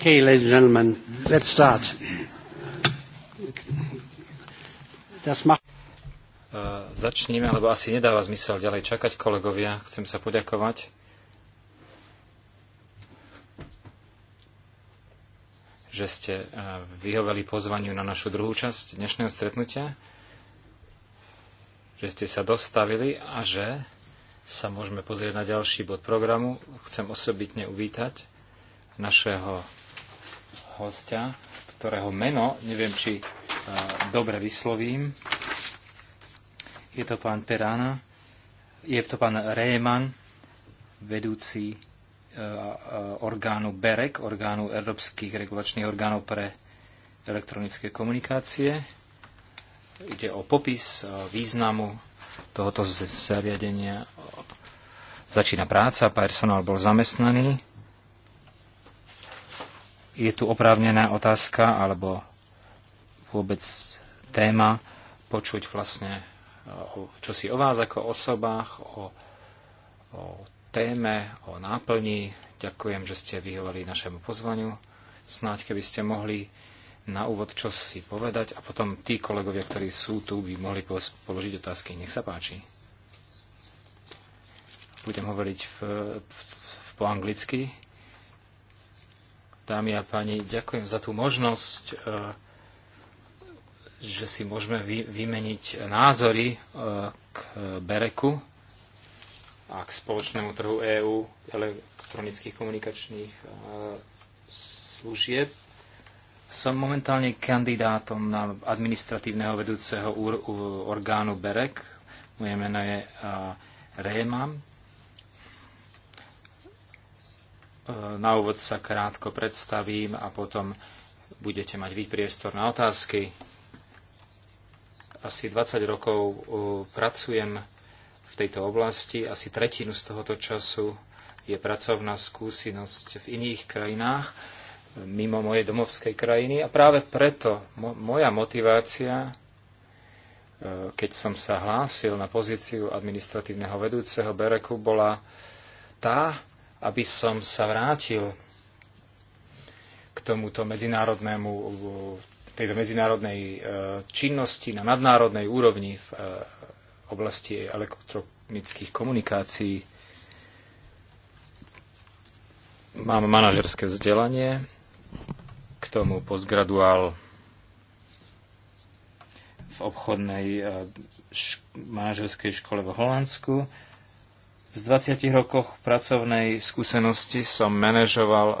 Okay, ladies and gentlemen, let's start. Das macht začneme, lebo asi nedáva zmysel ďalej čakať, kolegovia. Chcem sa poďakovať. že ste vyhoveli pozvaniu na našu druhú časť dnešného stretnutia, že ste sa dostavili a že sa môžeme pozrieť na ďalší bod programu. Chcem osobitne uvítať našeho hostia, ktorého meno, neviem, či e, dobre vyslovím. Je to pán Perána, je to pán Rejman, vedúci e, e, orgánu BEREK, orgánu Európskych regulačných orgánov pre elektronické komunikácie. Ide o popis významu tohoto zariadenia. Začína práca, personál bol zamestnaný je tu oprávnená otázka alebo vôbec téma počuť vlastne eh, čo si o vás ako osobách, o, o téme, o náplni. Ďakujem, že ste vyhovali našemu pozvaniu. Snáď keby ste mohli na úvod čo si povedať a potom tí kolegovia, ktorí sú tu, by mohli položiť otázky. Nech sa páči. Budem hovoriť v, v, v, po anglicky. Dámy a páni, ďakujem za tú možnosť, e, že si môžeme vymeniť názory e, k Bereku a k spoločnému trhu EÚ elektronických komunikačných e, služieb. Som momentálne kandidátom na administratívneho vedúceho orgánu BEREK. Moje meno je Rémam Na úvod sa krátko predstavím a potom budete mať vy priestor na otázky. Asi 20 rokov pracujem v tejto oblasti, asi tretinu z tohoto času je pracovná skúsenosť v iných krajinách, mimo mojej domovskej krajiny. A práve preto moja motivácia, e, keď som sa hlásil na pozíciu administratívneho vedúceho Bereku, bola tá, aby som sa vrátil k tomuto medzinárodnému, tejto medzinárodnej e, činnosti na nadnárodnej úrovni v e, oblasti elektronických komunikácií. Mám manažerské vzdelanie, k tomu postgraduál v obchodnej e, manažerskej škole v Holandsku z 20 rokov pracovnej skúsenosti som manažoval e,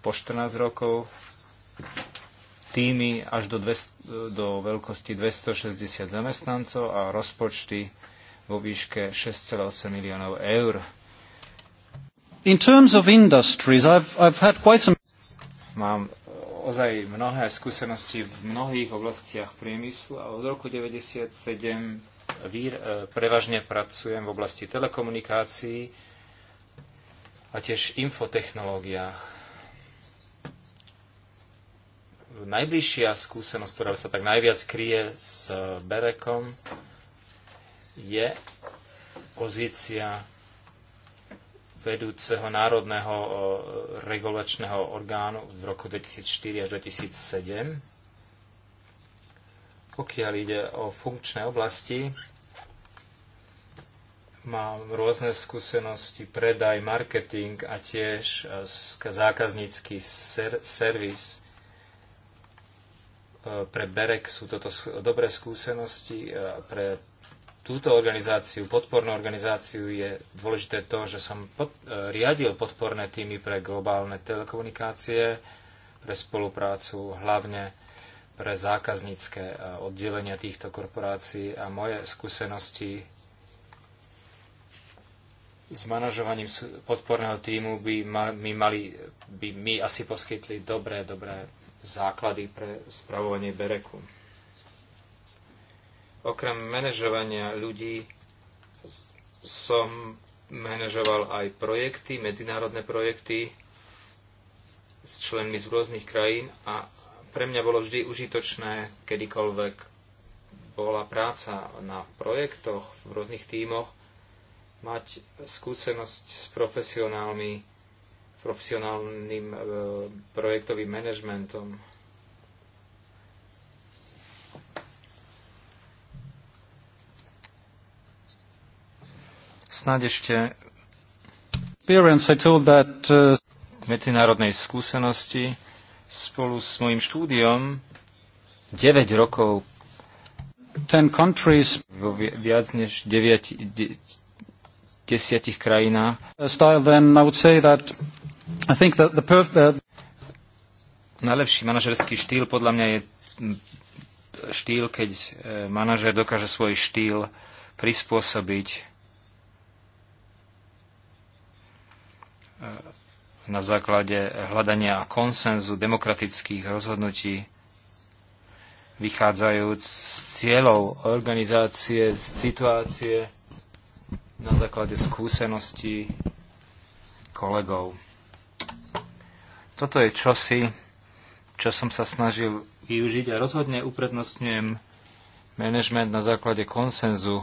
po 14 rokov týmy až do, 200, do veľkosti 260 zamestnancov a rozpočty vo výške 6,8 miliónov eur. In terms of industries, I've, I've had quite some... Mám e, ozaj mnohé skúsenosti v mnohých oblastiach priemyslu a od roku 1997 E, prevažne pracujem v oblasti telekomunikácií a tiež infotechnológiách. Najbližšia skúsenosť, ktorá sa tak najviac kryje s Berekom, je pozícia vedúceho národného e, regulačného orgánu v roku 2004 až 2007 pokiaľ ide o funkčné oblasti, mám rôzne skúsenosti, predaj, marketing a tiež e, zákaznícky ser- servis. E, pre Berek sú toto dobré skúsenosti. E, pre túto organizáciu, podpornú organizáciu je dôležité to, že som pod- riadil podporné týmy pre globálne telekomunikácie, pre spoluprácu hlavne pre zákaznícke eh, oddelenia týchto korporácií a moje skúsenosti s manažovaním podporného týmu by mi mali, by mi asi poskytli dobré, dobré základy pre spravovanie Bereku. Okrem manažovania ľudí som manažoval aj projekty, medzinárodné projekty s členmi z rôznych krajín a pre mňa bolo vždy užitočné, kedykoľvek bola práca na projektoch v rôznych tímoch, mať skúsenosť s profesionálmi, profesionálnym e, projektovým manažmentom. Snáď ešte uh, medzinárodnej skúsenosti spolu s mojim štúdiom 9 rokov 10 countries vo viac než 9 desiatich krajinách. Style, then I would say that I think that the perf- uh... Najlepší manažerský štýl podľa mňa je štýl, keď e, manažer dokáže svoj štýl prispôsobiť e, na základe hľadania konsenzu demokratických rozhodnutí vychádzajúc z cieľov organizácie, z situácie na základe skúseností kolegov. Toto je čosi, čo som sa snažil využiť a rozhodne uprednostňujem manažment na základe konsenzu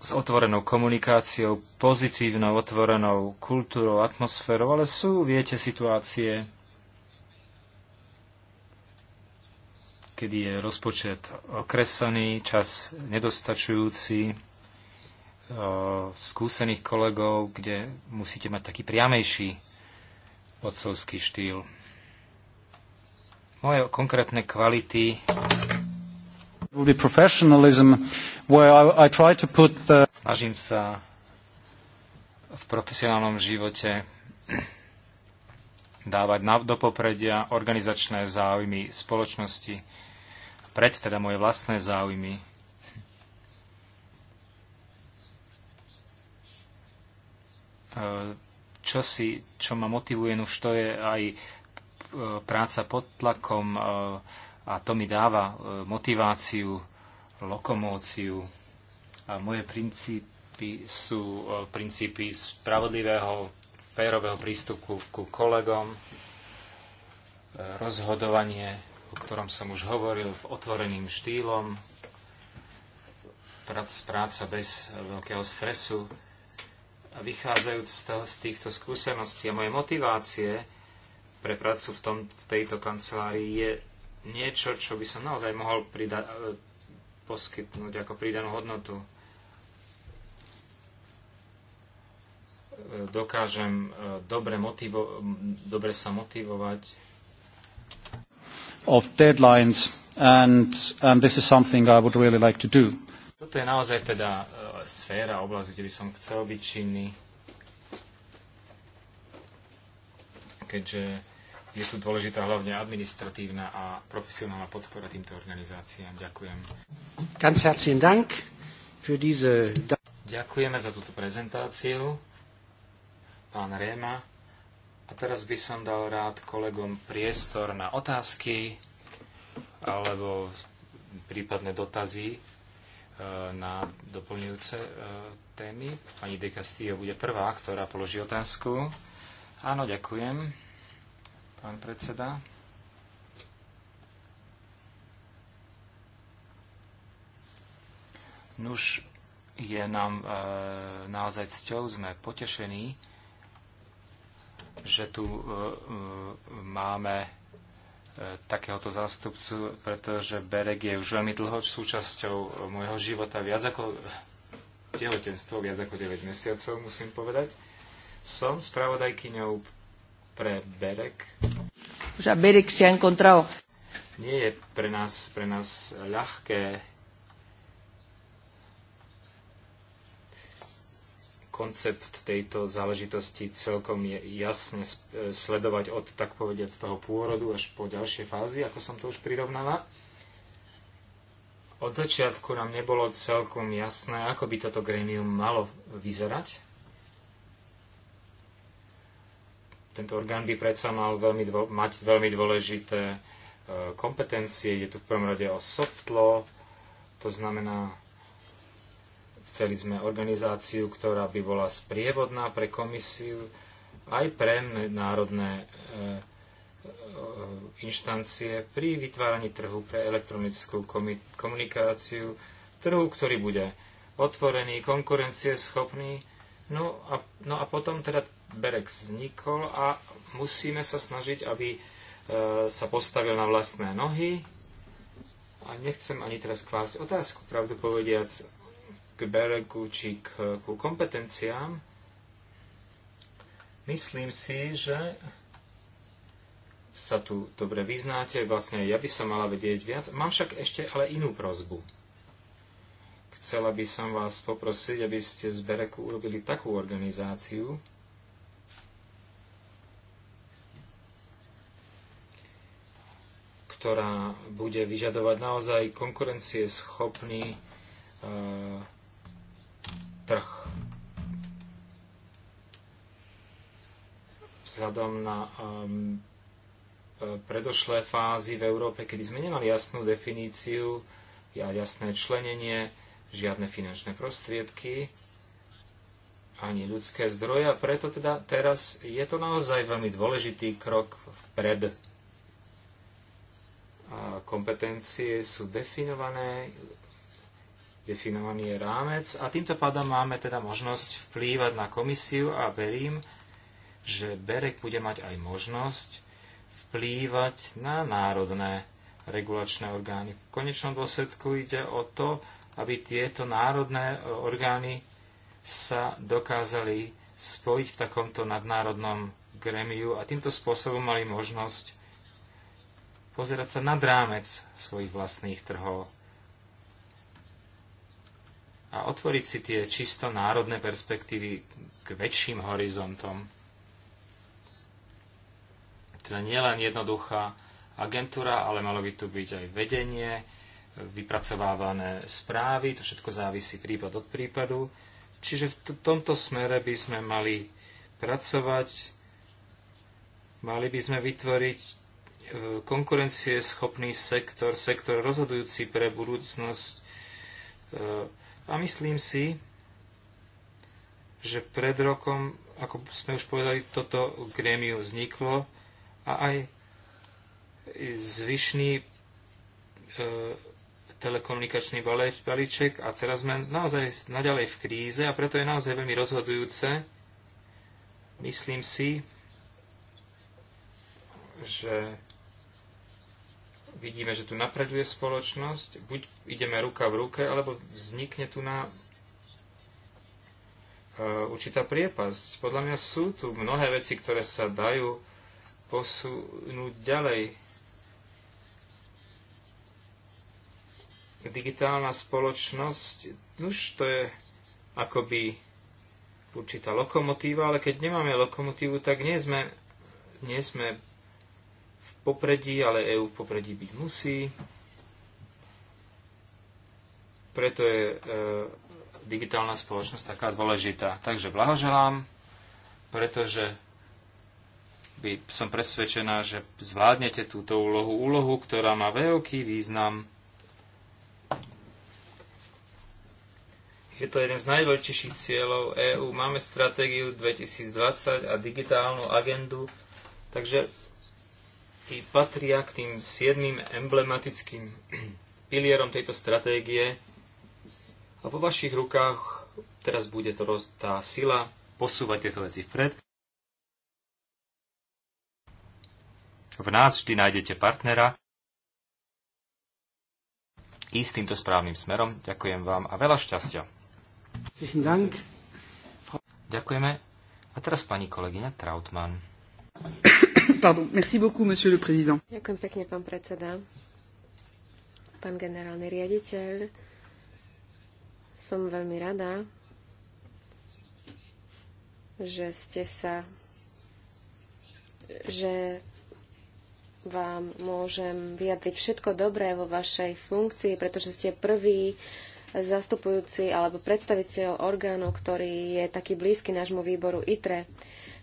s otvorenou komunikáciou, pozitívnou, otvorenou kultúrou, atmosférou, ale sú, viete, situácie, kedy je rozpočet okresaný, čas nedostačujúci, e, skúsených kolegov, kde musíte mať taký priamejší otcovský štýl. Moje konkrétne kvality Snažím sa v profesionálnom živote dávať do popredia organizačné záujmy spoločnosti, pred teda moje vlastné záujmy. E, čo, si, čo ma motivuje, no už to je aj e, práca pod tlakom, e, a to mi dáva e, motiváciu, lokomóciu. A moje princípy sú e, princípy spravodlivého, férového prístupu ku kolegom, e, rozhodovanie, o ktorom som už hovoril, v otvoreným štýlom, práca bez veľkého stresu. A vychádzajúc z, toho, z týchto skúseností a moje motivácie pre prácu v, tom, v tejto kancelárii je niečo, čo by som naozaj mohol prida- e, poskytnúť ako pridanú hodnotu. E, dokážem e, dobre, motivo- dobre sa motivovať. Of deadlines and, and this is something I would really like to do. Toto je naozaj teda uh, sféra, oblasť, kde by som chcel byť činný. Keďže je tu dôležitá hlavne administratívna a profesionálna podpora týmto organizáciám. Ďakujem. Ganz herzlichen Dank für diese... Ďakujeme za túto prezentáciu, pán Réma. A teraz by som dal rád kolegom priestor na otázky alebo prípadné dotazy e, na doplňujúce e, témy. Pani De Castillo bude prvá, ktorá položí otázku. Áno, ďakujem pán predseda. Nuž je nám e, naozaj cťou, sme potešení, že tu e, e, máme e, takéhoto zástupcu, pretože Berek je už veľmi dlho súčasťou môjho života, viac ako tehotenstvo, viac ako 9 mesiacov, musím povedať. Som spravodajkyňou pre Berek O sea, Berek ha encontrado. Nie je pre nás, pre nás ľahké koncept tejto záležitosti celkom je jasne sledovať od, tak povediať, z toho pôrodu až po ďalšie fázy, ako som to už prirovnala. Od začiatku nám nebolo celkom jasné, ako by toto grémium malo vyzerať. Tento orgán by predsa mal veľmi dvo- mať veľmi dôležité e, kompetencie. Je tu v prvom rade o soft law, to znamená, chceli sme organizáciu, ktorá by bola sprievodná pre komisiu aj pre národné e, e, inštancie pri vytváraní trhu pre elektronickú komunikáciu, trhu, ktorý bude otvorený, konkurencieschopný, no a, no a potom teda Berex vznikol a musíme sa snažiť, aby e, sa postavil na vlastné nohy. A nechcem ani teraz klásť otázku, pravdu povediac, k Beregu či k, k kompetenciám. Myslím si, že sa tu dobre vyznáte, vlastne ja by som mala vedieť viac. Mám však ešte ale inú prozbu. Chcela by som vás poprosiť, aby ste z Bereku urobili takú organizáciu, ktorá bude vyžadovať naozaj konkurencieschopný uh, trh. Vzhľadom na um, predošlé fázy v Európe, kedy sme nemali jasnú definíciu a jasné členenie, žiadne finančné prostriedky, ani ľudské zdroje a preto teda teraz je to naozaj veľmi dôležitý krok vpred kompetencie sú definované, definovaný je rámec a týmto pádom máme teda možnosť vplývať na komisiu a verím, že BEREK bude mať aj možnosť vplývať na národné regulačné orgány. V konečnom dôsledku ide o to, aby tieto národné e, orgány sa dokázali spojiť v takomto nadnárodnom gremiu a týmto spôsobom mali možnosť pozerať sa nad rámec svojich vlastných trhov a otvoriť si tie čisto národné perspektívy k väčším horizontom. Teda nielen jednoduchá agentúra, ale malo by tu byť aj vedenie, vypracovávané správy, to všetko závisí prípad od prípadu. Čiže v tomto smere by sme mali pracovať, mali by sme vytvoriť konkurencieschopný sektor, sektor rozhodujúci pre budúcnosť. E, a myslím si, že pred rokom, ako sme už povedali, toto grémiu vzniklo a aj zvyšný e, telekomunikačný balíček a teraz sme naozaj naďalej v kríze a preto je naozaj veľmi rozhodujúce, myslím si, že vidíme, že tu napreduje spoločnosť, buď ideme ruka v ruke, alebo vznikne tu na e, určitá priepasť. Podľa mňa sú tu mnohé veci, ktoré sa dajú posunúť ďalej. Digitálna spoločnosť, už to je akoby určitá lokomotíva, ale keď nemáme lokomotívu, tak nie sme, nie sme popredí, ale EÚ v popredí byť musí. Preto je e, digitálna spoločnosť taká dôležitá. Takže blahoželám, pretože by som presvedčená, že zvládnete túto úlohu, úlohu, ktorá má veľký význam. Je to jeden z najdôležitejších cieľov EÚ. Máme stratégiu 2020 a digitálnu agendu, takže patria k tým siedmým emblematickým pilierom tejto stratégie. A vo vašich rukách teraz bude to roz, tá sila posúvať tieto veci vpred. V nás vždy nájdete partnera i s týmto správnym smerom. Ďakujem vám a veľa šťastia. Ďakujeme. A teraz pani kolegyňa Trautmann. Ďakujem pekne, pán predseda. Pán generálny riaditeľ, som veľmi rada, že ste sa že vám môžem vyjadriť všetko dobré vo vašej funkcii, pretože ste prvý zastupujúci alebo predstaviteľ orgánu, ktorý je taký blízky nášmu výboru ITRE.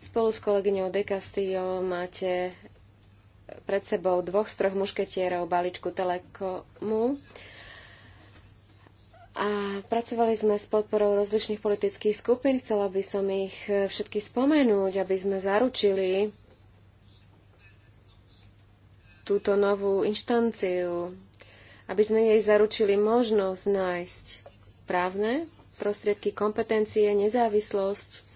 Spolu s kolegyňou De Castillo máte pred sebou dvoch z troch mušketierov balíčku Telekomu. A pracovali sme s podporou rozličných politických skupín. Chcela by som ich všetky spomenúť, aby sme zaručili túto novú inštanciu, aby sme jej zaručili možnosť nájsť právne prostriedky, kompetencie, nezávislosť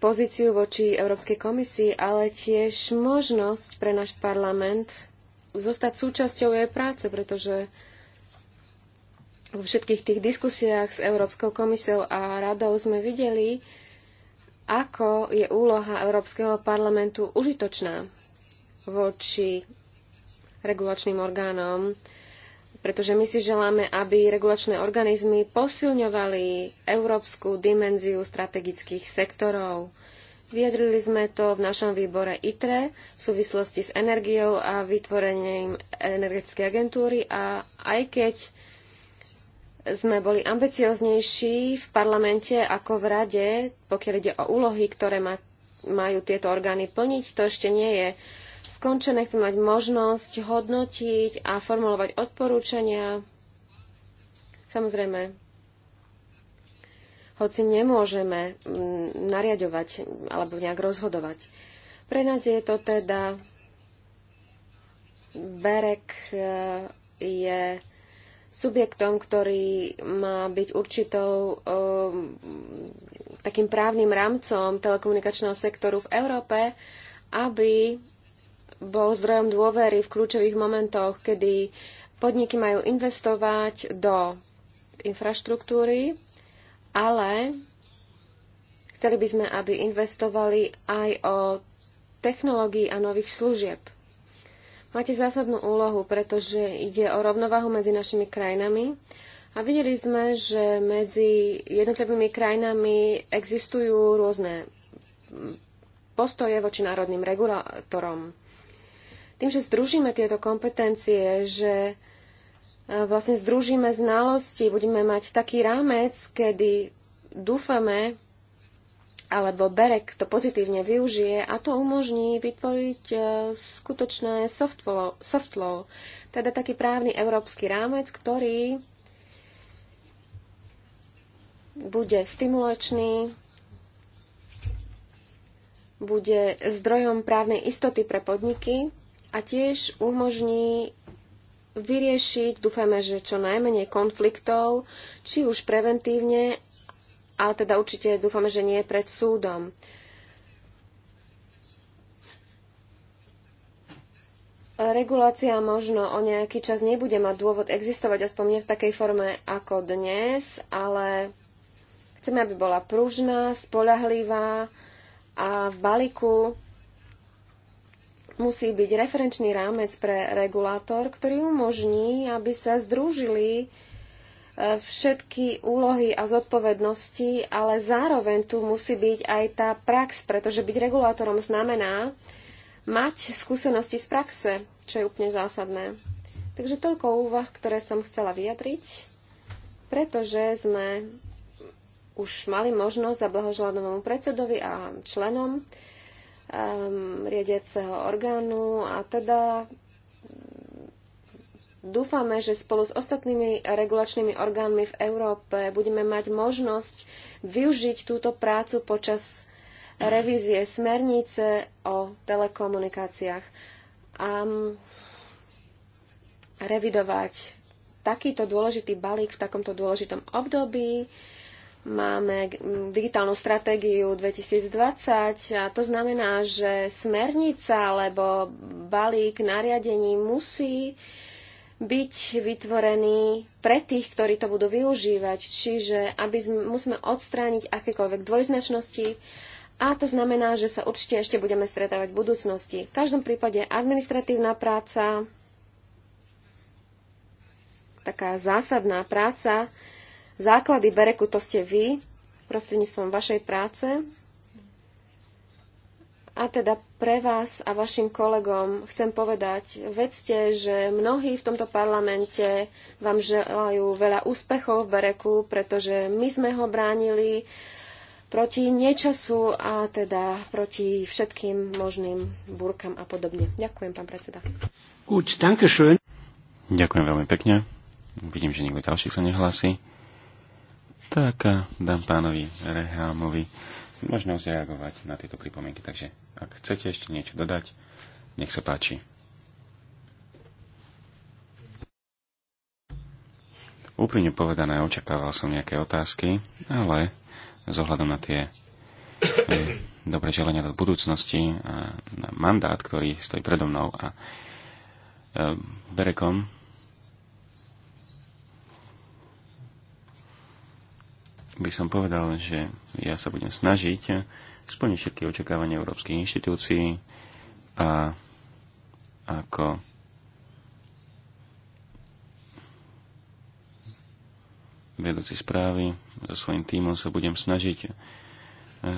pozíciu voči Európskej komisii, ale tiež možnosť pre náš parlament zostať súčasťou jej práce, pretože vo všetkých tých diskusiách s Európskou komisiou a radou sme videli, ako je úloha Európskeho parlamentu užitočná voči regulačným orgánom pretože my si želáme, aby regulačné organizmy posilňovali európsku dimenziu strategických sektorov. Vyjadrili sme to v našom výbore ITRE v súvislosti s energiou a vytvorením energetickej agentúry a aj keď sme boli ambicioznejší v parlamente ako v rade, pokiaľ ide o úlohy, ktoré majú tieto orgány plniť, to ešte nie je skončené, chcem mať možnosť hodnotiť a formulovať odporúčania. Samozrejme, hoci nemôžeme nariadovať alebo nejak rozhodovať. Pre nás je to teda Berek e, je subjektom, ktorý má byť určitou e, takým právnym rámcom telekomunikačného sektoru v Európe, aby bol zdrojom dôvery v kľúčových momentoch, kedy podniky majú investovať do infraštruktúry, ale chceli by sme, aby investovali aj o technológií a nových služieb. Máte zásadnú úlohu, pretože ide o rovnováhu medzi našimi krajinami a videli sme, že medzi jednotlivými krajinami existujú rôzne postoje voči národným regulátorom. Tým, že združíme tieto kompetencie, že e, vlastne združíme znalosti, budeme mať taký rámec, kedy dúfame, alebo Berek to pozitívne využije a to umožní vytvoriť e, skutočné soft law, soft law, teda taký právny európsky rámec, ktorý bude stimulačný, bude zdrojom právnej istoty pre podniky a tiež umožní vyriešiť, dúfame, že čo najmenej konfliktov, či už preventívne, ale teda určite dúfame, že nie pred súdom. regulácia možno o nejaký čas nebude mať dôvod existovať, aspoň nie v takej forme ako dnes, ale chceme, aby bola pružná, spolahlivá a v balíku musí byť referenčný rámec pre regulátor, ktorý umožní, aby sa združili e, všetky úlohy a zodpovednosti, ale zároveň tu musí byť aj tá prax, pretože byť regulátorom znamená mať skúsenosti z praxe, čo je úplne zásadné. Takže toľko úvah, ktoré som chcela vyjadriť, pretože sme už mali možnosť zablahoželať novému predsedovi a členom um, riadiaceho orgánu a teda dúfame, že spolu s ostatnými regulačnými orgánmi v Európe budeme mať možnosť využiť túto prácu počas revízie smernice o telekomunikáciách a um, revidovať takýto dôležitý balík v takomto dôležitom období. Máme digitálnu stratégiu 2020 a to znamená, že smernica alebo balík nariadení musí byť vytvorený pre tých, ktorí to budú využívať. Čiže aby sme, musíme odstrániť akékoľvek dvojznačnosti a to znamená, že sa určite ešte budeme stretávať v budúcnosti. V každom prípade administratívna práca, taká zásadná práca, Základy Bereku to ste vy, prostredníctvom vašej práce. A teda pre vás a vašim kolegom chcem povedať, vedzte, že mnohí v tomto parlamente vám želajú veľa úspechov v Bereku, pretože my sme ho bránili proti nečasu a teda proti všetkým možným búrkam a podobne. Ďakujem, pán predseda. Gut, danke schön. Ďakujem veľmi pekne. Vidím, že niekto ďalší sa nehlási tak a dám pánovi Rehámovi možnosť reagovať na tieto pripomienky. Takže ak chcete ešte niečo dodať, nech sa páči. Úprimne povedané, očakával som nejaké otázky, ale z ohľadom na tie eh, dobre želenia do budúcnosti a na mandát, ktorý stojí predo mnou a eh, Berekom by som povedal, že ja sa budem snažiť splniť všetky očakávania európskych inštitúcií a ako vedúci správy so svojím týmom sa budem snažiť eh,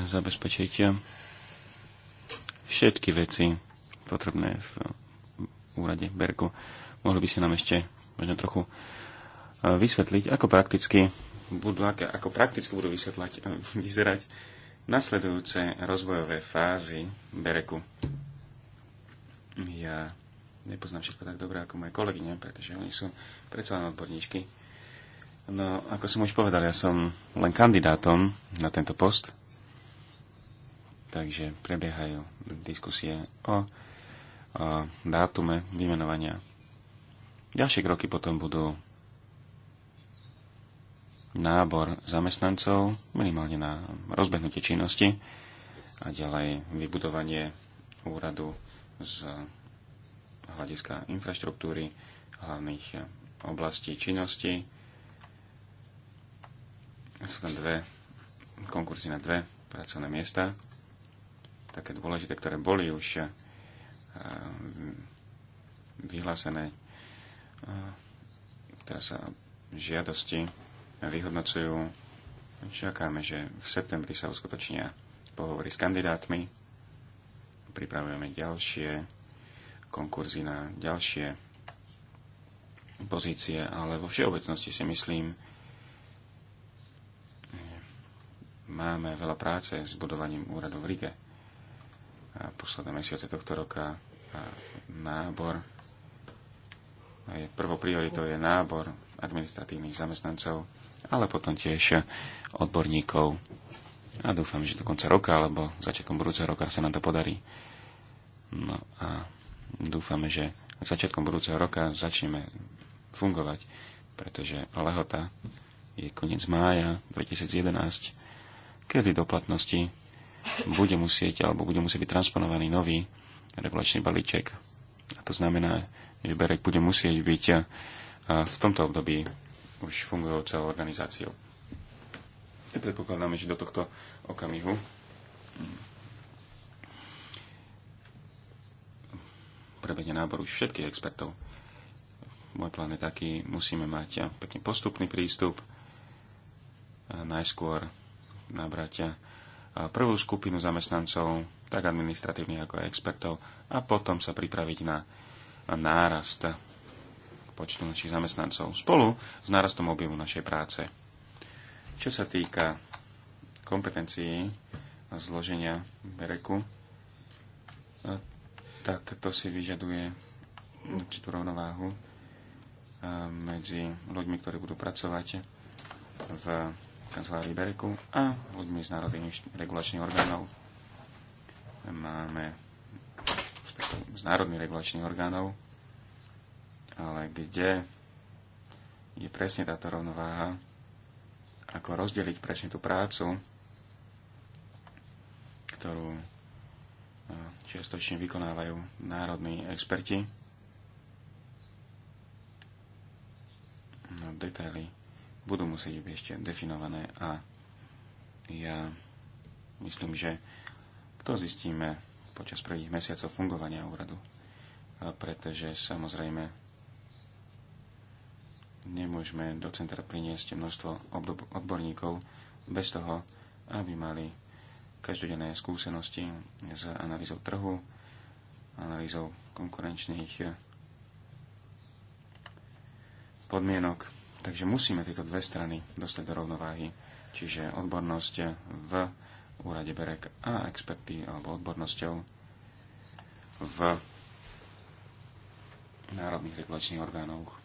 zabezpečiť všetky veci potrebné v úrade Berku. Mohli by si nám ešte možno trochu eh, vysvetliť, ako prakticky budú, ako prakticky budú vysvetlať, eh, vyzerať nasledujúce rozvojové fázy Bereku. Ja nepoznám všetko tak dobre ako moje kolegyne, pretože oni sú predsa len odborníčky. No, ako som už povedal, ja som len kandidátom na tento post, takže prebiehajú diskusie o, o dátume vymenovania. Ďalšie kroky potom budú nábor zamestnancov, minimálne na rozbehnutie činnosti a ďalej vybudovanie úradu z hľadiska infraštruktúry, hlavných oblastí činnosti. Sú tam dve konkurzy na dve pracovné miesta, také dôležité, ktoré boli už eh, vyhlásené. Eh, teraz sa eh, žiadosti vyhodnocujú. Čakáme, že v septembri sa uskutočnia pohovory s kandidátmi. Pripravujeme ďalšie konkurzy na ďalšie pozície, ale vo všeobecnosti si myslím, máme veľa práce s budovaním úradu v Rige. A posledné mesiace tohto roka a nábor je prvou prioritou je nábor administratívnych zamestnancov ale potom tiež odborníkov. A dúfam, že do konca roka alebo začiatkom budúceho roka sa nám to podarí. No a dúfame, že začiatkom budúceho roka začneme fungovať, pretože lehota je koniec mája 2011, kedy do platnosti bude musieť alebo bude musieť byť transponovaný nový regulačný balíček. A to znamená, že Berek bude musieť byť v tomto období už fungujúcou organizáciou. Nepredpokladáme, že do tohto okamihu prebehne nábor už všetkých expertov. Môj plán je taký, musíme mať pekne postupný prístup. Najskôr nabrať prvú skupinu zamestnancov, tak administratívnych ako aj expertov, a potom sa pripraviť na nárast počtu našich zamestnancov spolu s nárastom objemu našej práce. Čo sa týka kompetencií a zloženia bereku, tak to si vyžaduje určitú rovnováhu medzi ľuďmi, ktorí budú pracovať v kancelárii Bereku a ľuďmi z národných regulačných orgánov. Máme z národných regulačných orgánov ale kde je presne táto rovnováha, ako rozdeliť presne tú prácu, ktorú e, čiastočne vykonávajú národní experti. No, detaily budú musieť byť ešte definované a ja myslím, že to zistíme počas prvých mesiacov fungovania úradu, pretože samozrejme nemôžeme do centra priniesť množstvo odborníkov bez toho, aby mali každodenné skúsenosti s analýzou trhu, analýzou konkurenčných eh, podmienok. Takže musíme tieto dve strany dostať do rovnováhy, čiže odbornosť v úrade Berek a experty alebo odbornosťou v národných regulačných orgánoch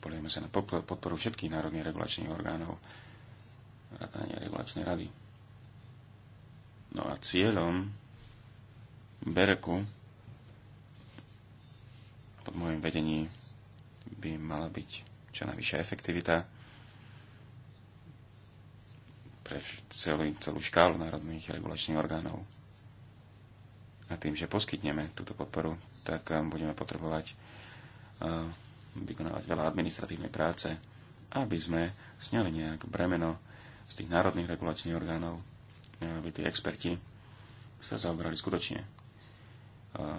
spolieme sa na podporu všetkých národných regulačných orgánov, vrátanie regulačnej rady. No a cieľom Bereku pod môjim vedení by mala byť čo najvyššia efektivita pre celú, celú škálu národných regulačných orgánov. A tým, že poskytneme túto podporu, tak um, budeme potrebovať uh, vykonávať veľa administratívnej práce, aby sme sňali nejak bremeno z tých národných regulačných orgánov, aby tí experti sa zaoberali skutočne e,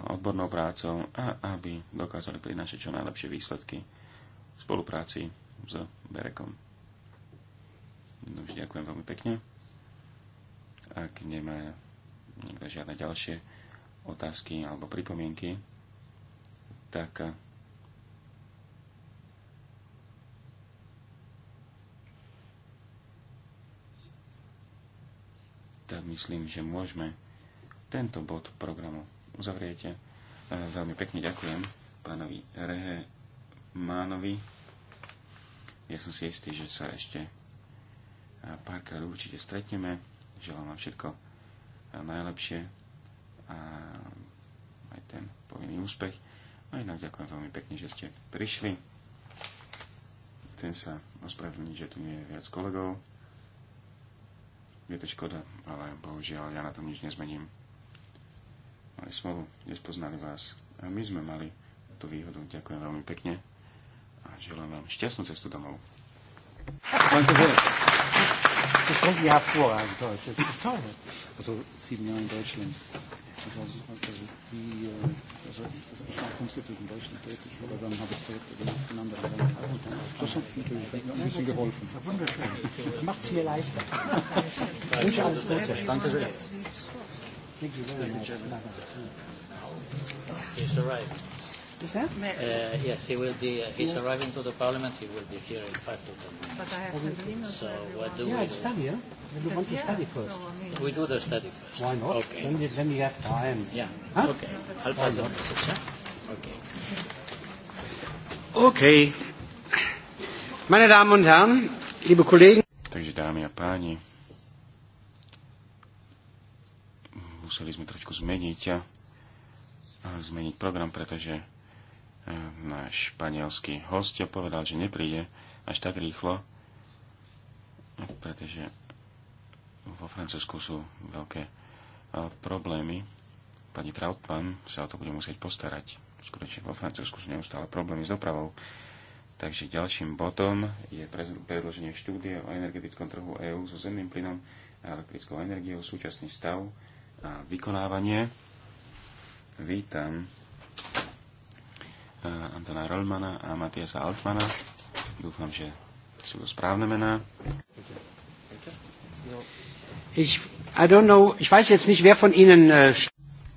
odbornou prácou a aby dokázali prinašať čo najlepšie výsledky v spolupráci s Berekom. No ďakujem veľmi pekne. Ak nemá nikto žiadne ďalšie otázky alebo pripomienky, tak tak myslím, že môžeme tento bod programu uzavrieť. E, veľmi pekne ďakujem pánovi Rehe Mánovi. Ja som si istý, že sa ešte e, párkrát určite stretneme. Želám vám všetko e, najlepšie a aj ten povinný úspech. A no inak ďakujem veľmi pekne, že ste prišli. Chcem sa ospravedlniť, že tu nie je viac kolegov. Je to škoda, ale bohužiaľ ja na tom nič nezmením. Mali smolu, nespoznali vás. A my sme mali tú výhodu. Ďakujem veľmi pekne a želám vám šťastnú cestu domov. you. das trinken ja hervorragend Deutsch. Das ist toll. Also sieben Jahre in Deutschland. Also, die, äh, also, ich war grundsätzlich in Deutschland tätig, aber dann habe ich dort in anderen Land auch. das hat natürlich ein bisschen geholfen. Ja, wunderschön. Macht es mir leichter. Ich wünsche alles Gute. Danke sehr. Thank you very much. Thank you, is that? Uh, yes, he will be. Uh, he's yeah. arriving to the parliament. He will be here in five to ten minutes. But I have to leave. So what do yeah, we do? Yeah, study, yeah? We want to study first. So, I mean, we do the study first. Why not? Okay. Then, then we have time. Yeah. Huh? Okay. I'll pass the message. Huh? Okay. Okay. Meine Damen und Herren, liebe Kollegen. Takže dámy a páni, museli sme trošku zmeniť a zmeniť program, pretože náš španielský host povedal, že nepríde až tak rýchlo, pretože vo Francúzsku sú veľké problémy. Pani Trautmann sa o to bude musieť postarať. Skutočne vo Francúzsku sú neustále problémy s dopravou. Takže ďalším bodom je predloženie štúdie o energetickom trhu EÚ so zemným plynom a elektrickou energiou, súčasný stav a vykonávanie. Vítam Eh, Antona Rolmana a Matiasa Altmana. Dúfam, že sú to správne mená. Ich, I don't know, ich weiß jetzt nicht, wer von Ihnen... Uh...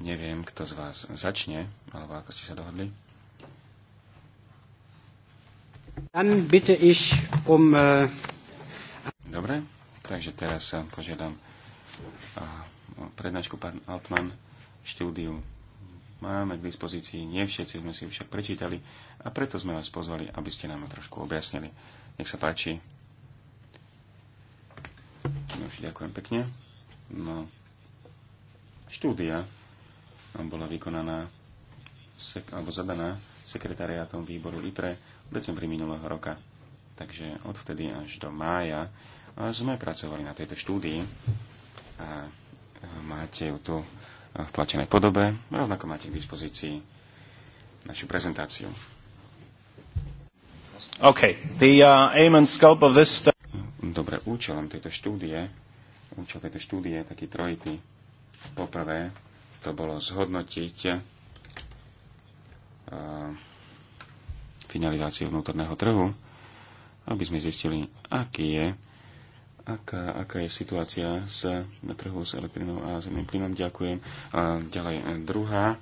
Neviem, kto z vás začne, alebo ako ste sa dohodli. Dann bitte ich um... Uh... Dobre, takže teraz sa eh, požiadam uh, prednášku pán Altman štúdiu máme k dispozícii, nie všetci sme si však prečítali a preto sme vás pozvali, aby ste nám trošku objasnili. Nech sa páči. No, ďakujem pekne. No, štúdia bola vykonaná sek- alebo zadaná sekretariátom výboru ITRE v decembri minulého roka. Takže odvtedy až do mája sme pracovali na tejto štúdii a e, máte ju tu v tlačenej podobe. Rovnako máte k dispozícii našu prezentáciu. Okay. The, uh, aim and scope of this Dobre, účelom tejto štúdie, účel tejto štúdie taký trojitý. Poprvé, to bolo zhodnotiť uh, finalizáciu vnútorného trhu, aby sme zistili, aký je aká, aká je situácia s, na trhu s elektrinou a zemným plynom. Ďakujem. A ďalej e, druhá.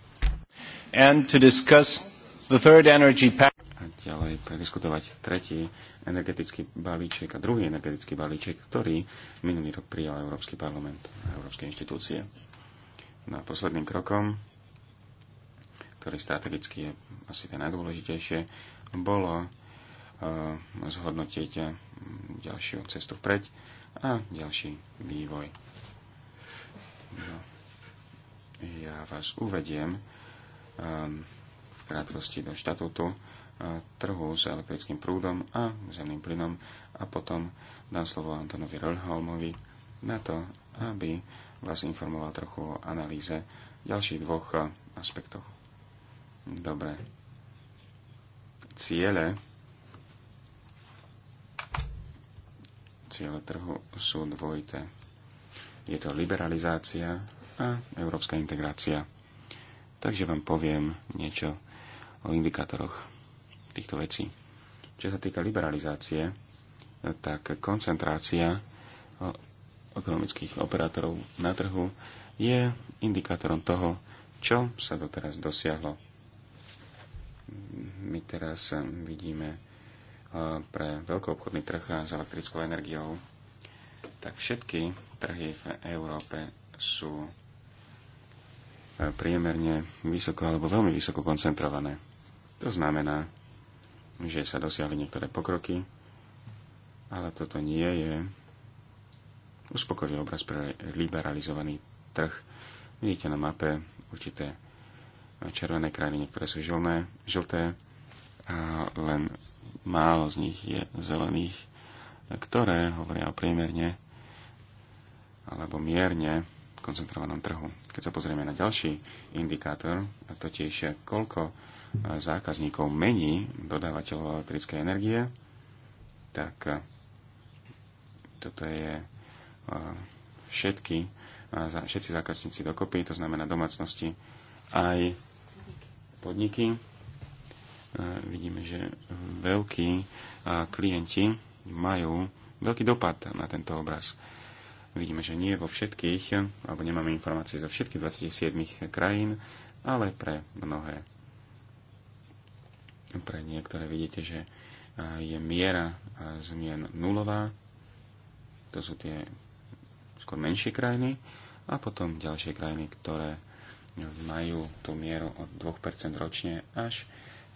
And to discuss the third energy pack. A ďalej prediskutovať tretí energetický balíček a druhý energetický balíček, ktorý minulý rok prijal Európsky parlament a Európske inštitúcie. No a posledným krokom, ktorý strategicky je asi ten najdôležitejšie, bolo e, zhodnotiť e, ďalšiu cestu vpred a ďalší vývoj. No, ja vás uvediem um, v krátkosti do štatútu trhu s elektrickým prúdom a zemným plynom a potom dám slovo Antonovi Rolholmovi na to, aby vás informoval trochu o analýze ďalších dvoch aspektov. Dobre. Ciele ciele trhu sú dvojité. Je to liberalizácia a európska integrácia. Takže vám poviem niečo o indikátoroch týchto vecí. Čo sa týka liberalizácie, tak koncentrácia ekonomických operátorov na trhu je indikátorom toho, čo sa doteraz dosiahlo. My teraz vidíme pre veľkoobchodný trh s elektrickou energiou, tak všetky trhy v Európe sú e, priemerne vysoko alebo veľmi vysoko koncentrované. To znamená, že sa dosiahli niektoré pokroky, ale toto nie je uspokojivý obraz pre liberalizovaný trh. Vidíte na mape určité červené krajiny, ktoré sú žilné, žlté, a len málo z nich je zelených, ktoré hovoria o priemerne alebo mierne v koncentrovanom trhu. Keď sa pozrieme na ďalší indikátor, a totiž koľko e, zákazníkov mení dodávateľov elektrickej energie, tak e, toto je e, všetky, všetci zákazníci dokopy, to znamená domácnosti aj podniky vidíme, že veľkí klienti majú veľký dopad na tento obraz. Vidíme, že nie vo všetkých, alebo nemáme informácie zo všetkých 27 krajín, ale pre mnohé. Pre niektoré vidíte, že je miera zmien nulová, to sú tie skôr menšie krajiny, a potom ďalšie krajiny, ktoré majú tú mieru od 2% ročne až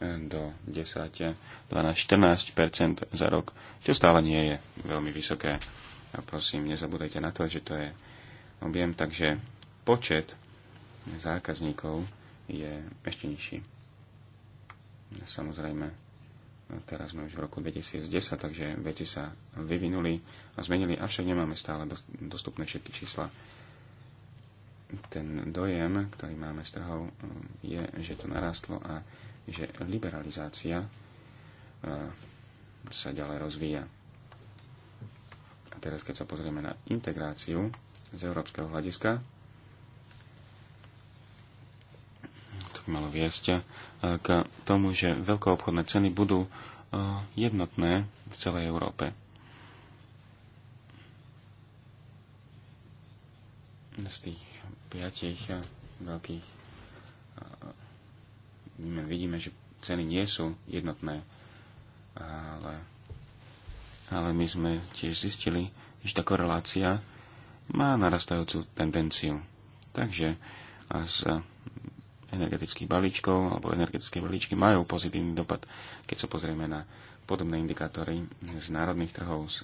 do 10, 12, 14 za rok, čo stále nie je veľmi vysoké. A prosím, nezabudajte na to, že to je objem, takže počet zákazníkov je ešte nižší. Samozrejme, teraz sme už v roku 2010, takže veci sa vyvinuli a zmenili, avšak nemáme stále dostupné všetky čísla. Ten dojem, ktorý máme z trhov, je, že to narastlo a že liberalizácia e, sa ďalej rozvíja. A teraz, keď sa pozrieme na integráciu z európskeho hľadiska, to by malo viesť e, k tomu, že veľkoobchodné ceny budú e, jednotné v celej Európe. Z tých piatich veľkých vidíme, vidíme, že ceny nie sú jednotné, ale, ale my sme tiež zistili, že tá korelácia má narastajúcu tendenciu. Takže z energetických balíčkov alebo energetické balíčky majú pozitívny dopad. Keď sa pozrieme na podobné indikátory z národných trhov s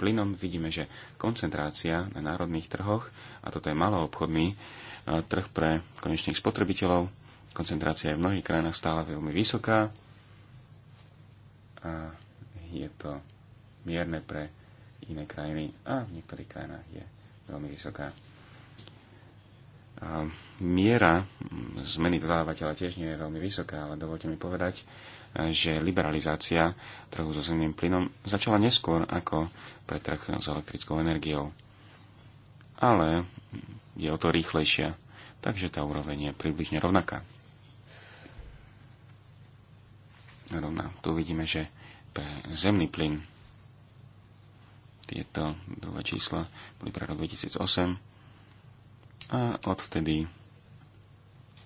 plynom, vidíme, že koncentrácia na národných trhoch, a toto je maloobchodný trh pre konečných spotrebiteľov, Koncentrácia je v mnohých krajinách stále veľmi vysoká a je to mierne pre iné krajiny a v niektorých krajinách je veľmi vysoká. A miera mm, zmeny dodávateľa tiež nie je veľmi vysoká, ale dovolte mi povedať, že liberalizácia trhu so zemným plynom začala neskôr ako pre trh s elektrickou energiou. Ale je o to rýchlejšia, takže tá úroveň je približne rovnaká. rovná. Tu vidíme, že pre zemný plyn tieto druhé čísla boli pre rok 2008 a odvtedy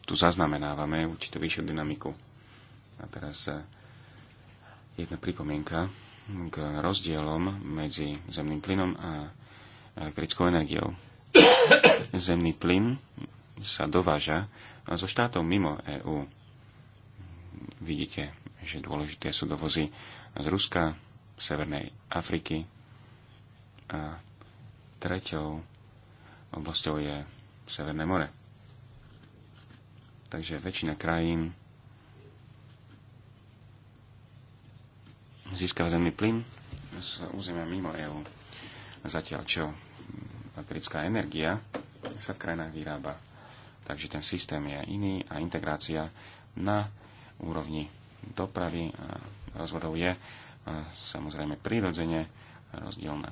tu zaznamenávame určitú vyššiu dynamiku. A teraz eh, jedna pripomienka k rozdielom medzi zemným plynom a elektrickou eh, energiou. Zemný plyn sa dováža zo štátov mimo EÚ. Vidíte že dôležité sú dovozy z Ruska, Severnej Afriky. A treťou oblasťou je Severné more. Takže väčšina krajín získava zemný plyn z územia mimo EÚ. Zatiaľ čo elektrická energia sa v krajinách vyrába. Takže ten systém je iný a integrácia na úrovni dopravy a rozvodov je samozrejme prirodzene rozdielna.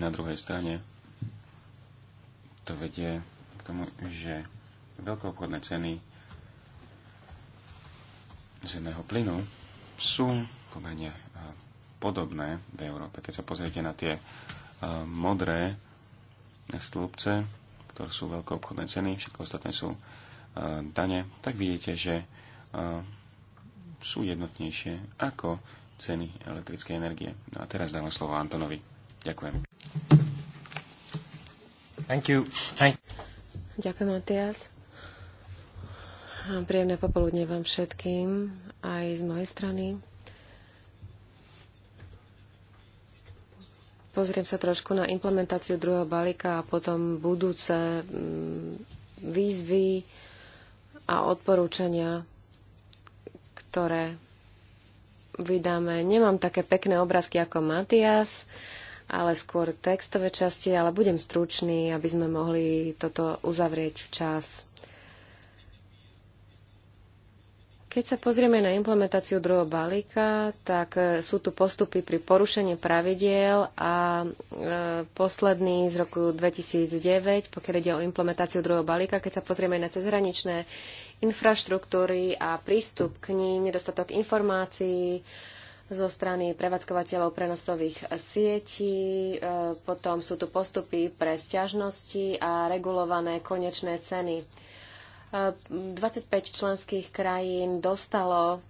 Na druhej strane to vedie k tomu, že veľkoobchodné ceny zemného plynu sú pomerne podobné v Európe. Keď sa pozriete na tie modré stĺpce, ktoré sú veľkoobchodné ceny, všetko ostatné sú dane, tak vidíte, že sú jednotnejšie ako ceny elektrickej energie. No a teraz dávam slovo Antonovi. Ďakujem. Thank you. Thank Ďakujem, Matias. Príjemné popoludne vám všetkým, aj z mojej strany. Pozriem sa trošku na implementáciu druhého balíka a potom budúce mm, výzvy, a odporúčania, ktoré vydáme. Nemám také pekné obrázky ako Matias, ale skôr textové časti, ale budem stručný, aby sme mohli toto uzavrieť včas. Keď sa pozrieme na implementáciu druhého balíka, tak e, sú tu postupy pri porušení pravidiel a e, posledný z roku 2009, pokiaľ ide o implementáciu druhého balíka, keď sa pozrieme na cezhraničné infraštruktúry a prístup k ním, nedostatok informácií zo strany prevádzkovateľov prenosových sietí, e, potom sú tu postupy pre stiažnosti a regulované konečné ceny 25 členských krajín dostalo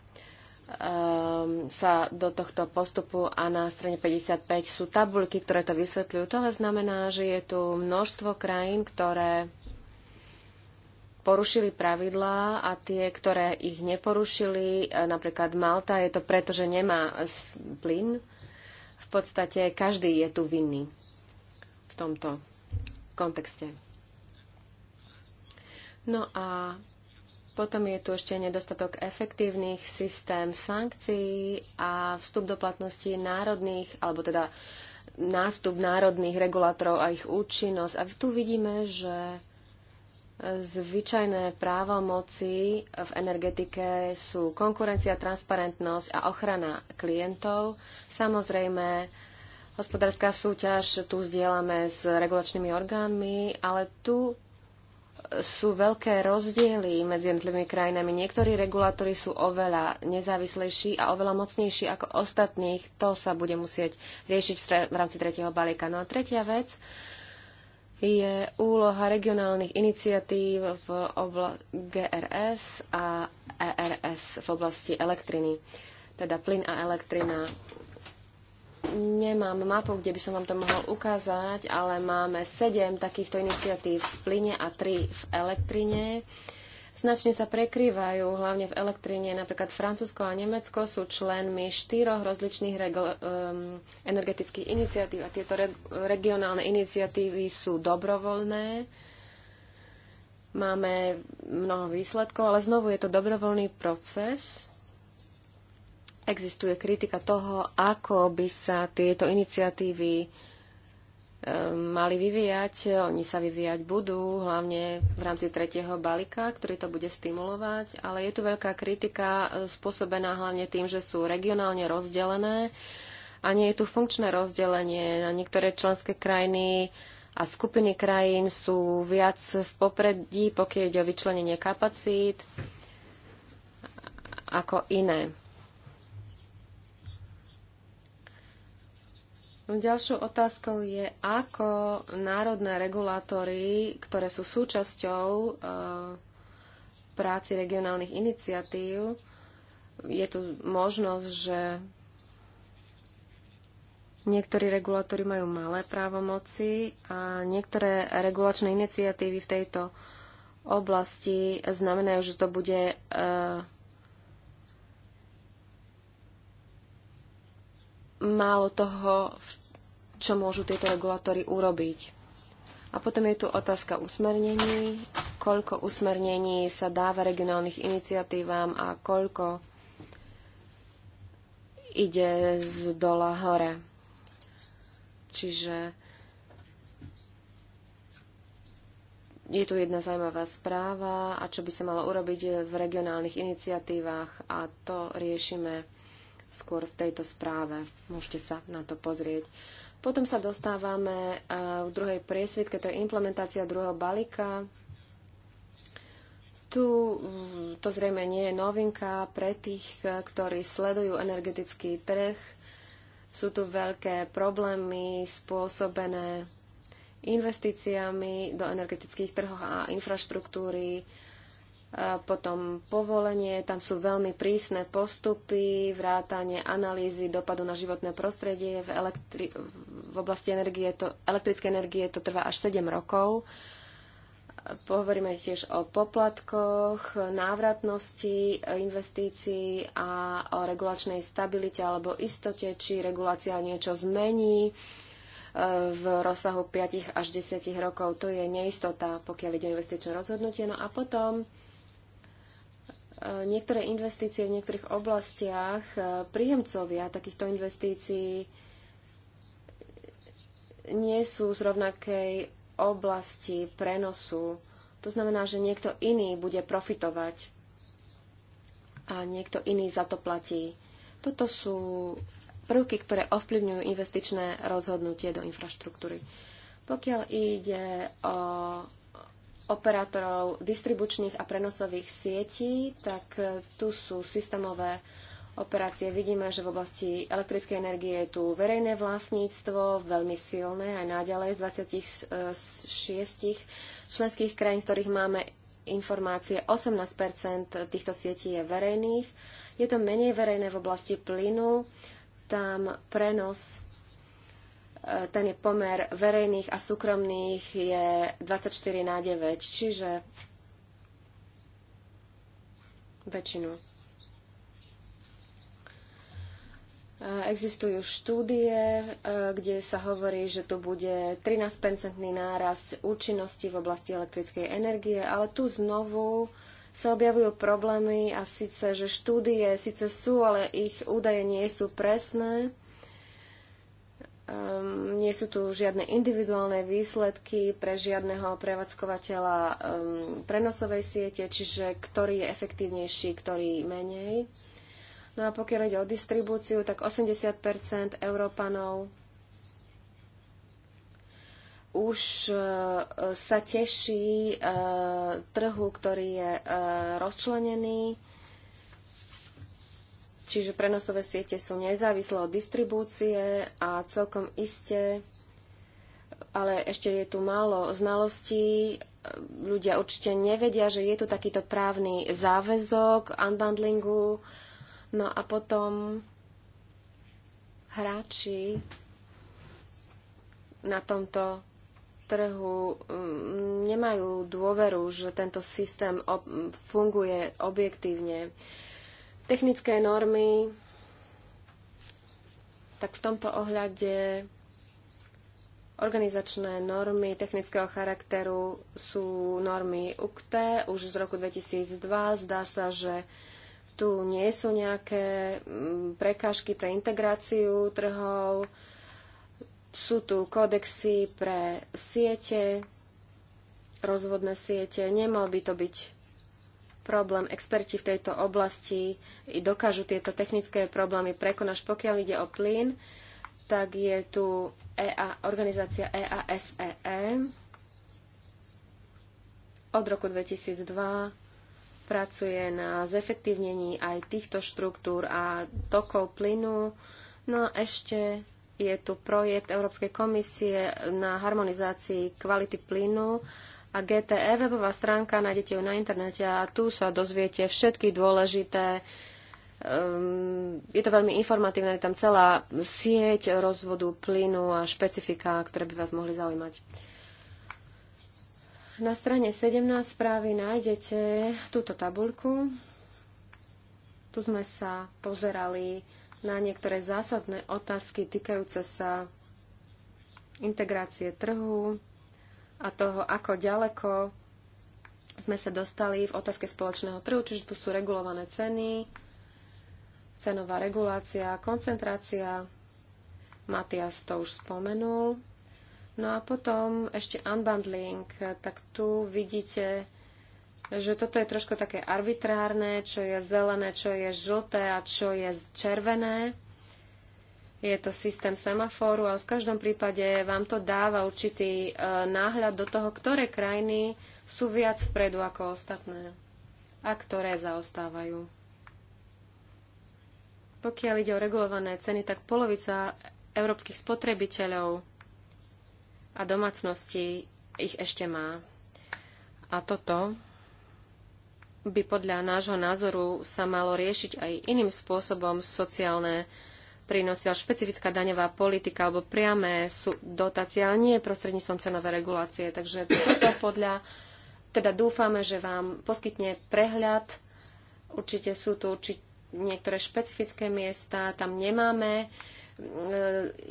ehm, sa do tohto postupu a na strane 55 sú tabulky, ktoré to vysvetľujú. To ale znamená, že je tu množstvo krajín, ktoré porušili pravidlá a tie, ktoré ich neporušili, e, napríklad Malta, je to preto, že nemá plyn. V podstate každý je tu vinný v tomto kontexte. No a potom je tu ešte nedostatok efektívnych systém sankcií a vstup do platnosti národných, alebo teda nástup národných regulátorov a ich účinnosť. A tu vidíme, že zvyčajné právomoci v energetike sú konkurencia, transparentnosť a ochrana klientov. Samozrejme, hospodárska súťaž tu zdieľame s regulačnými orgánmi, ale tu sú veľké rozdiely medzi jednotlivými krajinami. Niektorí regulátori sú oveľa nezávislejší a oveľa mocnejší ako ostatných. To sa bude musieť riešiť v, v rámci tretieho balíka. No a tretia vec je úloha regionálnych iniciatív v oblasti GRS a ERS v oblasti elektriny, teda plyn a elektrina. Nemám mapu, kde by som vám to mohol ukázať, ale máme 7 takýchto iniciatív v plyne a 3 v elektrine. Značne sa prekrývajú, hlavne v elektrine. Napríklad Francúzsko a Nemecko sú členmi štyroch rozličných um, energetických iniciatív a tieto regionálne iniciatívy sú dobrovoľné. Máme mnoho výsledkov, ale znovu je to dobrovoľný proces existuje kritika toho, ako by sa tieto iniciatívy e, mali vyvíjať. Oni sa vyvíjať budú, hlavne v rámci tretieho balíka, ktorý to bude stimulovať. Ale je tu veľká kritika e, spôsobená hlavne tým, že sú regionálne rozdelené a nie je tu funkčné rozdelenie. Na niektoré členské krajiny a skupiny krajín sú viac v popredí, pokiaľ ide o vyčlenenie kapacít ako iné. No, ďalšou otázkou je, ako národné regulátory, ktoré sú súčasťou e, práci regionálnych iniciatív, je tu možnosť, že niektorí regulátory majú malé právomoci a niektoré regulačné iniciatívy v tejto oblasti znamenajú, že to bude e, málo toho, čo môžu tieto regulátory urobiť. A potom je tu otázka usmernení, koľko usmernení sa dáva regionálnych iniciatívam a koľko ide z dola hore. Čiže je tu jedna zaujímavá správa a čo by sa malo urobiť v regionálnych iniciatívach a to riešime skôr v tejto správe. Môžete sa na to pozrieť. Potom sa dostávame eh, v druhej priesvitke, to je implementácia druhého balíka. Tu mm, to zrejme nie je novinka pre tých, eh, ktorí sledujú energetický trh. Sú tu veľké problémy spôsobené investíciami do energetických trhov a infraštruktúry potom povolenie, tam sú veľmi prísne postupy, vrátanie analýzy dopadu na životné prostredie. V, elektri- v oblasti energie to, elektrické energie to trvá až 7 rokov. Pohovoríme tiež o poplatkoch, návratnosti investícií a o regulačnej stabilite alebo istote, či regulácia niečo zmení e, v rozsahu 5 až 10 rokov. To je neistota, pokiaľ ide o investičné rozhodnutie. No a potom E, niektoré investície v niektorých oblastiach e, príjemcovia takýchto investícií nie sú z rovnakej oblasti prenosu. To znamená, že niekto iný bude profitovať a niekto iný za to platí. Toto sú prvky, ktoré ovplyvňujú investičné rozhodnutie do infraštruktúry. Pokiaľ ide o operátorov distribučných a prenosových sietí, tak e, tu sú systémové operácie. Vidíme, že v oblasti elektrickej energie je tu verejné vlastníctvo, veľmi silné aj naďalej z 26 e, členských krajín, z ktorých máme informácie, 18 týchto sietí je verejných. Je to menej verejné v oblasti plynu, tam prenos ten je pomer verejných a súkromných je 24 na 9, čiže väčšinu. Eh, existujú štúdie, eh, kde sa hovorí, že tu bude 13-percentný nárast účinnosti v oblasti elektrickej energie, ale tu znovu sa objavujú problémy a síce, že štúdie síce sú, ale ich údaje nie sú presné Um, nie sú tu žiadne individuálne výsledky pre žiadneho prevádzkovateľa um, prenosovej siete, čiže ktorý je efektívnejší, ktorý menej. No a pokiaľ ide o distribúciu, tak 80 Európanov už e, sa teší e, trhu, ktorý je e, rozčlenený. Čiže prenosové siete sú nezávislé od distribúcie a celkom iste, ale ešte je tu málo znalostí. Ľudia určite nevedia, že je tu takýto právny záväzok unbundlingu. No a potom hráči na tomto trhu mm, nemajú dôveru, že tento systém funguje objektívne technické normy, tak v tomto ohľade organizačné normy technického charakteru sú normy UKT už z roku 2002. Zdá sa, že tu nie sú nejaké mm, prekážky pre integráciu trhov. Sú tu kodexy pre siete, rozvodné siete. Nemal by to byť problém. Experti v tejto oblasti dokážu tieto technické problémy prekonať. Pokiaľ ide o plyn, tak je tu EA, organizácia EASEE. E e. Od roku 2002 pracuje na zefektívnení aj týchto štruktúr a tokov plynu. No a ešte je tu projekt Európskej komisie na harmonizácii kvality plynu a GTE webová stránka, nájdete ju na internete a tu sa dozviete všetky dôležité. Ehm, je to veľmi informatívne, je tam celá sieť rozvodu plynu a špecifika, ktoré by vás mohli zaujímať. Na strane 17 správy nájdete túto tabuľku. Tu sme sa pozerali na niektoré zásadné otázky týkajúce sa integrácie trhu, a toho, ako ďaleko sme sa dostali v otázke spoločného trhu, čiže tu sú regulované ceny, cenová regulácia, koncentrácia. Matias to už spomenul. No a potom ešte unbundling, tak tu vidíte, že toto je trošku také arbitrárne, čo je zelené, čo je žlté a čo je červené je to systém semaforu, ale v každom prípade vám to dáva určitý e, náhľad do toho, ktoré krajiny sú viac vpredu ako ostatné a ktoré zaostávajú. Pokiaľ ide o regulované ceny, tak polovica európskych spotrebiteľov a domácností ich ešte má. A toto by podľa nášho názoru sa malo riešiť aj iným spôsobom sociálne prínosy, ale špecifická daňová politika alebo priame sú dotácie, ale nie prostredníctvom cenové regulácie. Takže toto podľa, teda dúfame, že vám poskytne prehľad. Určite sú tu určite niektoré špecifické miesta, tam nemáme e,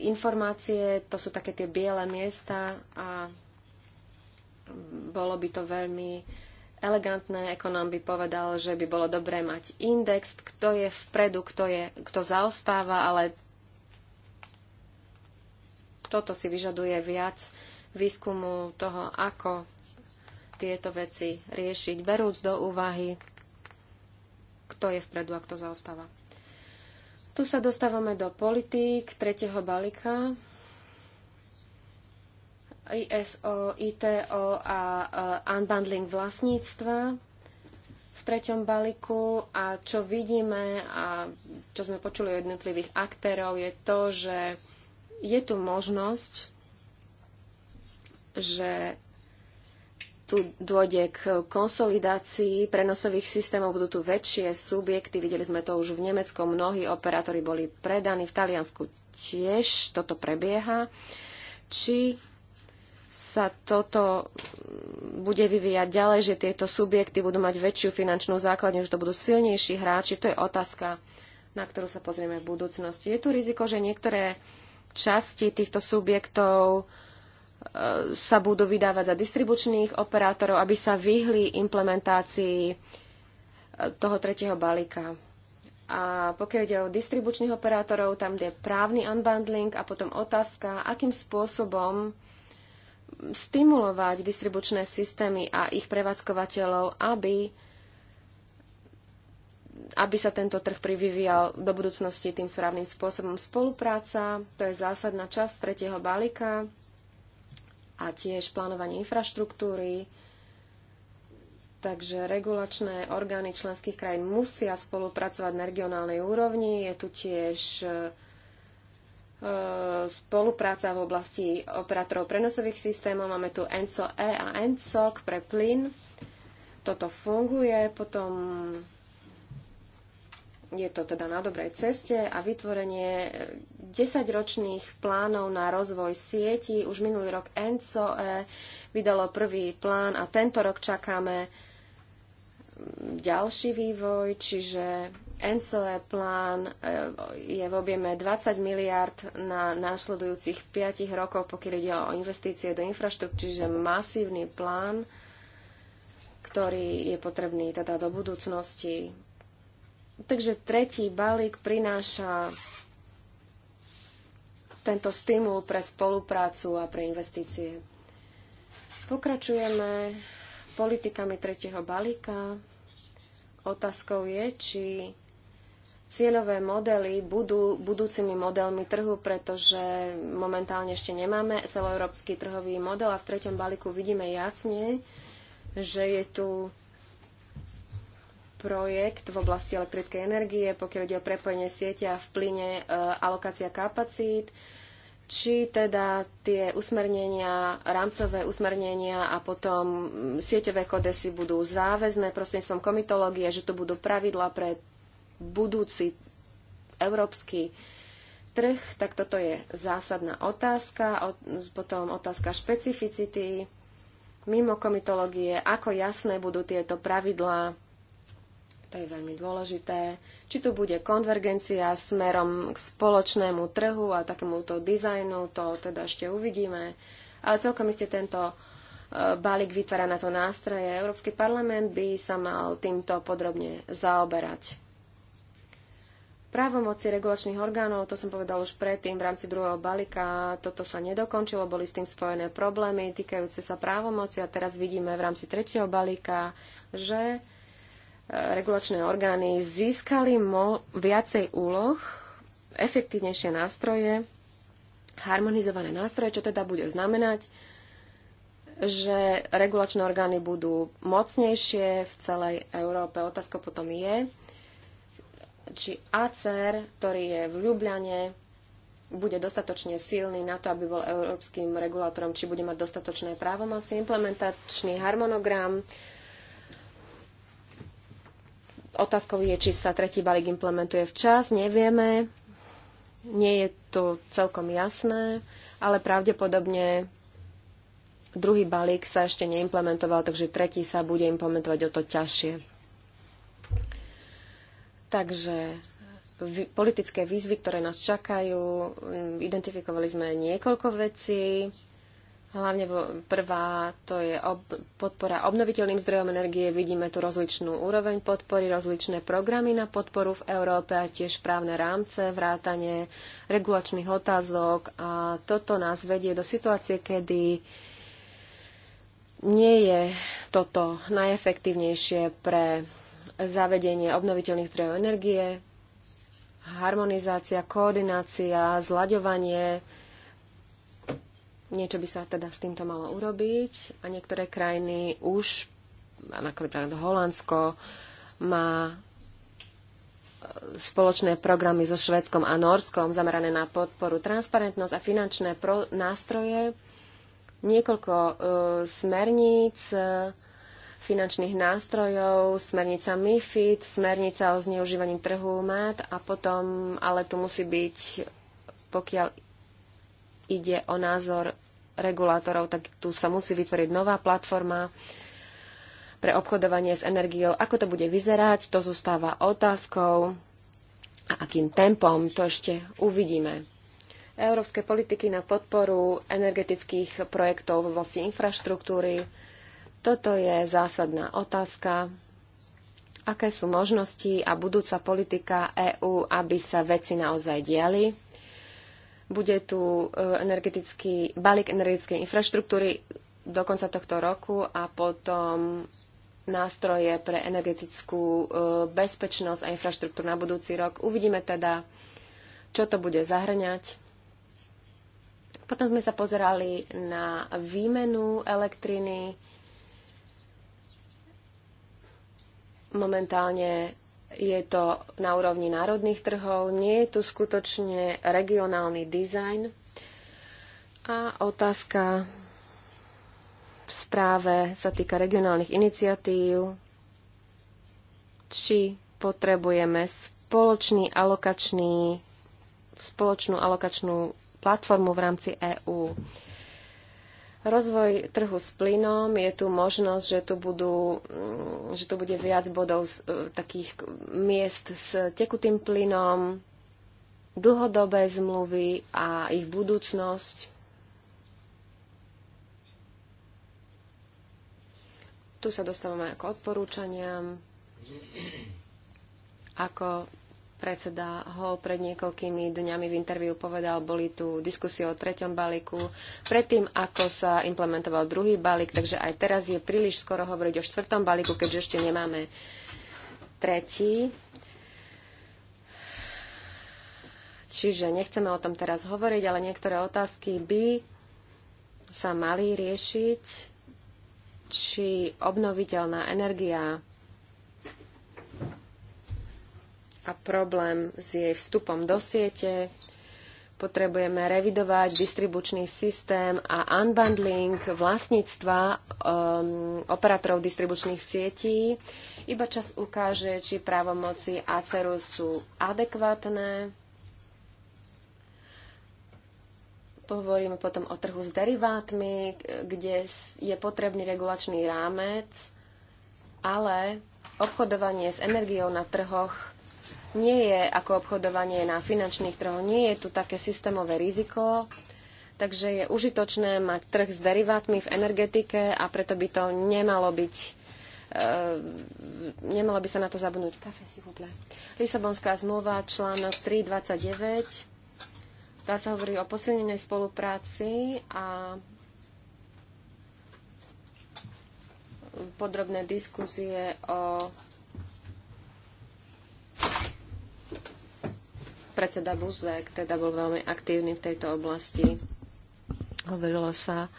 informácie, to sú také tie biele miesta a bolo by to veľmi elegantné. Ekonóm by povedal, že by bolo dobré mať index, kto je vpredu, kto, je, kto zaostáva, ale toto si vyžaduje viac výskumu toho, ako tieto veci riešiť, berúc do úvahy, kto je vpredu a kto zaostáva. Tu sa dostávame do politík tretieho balíka. ISO, ITO a e, unbundling vlastníctva v treťom balíku a čo vidíme a čo sme počuli od jednotlivých aktérov je to, že je tu možnosť, že tu dôjde k konsolidácii prenosových systémov, budú tu väčšie subjekty, videli sme to už v Nemecku, mnohí operátori boli predaní, v Taliansku tiež toto prebieha. Či sa toto bude vyvíjať ďalej, že tieto subjekty budú mať väčšiu finančnú základňu, že to budú silnejší hráči. To je otázka, na ktorú sa pozrieme v budúcnosti. Je tu riziko, že niektoré časti týchto subjektov e, sa budú vydávať za distribučných operátorov, aby sa vyhli implementácii e, toho tretieho balíka. A pokiaľ ide o distribučných operátorov, tam je právny unbundling a potom otázka, akým spôsobom stimulovať distribučné systémy a ich prevádzkovateľov, aby, aby sa tento trh privyvíjal do budúcnosti tým správnym spôsobom. Spolupráca, to je zásadná časť tretieho balíka a tiež plánovanie infraštruktúry. Takže regulačné orgány členských krajín musia spolupracovať na regionálnej úrovni. Je tu tiež E, spolupráca v oblasti operátorov prenosových systémov. Máme tu ENCO-E a ENCOC pre plyn. Toto funguje, potom je to teda na dobrej ceste a vytvorenie 10-ročných plánov na rozvoj sieti. Už minulý rok ENCOE vydalo prvý plán a tento rok čakáme ďalší vývoj, čiže ENSOE plán eh, je v objeme 20 miliard na následujúcich 5 rokov, pokiaľ ide o investície do infraštruktúry, čiže masívny plán, ktorý je potrebný teda do budúcnosti. Takže tretí balík prináša tento stimul pre spoluprácu a pre investície. Pokračujeme politikami tretieho balíka. Otázkou je, či cieľové modely budú budúcimi modelmi trhu, pretože momentálne ešte nemáme celoeurópsky trhový model a v treťom balíku vidíme jasne, že je tu projekt v oblasti elektrickej energie, pokiaľ ide o prepojenie sieťa v plyne, e, alokácia kapacít, či teda tie usmernenia, rámcové usmernenia a potom sieťové kodesy budú záväzné prostredníctvom komitológie, že tu budú pravidla pre budúci európsky trh, tak toto je zásadná otázka. Potom otázka špecificity mimo komitológie, ako jasné budú tieto pravidlá. To je veľmi dôležité. Či tu bude konvergencia smerom k spoločnému trhu a takémuto dizajnu, to teda ešte uvidíme. Ale celkom iste tento e, balík vytvára na to nástroje. Európsky parlament by sa mal týmto podrobne zaoberať. Právomoci regulačných orgánov, to som povedal už predtým v rámci druhého balíka, toto sa nedokončilo, boli s tým spojené problémy týkajúce sa právomoci a teraz vidíme v rámci tretieho balíka, že e, regulačné orgány získali mo- viacej úloh, efektívnejšie nástroje, harmonizované nástroje, čo teda bude znamenať, že regulačné orgány budú mocnejšie v celej Európe. Otázka potom je, či ACER, ktorý je v Ljubljane, bude dostatočne silný na to, aby bol európskym regulátorom, či bude mať dostatočné právomoci, implementačný harmonogram. Otázkou je, či sa tretí balík implementuje včas, nevieme. Nie je to celkom jasné, ale pravdepodobne druhý balík sa ešte neimplementoval, takže tretí sa bude implementovať o to ťažšie. Takže politické výzvy, ktoré nás čakajú, mm, identifikovali sme niekoľko vecí. Hlavne prvá to je ob, podpora obnoviteľným zdrojom energie. Vidíme tu rozličnú úroveň podpory, rozličné programy na podporu v Európe a tiež právne rámce, vrátanie regulačných otázok. A toto nás vedie do situácie, kedy nie je toto najefektívnejšie pre zavedenie obnoviteľných zdrojov energie, harmonizácia, koordinácia, zlaďovanie. Niečo by sa teda s týmto malo urobiť a niektoré krajiny už, napríklad Holandsko, má e, spoločné programy so Švedskom a Norskom zamerané na podporu transparentnosť a finančné nástroje, niekoľko e, smerníc, e, finančných nástrojov, smernica MIFID, smernica o zneužívaní trhu MAT a potom, ale tu musí byť, pokiaľ ide o názor regulátorov, tak tu sa musí vytvoriť nová platforma pre obchodovanie s energiou. Ako to bude vyzerať, to zostáva otázkou a akým tempom, to ešte uvidíme európske politiky na podporu energetických projektov v oblasti infraštruktúry, toto je zásadná otázka. Aké sú možnosti a budúca politika EÚ, aby sa veci naozaj diali? Bude tu e, energetický, balík energetickej infraštruktúry do konca tohto roku a potom nástroje pre energetickú e, bezpečnosť a infraštruktúru na budúci rok. Uvidíme teda, čo to bude zahrňať. Potom sme sa pozerali na výmenu elektriny Momentálne je to na úrovni národných trhov, nie je tu skutočne regionálny dizajn. A otázka v správe sa týka regionálnych iniciatív, či potrebujeme spoločný alokačný, spoločnú alokačnú platformu v rámci EÚ. Rozvoj trhu s plynom, je tu možnosť, že tu, budú, mm, že tu bude viac bodov e, takých miest s tekutým plynom, dlhodobé zmluvy a ich budúcnosť. Tu sa dostávame ako odporúčaniam, ako Predseda ho pred niekoľkými dňami v interviu povedal, boli tu diskusie o treťom balíku, predtým ako sa implementoval druhý balík, takže aj teraz je príliš skoro hovoriť o štvrtom balíku, keďže ešte nemáme tretí. Čiže nechceme o tom teraz hovoriť, ale niektoré otázky by sa mali riešiť, či obnoviteľná energia a problém s jej vstupom do siete. Potrebujeme revidovať distribučný systém a unbundling vlastníctva um, operátorov distribučných sietí. Iba čas ukáže, či právomoci ACERu sú adekvátne. Pohovoríme potom o trhu s derivátmi, kde je potrebný regulačný rámec, ale obchodovanie s energiou na trhoch nie je ako obchodovanie na finančných trhoch, nie je tu také systémové riziko, takže je užitočné mať trh s derivátmi v energetike a preto by to nemalo byť e, nemalo by sa na to zabudnúť. Kafe, si Lisabonská zmluva, článok 3.29. Tá sa hovorí o posilnenej spolupráci a podrobné diskusie o predseda Buzek teda bol veľmi aktívny v tejto oblasti. Hovorilo sa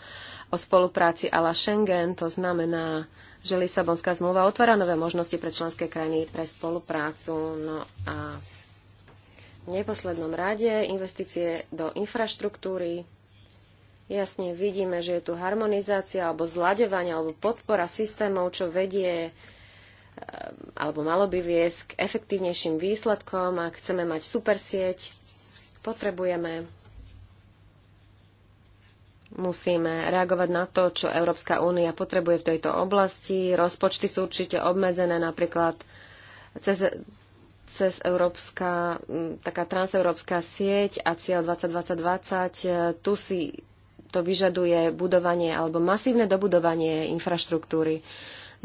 o spolupráci la Schengen, to znamená, že Lisabonská zmluva otvára nové možnosti pre členské krajiny pre spoluprácu. No a v neposlednom rade investície do infraštruktúry. Jasne vidíme, že je tu harmonizácia alebo zlaďovanie alebo podpora systémov, čo vedie alebo malo by viesť k efektívnejším výsledkom. a chceme mať super sieť, potrebujeme musíme reagovať na to, čo Európska únia potrebuje v tejto oblasti. Rozpočty sú určite obmedzené napríklad cez, cez európska, taká transeurópska sieť a cieľ 2020 2020. E, tu si to vyžaduje budovanie alebo masívne dobudovanie infraštruktúry.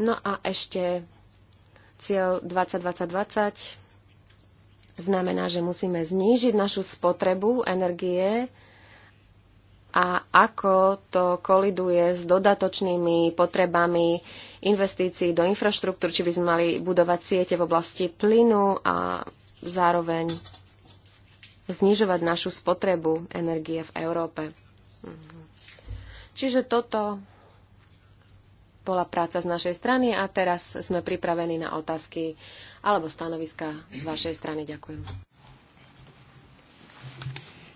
No a ešte Cieľ 2020 znamená, že musíme znížiť našu spotrebu energie a ako to koliduje s dodatočnými potrebami investícií do infraštruktúr, či by sme mali budovať siete v oblasti plynu a zároveň znižovať našu spotrebu energie v Európe. Mhm. Čiže toto bola práca z našej strany a teraz sme pripravení na otázky alebo stanoviska z vašej strany. Ďakujem.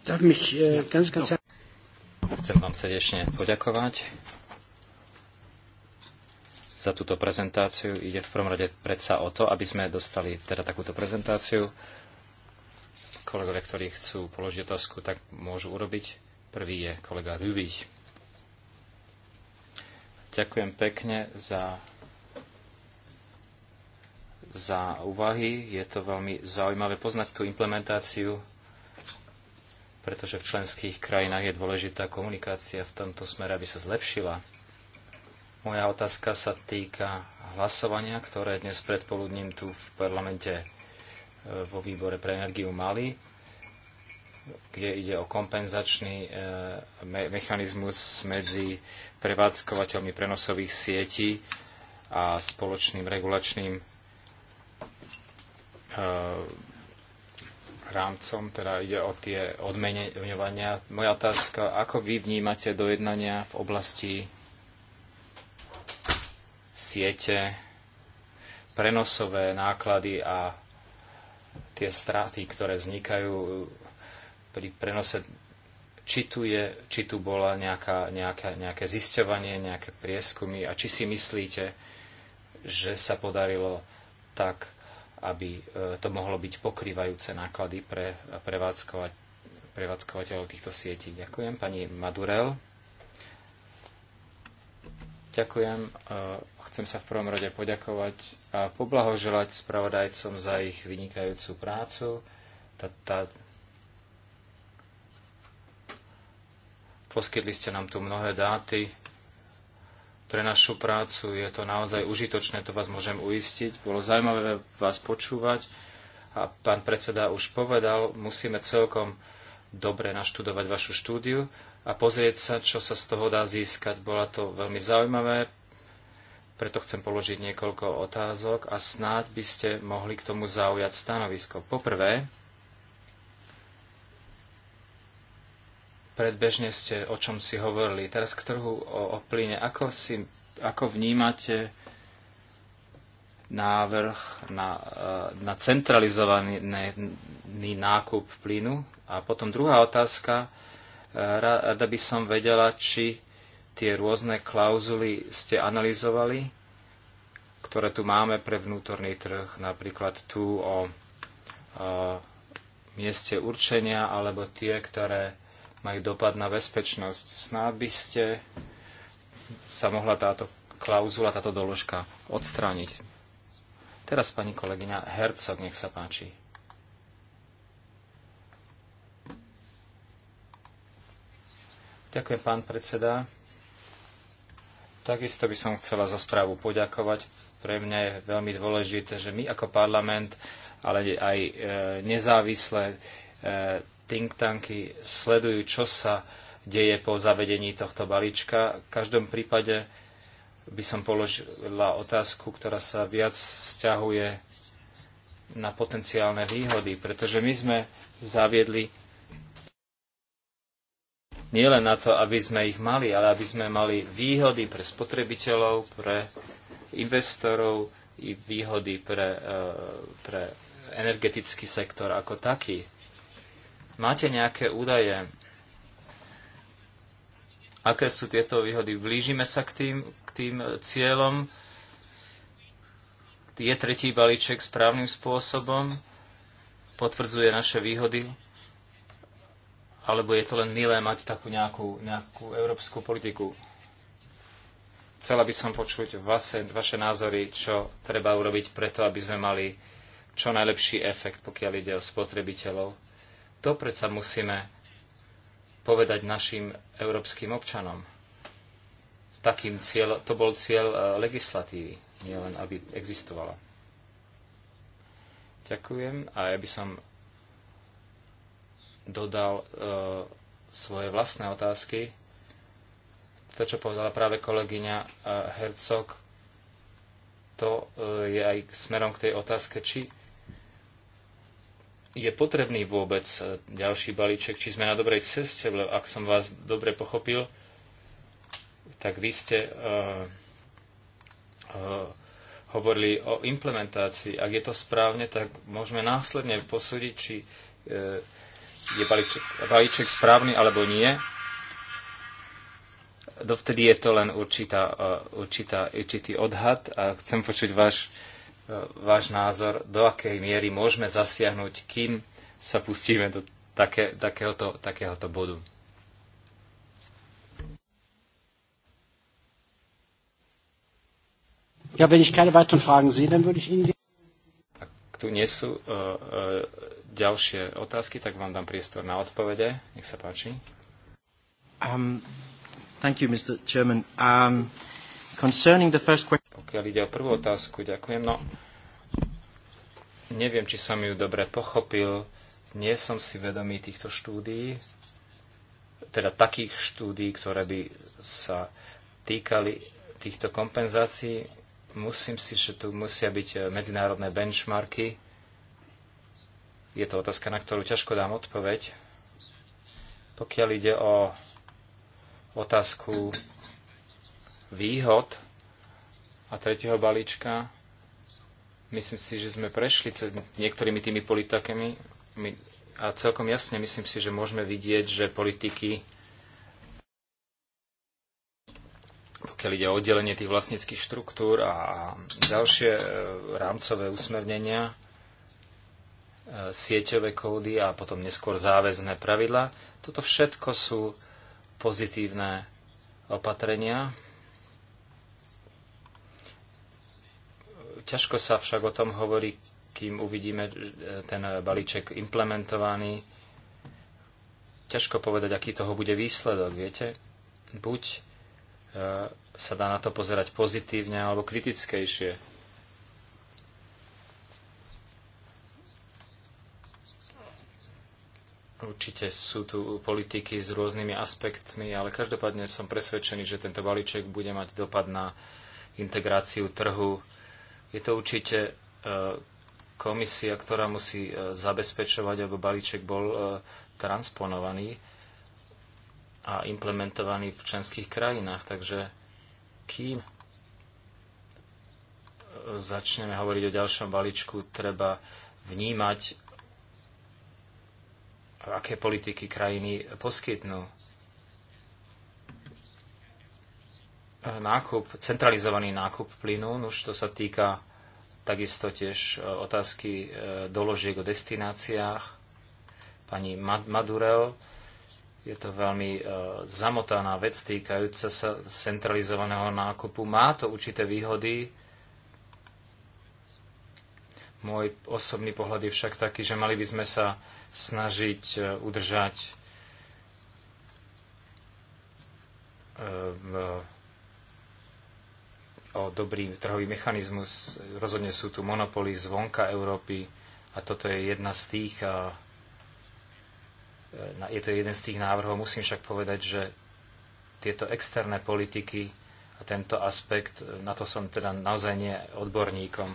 Äh, no. Chcem vám srdečne poďakovať za túto prezentáciu. Ide v prvom rade predsa o to, aby sme dostali teda takúto prezentáciu. Kolegovia, ktorí chcú položiť otázku, tak môžu urobiť. Prvý je kolega Rubich. Ďakujem pekne za, za úvahy. Je to veľmi zaujímavé poznať tú implementáciu, pretože v členských krajinách je dôležitá komunikácia v tomto smere, aby sa zlepšila. Moja otázka sa týka hlasovania, ktoré dnes predpoludním tu v parlamente e, vo výbore pre energiu mali kde ide o kompenzačný e, mechanizmus medzi prevádzkovateľmi prenosových sietí a spoločným regulačným e, rámcom, teda ide o tie odmeňovania. Moja otázka, ako vy vnímate dojednania v oblasti siete, prenosové náklady a tie straty, ktoré vznikajú pri prenose, či tu, je, či tu bola nejaká, nejaká, nejaké zisťovanie, nejaké prieskumy a či si myslíte, že sa podarilo tak, aby e, to mohlo byť pokrývajúce náklady pre prevádzkovať, prevádzkovateľov týchto sietí. Ďakujem pani Madurel. Ďakujem. E, chcem sa v prvom rade poďakovať a poblahoželať spravodajcom za ich vynikajúcu prácu. Tá, tá Poskytli ste nám tu mnohé dáty. Pre našu prácu je to naozaj užitočné, to vás môžem uistiť. Bolo zaujímavé vás počúvať a pán predseda už povedal, musíme celkom dobre naštudovať vašu štúdiu a pozrieť sa, čo sa z toho dá získať. Bola to veľmi zaujímavé, preto chcem položiť niekoľko otázok a snáď by ste mohli k tomu zaujať stanovisko. Poprvé, Predbežne ste o čom si hovorili. Teraz k trhu o, o plyne. Ako, si, ako vnímate návrh na, e, na centralizovaný nákup plynu? A potom druhá otázka. E, rada by som vedela, či tie rôzne klauzuly ste analyzovali, ktoré tu máme pre vnútorný trh, napríklad tu o, o e, mieste určenia alebo tie, ktoré majú dopad na bezpečnosť. Snáď by ste sa mohla táto klauzula, táto doložka odstrániť. Teraz pani kolegyňa Hercog, nech sa páči. Ďakujem, pán predseda. Takisto by som chcela za správu poďakovať. Pre mňa je veľmi dôležité, že my ako parlament, ale aj e, nezávisle think tanky sledujú, čo sa deje po zavedení tohto balíčka. V každom prípade by som položila otázku, ktorá sa viac vzťahuje na potenciálne výhody, pretože my sme zaviedli nielen na to, aby sme ich mali, ale aby sme mali výhody pre spotrebiteľov, pre investorov i výhody pre, eh, pre energetický sektor ako taký. Máte nejaké údaje? Aké sú tieto výhody? Blížime sa k tým, k tým cieľom? Je tretí balíček správnym spôsobom? Potvrdzuje naše výhody? Alebo je to len milé mať takú nejakú, nejakú európsku politiku? Chcela by som počuť vaše, vaše názory, čo treba urobiť preto, aby sme mali čo najlepší efekt, pokiaľ ide o spotrebiteľov to predsa musíme povedať našim európskym občanom. Takým cieľ, to bol cieľ e, legislatívy, nielen aby existovala. Ďakujem a ja by som dodal e, svoje vlastné otázky. To, čo povedala práve kolegyňa e, Hercog, to e, je aj smerom k tej otázke, či je potrebný vôbec e, ďalší balíček, či sme na dobrej ceste, lebo ak som vás dobre pochopil, tak vy ste uh, uh, hovorili o implementácii. Ak je to správne, tak môžeme následne posúdiť, či uh, je balíček, balíček správny alebo nie. Dovtedy je to len určitá, uh, určitá, určitý odhad a chcem počuť váš váš názor, do akej miery môžeme zasiahnuť, kým sa pustíme do také, takéhoto, takéhoto bodu. Ja, wenn ich keine weiteren Fragen sehe, dann würde ich Ihnen... Ak tu nie sú uh, uh, ďalšie otázky, tak vám dám priestor na odpovede. Nech sa páči. Um, thank you, Mr. Chairman. Um, Concerning the first question... Pokiaľ ide o prvú otázku, ďakujem. No, neviem, či som ju dobre pochopil. Nie som si vedomý týchto štúdií, teda takých štúdií, ktoré by sa týkali týchto kompenzácií. Musím si, že tu musia byť medzinárodné benchmarky. Je to otázka, na ktorú ťažko dám odpoveď. Pokiaľ ide o otázku výhod a tretieho balíčka. Myslím si, že sme prešli cez niektorými tými politikami a celkom jasne myslím si, že môžeme vidieť, že politiky, pokiaľ ide o oddelenie tých vlastníckých štruktúr a ďalšie e, rámcové usmernenia, e, sieťové kódy a potom neskôr záväzné pravidla. Toto všetko sú pozitívne opatrenia, Ťažko sa však o tom hovorí, kým uvidíme e, ten balíček implementovaný. Ťažko povedať, aký toho bude výsledok, viete? Buď e, sa dá na to pozerať pozitívne alebo kritickejšie. Určite sú tu politiky s rôznymi aspektmi, ale každopádne som presvedčený, že tento balíček bude mať dopad na integráciu trhu je to určite e, komisia, ktorá musí e, zabezpečovať, aby balíček bol e, transponovaný a implementovaný v členských krajinách. Takže kým začneme hovoriť o ďalšom balíčku, treba vnímať, aké politiky krajiny poskytnú nákup, centralizovaný nákup plynu, už to sa týka takisto tiež e, otázky e, doložiek o destináciách. Pani Madurel, je to veľmi e, zamotaná vec týkajúca sa centralizovaného nákupu. Má to určité výhody. Môj osobný pohľad je však taký, že mali by sme sa snažiť udržať o dobrý trhový mechanizmus. Rozhodne sú tu monopoly zvonka Európy a toto je jedna z tých e, je to jeden z tých návrhov. Musím však povedať, že tieto externé politiky a tento aspekt, e, na to som teda naozaj nie odborníkom.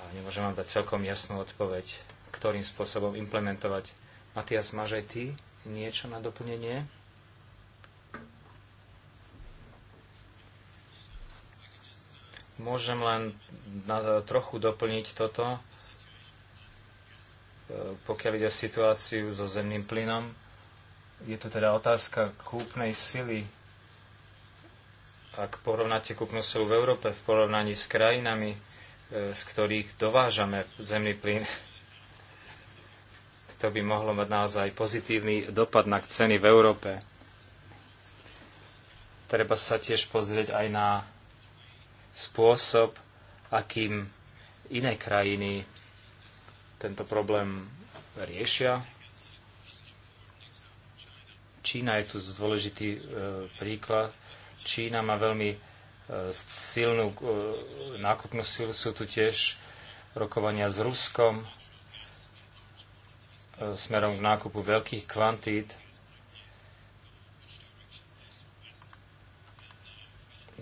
A nemôžem vám dať celkom jasnú odpoveď, ktorým spôsobom implementovať. Matias, máš aj ty niečo na doplnenie? Môžem len na, trochu doplniť toto, e, pokiaľ ide o situáciu so zemným plynom. Je tu teda otázka kúpnej sily. Ak porovnáte kúpnu silu v Európe v porovnaní s krajinami, e, z ktorých dovážame zemný plyn, to by mohlo mať naozaj pozitívny dopad na ceny v Európe. Treba sa tiež pozrieť aj na spôsob, akým iné krajiny tento problém riešia. Čína je tu dôležitý e, príklad. Čína má veľmi e, silnú e, nákupnú silu. Sú tu tiež rokovania s Ruskom e, smerom k nákupu veľkých kvantít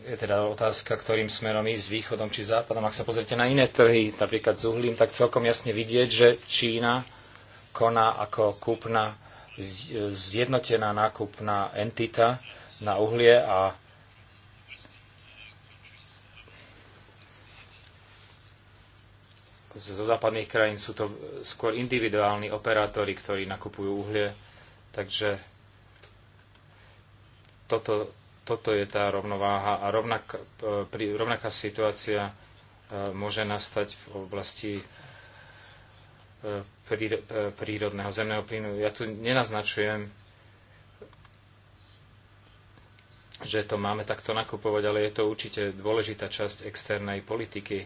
je teda otázka, ktorým smerom ísť, východom či západom. Ak sa pozrite na iné trhy, napríklad s uhlím, tak celkom jasne vidieť, že Čína koná ako kúpna, zjednotená nákupná entita na uhlie a zo západných krajín sú to skôr individuálni operátori, ktorí nakupujú uhlie. Takže toto toto je tá rovnováha a rovnak, pri, rovnaká situácia e, môže nastať v oblasti e, e, prírodného zemného plynu. Ja tu nenaznačujem, že to máme takto nakupovať, ale je to určite dôležitá časť externej politiky.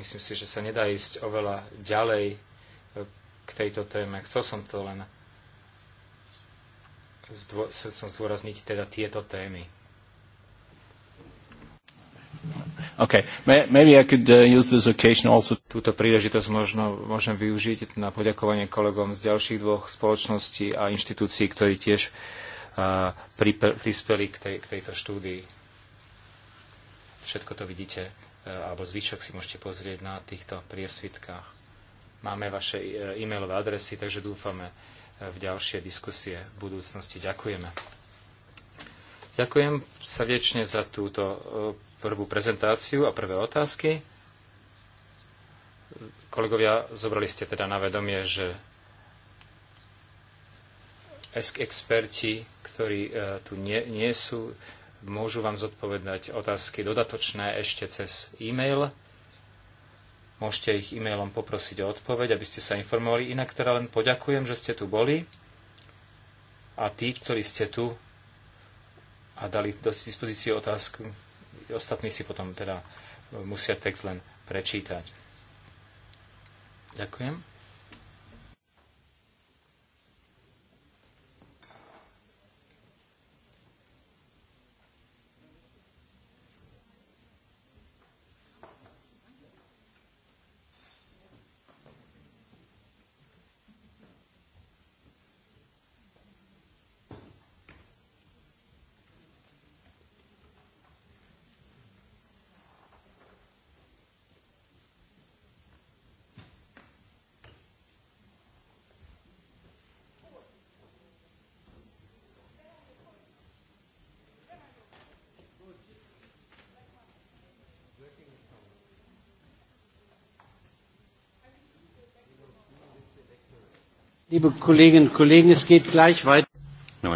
Myslím si, že sa nedá ísť oveľa ďalej k tejto téme. Chcel som to len chcel som zdôrazniť teda tieto témy. Okay. Maybe I could uh, use this occasion also. Túto príležitosť možno môžem využiť na poďakovanie kolegom z ďalších dvoch spoločností a inštitúcií, ktorí tiež uh, prispeli k, tej, k tejto štúdii. Všetko to vidíte, uh, alebo zvyšok si môžete pozrieť na týchto priesvitkách. Máme vaše uh, e-mailové adresy, takže dúfame, v ďalšie diskusie v budúcnosti. Ďakujeme. Ďakujem srdečne za túto e, prvú prezentáciu a prvé otázky. Kolegovia, zobrali ste teda na vedomie, že experti, ktorí e, tu nie, nie sú, môžu vám zodpovedať otázky dodatočné ešte cez e-mail. Môžete ich e-mailom poprosiť o odpoveď, aby ste sa informovali. Inak teda len poďakujem, že ste tu boli a tí, ktorí ste tu a dali do dispozície otázku, ostatní si potom teda musia text len prečítať. Ďakujem. Milé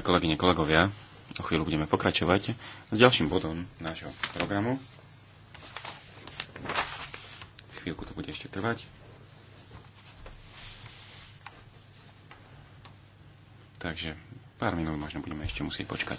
kolegyne, kolegovia, o chvíľu budeme pokračovať s ďalším bodom nášho programu. Chvíľku to bude ešte trvať. Takže pár minút možno budeme ešte musieť počkať.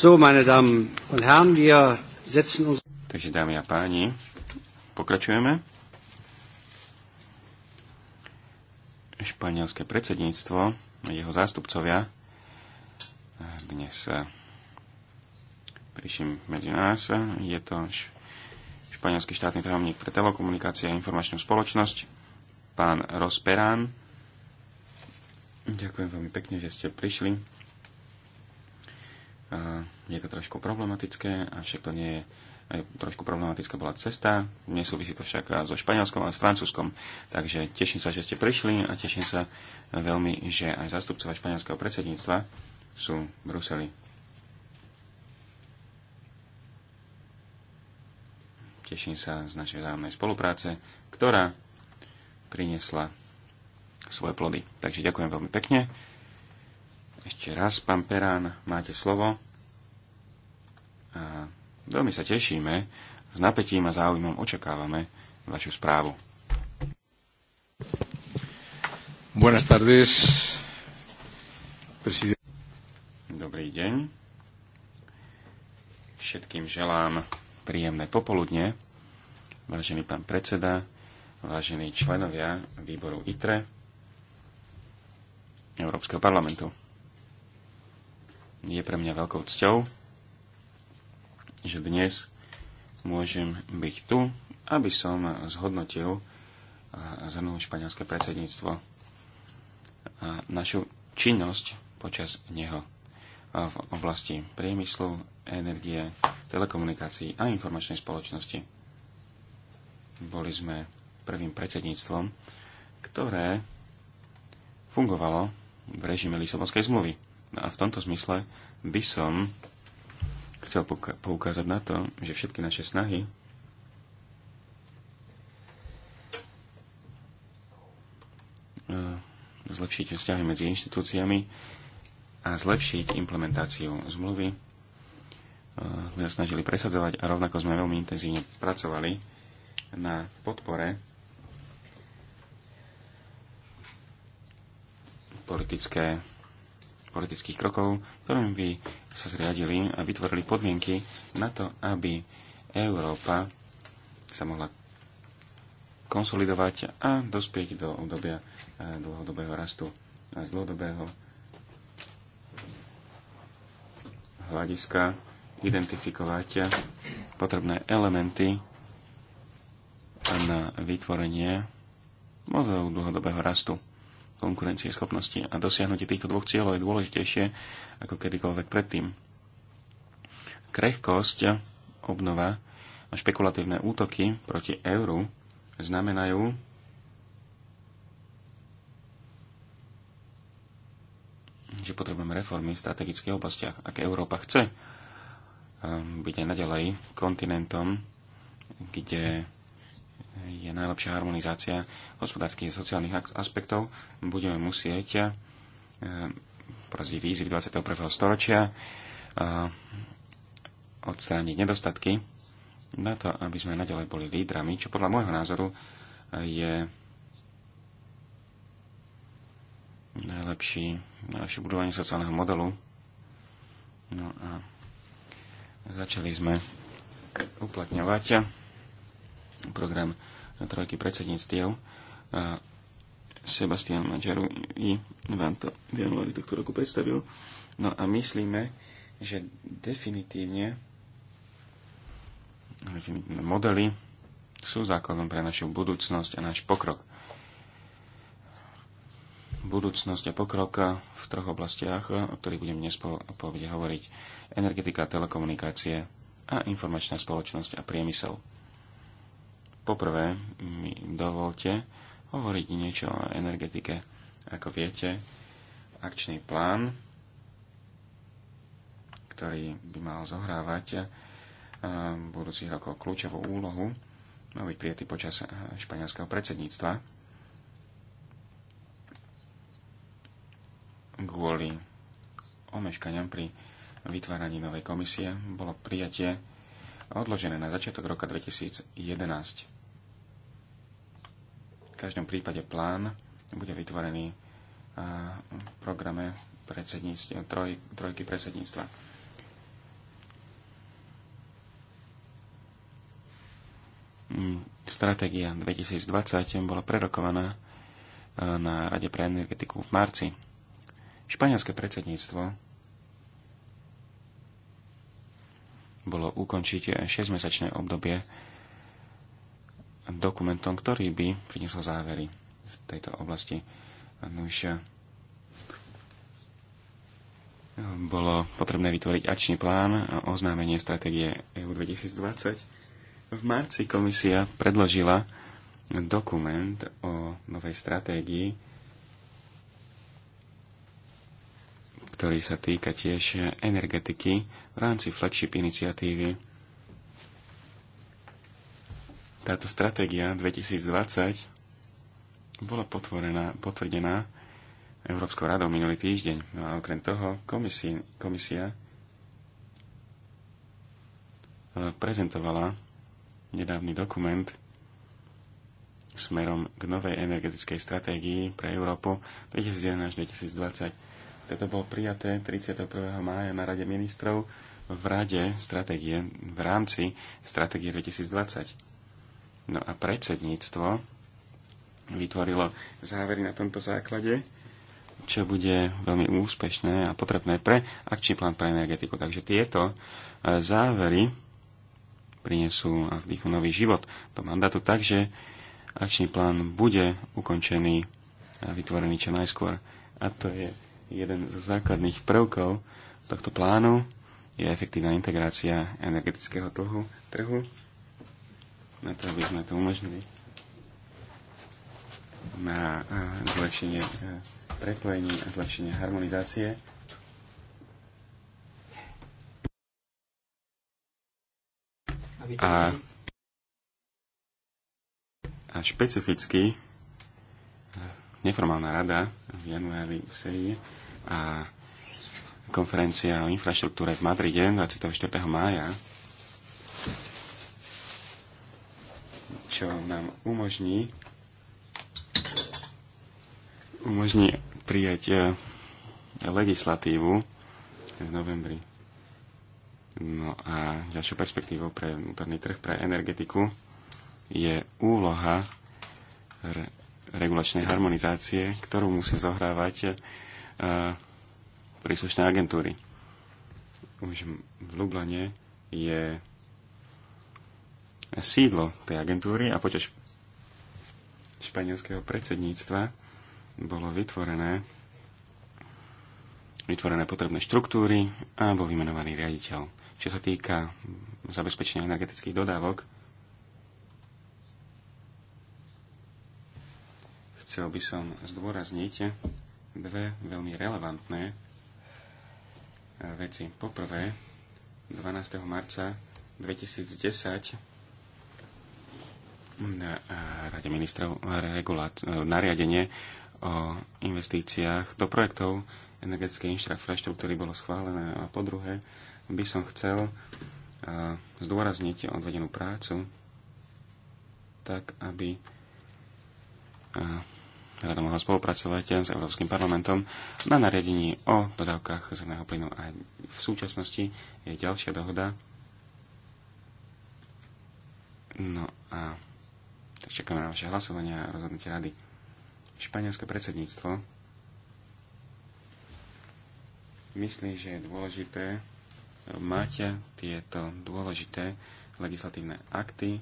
So, meine Damen und Herren, wir setzen uns... Takže dámy a páni, pokračujeme. Španielské predsedníctvo a jeho zástupcovia eh, dnes eh, prišli medzi nás. Je to španielský štátny tajomník pre telekomunikácie a informačnú spoločnosť, pán Rosperán. Ďakujem veľmi pekne, že ste prišli je to trošku problematické, avšak to nie je e, trošku problematická bola cesta. Nesúvisí to však so Španielskom a s Francúzskom. Takže teším sa, že ste prišli a teším sa veľmi, že aj zastupcovia španielského predsedníctva sú v Bruseli. Teším sa z našej zájomnej spolupráce, ktorá priniesla svoje plody. Takže ďakujem veľmi pekne. Ešte raz, pán Perán, máte slovo. A veľmi sa tešíme, s napätím a záujmom očakávame vašu správu. Buenas tardes, presidente. Dobrý deň. Všetkým želám príjemné popoludne. Vážený pán predseda, vážení členovia výboru ITRE Európskeho parlamentu. Je pre mňa veľkou cťou, že dnes môžem byť tu, aby som zhodnotil a zhrnul španielské predsedníctvo a našu činnosť počas neho v oblasti priemyslu, energie, telekomunikácií a informačnej spoločnosti. Boli sme prvým predsedníctvom, ktoré fungovalo v režime Lisabonskej zmluvy. No a v tomto zmysle by som chcel poukázať na to, že všetky naše snahy e, zlepšiť vzťahy medzi inštitúciami a zlepšiť implementáciu zmluvy. E, sme sa snažili presadzovať a rovnako sme veľmi intenzívne pracovali na podpore politické politických krokov, ktorým by sa zriadili a vytvorili podmienky na to, aby Európa sa mohla konsolidovať a dospieť do obdobia e, dlhodobého rastu a z dlhodobého hľadiska identifikovať potrebné elementy na vytvorenie modelu dlhodobého rastu. Konkurencie schopnosti A dosiahnutie týchto dvoch cieľov je dôležitejšie ako kedykoľvek predtým. Krehkosť, obnova a špekulatívne útoky proti euru znamenajú že potrebujeme reformy v strategických oblastiach. Ak Európa chce ehm, byť aj naďalej kontinentom, kde je najlepšia harmonizácia hospodárskych a sociálnych aspektov. Budeme musieť eh, proti výzvy 21. storočia odstrániť nedostatky na to, aby sme naďalej boli lídrami, čo podľa môjho názoru eh, je najlepší, najlepšie budovanie sociálneho modelu. No a začali sme uplatňovať program trojky predsedníctiev Sebastian Maďaru i vám to v januári tohto roku predstavil. No a myslíme, že definitívne modely sú základom pre našu budúcnosť a náš pokrok. Budúcnosť a pokrok v troch oblastiach, o ktorých budem dnes po, hovoriť. Energetika, telekomunikácie a informačná spoločnosť a priemysel. Poprvé mi dovolte hovoriť niečo o energetike. Ako viete, akčný plán, ktorý by mal zohrávať v eh, budúcich rokov kľúčovú úlohu, mal byť prijatý počas eh, španielského predsedníctva kvôli omeškaniam pri vytváraní novej komisie bolo prijatie odložené na začiatok roka 2011. V každom prípade plán bude vytvorený v programe troj, trojky predsedníctva. Mm, stratégia 2020 bola prerokovaná na Rade pre energetiku v marci. Španielské predsedníctvo bolo ukončiť 6-mesačné obdobie dokumentom, ktorý by priniesol závery v tejto oblasti. No už eh, bolo potrebné vytvoriť akčný plán a oznámenie stratégie EU 2020. V marci komisia predložila dokument o novej stratégii ktorý sa týka tiež energetiky v rámci flagship iniciatívy. Táto stratégia 2020 bola potvrdená Európskou radou minulý týždeň. No a okrem toho komisi, komisia e, prezentovala nedávny dokument smerom k novej energetickej stratégii pre Európu 2011-2020. Toto bolo prijaté 31. mája na Rade ministrov v Rade stratégie v rámci stratégie 2020. No a predsedníctvo vytvorilo závery na tomto základe, čo bude veľmi úspešné a potrebné pre akčný plán pre energetiku. Takže tieto e, závery prinesú a vdychnú nový život do mandátu, takže akčný plán bude ukončený a vytvorený čo najskôr. A to je jeden z základných prvkov tohto plánu je efektívna integrácia energetického trhu, trhu na to, aby sme to umožnili na zlepšenie e, prepojení a zlepšenie harmonizácie. A, a špecificky e, neformálna rada v januári v Serie a konferencia o infraštruktúre v Madride 24. mája, čo nám umožní umožní prijať e, legislatívu v novembri. No a ďalšou perspektívou pre vnútorný trh pre energetiku je úloha re- regulačnej harmonizácie, ktorú musí zohrávať príslušnej agentúry. Už v Lublane je sídlo tej agentúry a počas španielského predsedníctva bolo vytvorené vytvorené potrebné štruktúry a bol vymenovaný riaditeľ. Čo sa týka zabezpečenia energetických dodávok, chcel by som zdôrazniť, dve veľmi relevantné e, veci. Poprvé, 12. marca 2010 na e, Rade ministrov e, nariadenie o investíciách do projektov energetickej infraštruktúry bolo schválené. A po druhé, by som chcel zdôrazniť odvedenú prácu, tak aby rada mohla spolupracovať s Európskym parlamentom na nariadení o dodávkach zemného plynu. A v súčasnosti je ďalšia dohoda. No a tak čakáme na vaše hlasovania a rozhodnutie rady. Španielské predsedníctvo myslí, že je dôležité mať tieto dôležité legislatívne akty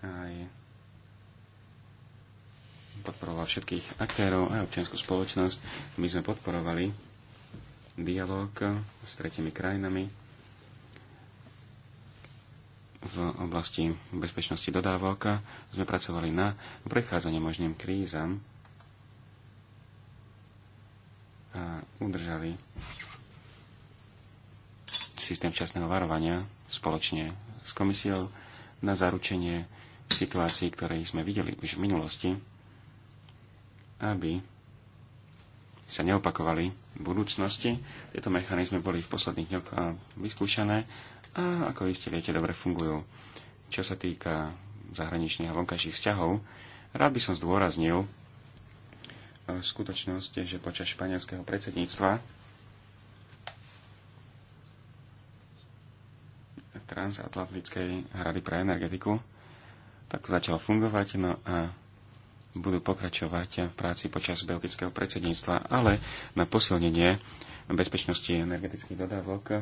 aj podporoval všetkých aktérov aj občianskú spoločnosť. My sme podporovali dialog s tretimi krajinami v oblasti bezpečnosti dodávok. Sme pracovali na predchádzanie možným krízam a udržali systém časného varovania spoločne s komisiou na zaručenie situácií, ktoré sme videli už v minulosti aby sa neopakovali v budúcnosti. Tieto mechanizmy boli v posledných dňoch eh, vyskúšané a ako iste viete, dobre fungujú. Čo sa týka zahraničných a vonkajších vzťahov, rád by som zdôraznil eh, skutočnosť, že počas španielského predsedníctva transatlantickej hrady pre energetiku tak začalo fungovať, no a budú pokračovať v práci počas belgického predsedníctva, ale na posilnenie bezpečnosti energetických dodávok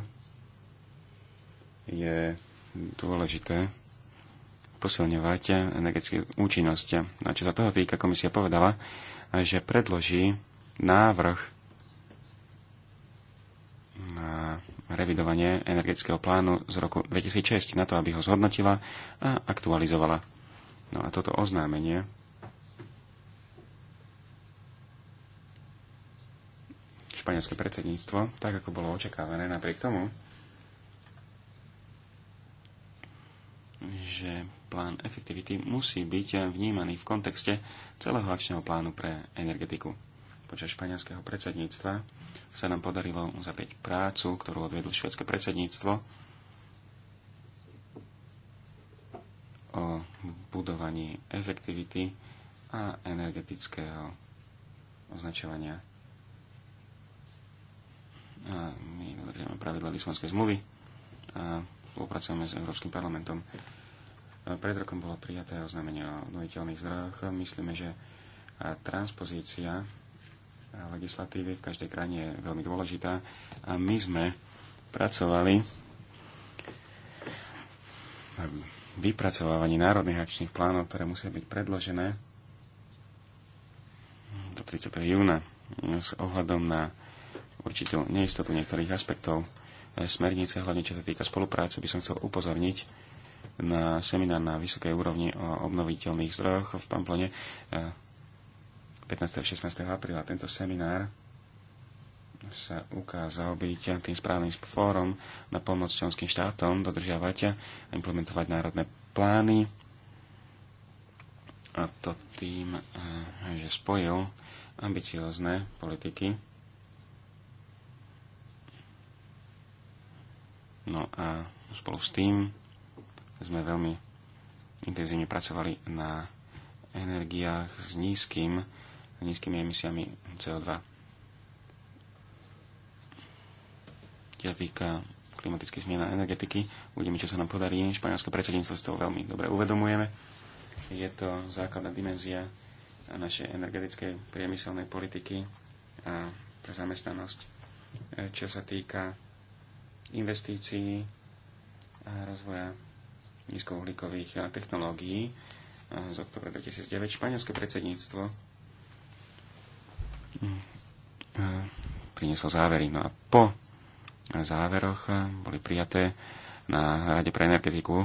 je dôležité posilňovať energetické účinnosť. A čo sa toho týka, komisia povedala, že predloží návrh na revidovanie energetického plánu z roku 2006 na to, aby ho zhodnotila a aktualizovala. No a toto oznámenie španielské predsedníctvo, tak ako bolo očakávané napriek tomu, že plán efektivity musí byť vnímaný v kontexte celého akčného plánu pre energetiku. Počas španielského predsedníctva sa nám podarilo uzavrieť prácu, ktorú odvedlo švedské predsedníctvo o budovaní efektivity a energetického označovania my dodržiavame pravidla Lisbonskej zmluvy a spolupracujeme s Európskym parlamentom. Pred rokom bolo prijaté oznámenie o obnoviteľných zdrojoch. Myslíme, že transpozícia legislatívy v každej krajine je veľmi dôležitá a my sme pracovali na vypracovávaní národných akčných plánov, ktoré musia byť predložené do 30. júna s ohľadom na určitú neistotu niektorých aspektov e, smernice, hlavne čo sa týka spolupráce, by som chcel upozorniť na seminár na vysokej úrovni o obnoviteľných zdrojoch v Pamplone 15. a 16. apríla. Tento seminár sa ukázal byť tým správnym fórom na pomoc členským štátom dodržiavať a implementovať národné plány. A to tým, e, že spojil ambiciozne politiky No a spolu s tým sme veľmi intenzívne pracovali na energiách s nízkym, nízkymi emisiami CO2. Čo sa týka klimatických zmien a energetiky, uvidíme, čo sa nám podarí. Španielské predsedníctvo si to veľmi dobre uvedomujeme. Je to základná dimenzia našej energetickej priemyselnej politiky a pre zamestnanosť. E, čo sa týka investícií a rozvoja nízkouhlíkových technológií z oktobra 2009 španielské predsedníctvo mm, prinieslo závery. No a po záveroch boli prijaté na Rade pre energetiku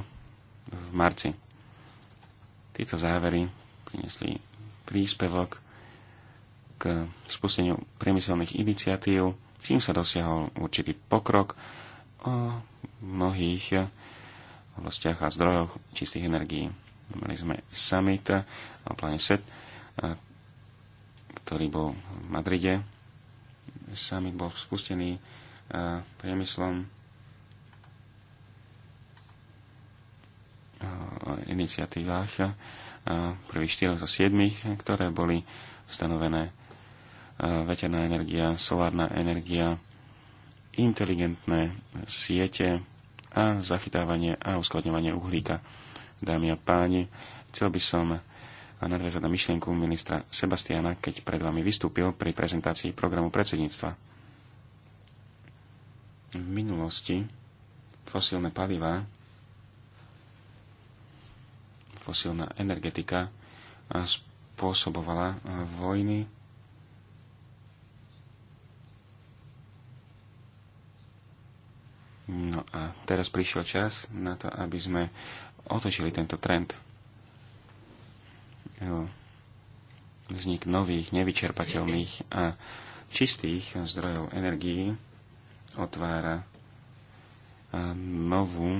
v marci. Tieto závery priniesli príspevok k spusteniu priemyselných iniciatív, čím sa dosiahol určitý pokrok o mnohých oblastiach a zdrojoch čistých energií. Mali sme summit o pláne SET, ktorý bol v Madride. Summit bol spustený priemyslom o iniciatívach prvých 4 zo 7, ktoré boli stanovené veterná energia, solárna energia, inteligentné siete a zachytávanie a uskladňovanie uhlíka. Dámy a páni, chcel by som nadviazať na myšlienku ministra Sebastiana, keď pred vami vystúpil pri prezentácii programu predsedníctva. V minulosti fosílne palivá, fosílna energetika spôsobovala vojny, No a teraz prišiel čas na to, aby sme otočili tento trend. Vznik nových, nevyčerpateľných a čistých zdrojov energií otvára novú,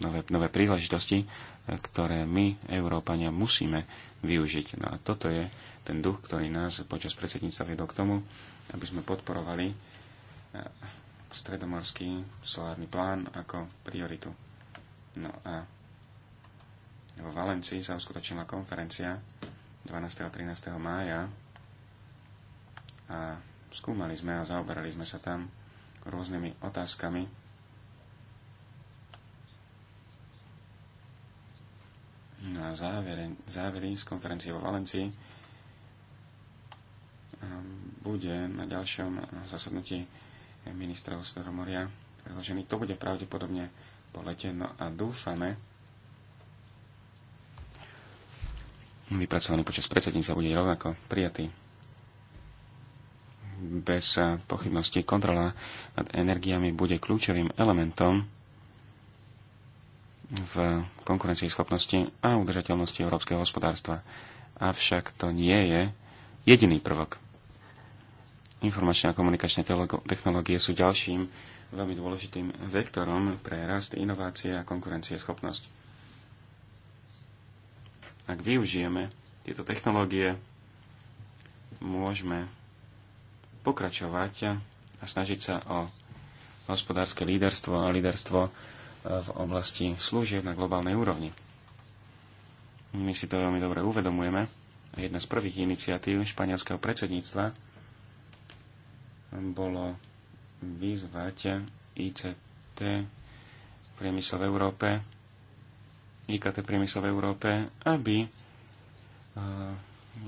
nové, nové príležitosti, ktoré my, Európania, musíme využiť. No a toto je ten duch, ktorý nás počas predsedníctva vedol k tomu, aby sme podporovali stredomorský solárny plán ako prioritu. No a vo Valencii sa uskutočnila konferencia 12. a 13. mája a skúmali sme a zaoberali sme sa tam rôznymi otázkami. Na no závery, závery z konferencie vo Valencii um, bude na ďalšom zasadnutí ministrov Moria predložený. To bude pravdepodobne po lete. No a dúfame, vypracovaný počas predsedníctva bude rovnako prijatý. Bez pochybnosti kontrola nad energiami bude kľúčovým elementom v schopnosti a udržateľnosti európskeho hospodárstva. Avšak to nie je jediný prvok. Informačné a komunikačné technológie sú ďalším veľmi dôležitým vektorom pre rast, inovácie a konkurencieschopnosť. Ak využijeme tieto technológie, môžeme pokračovať a snažiť sa o hospodárske líderstvo a líderstvo e, v oblasti služieb na globálnej úrovni. My si to veľmi dobre uvedomujeme a jedna z prvých iniciatív španielského predsedníctva bolo vyzvať ICT priemysel v Európe, IKT priemysel v Európe, aby e,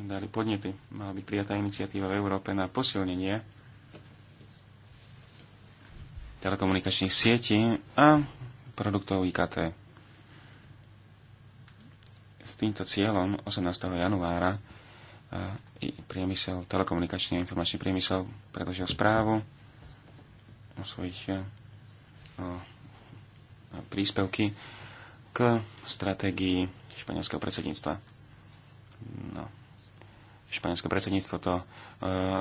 dali podnety. Mala byť prijatá iniciatíva v Európe na posilnenie telekomunikačných sietí a produktov IKT. S týmto cieľom 18. januára priemysel, telekomunikačný a informačný priemysel predložil správu o svojich e, o, príspevky k stratégii španielského predsedníctva. No. Španielské predsedníctvo to e,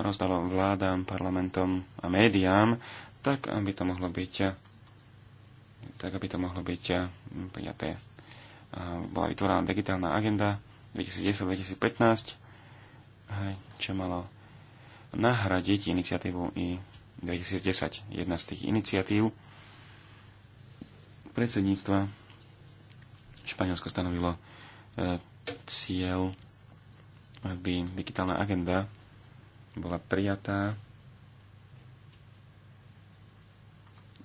rozdalo vládám, parlamentom a médiám, tak aby to mohlo byť e, tak aby to mohlo byť e, prijaté. Bola vytvorená digitálna agenda 2010-2015 čo malo nahradiť iniciatívu i 2010. Jedna z tých iniciatív predsedníctva Španielsko stanovilo e, cieľ, aby digitálna agenda bola prijatá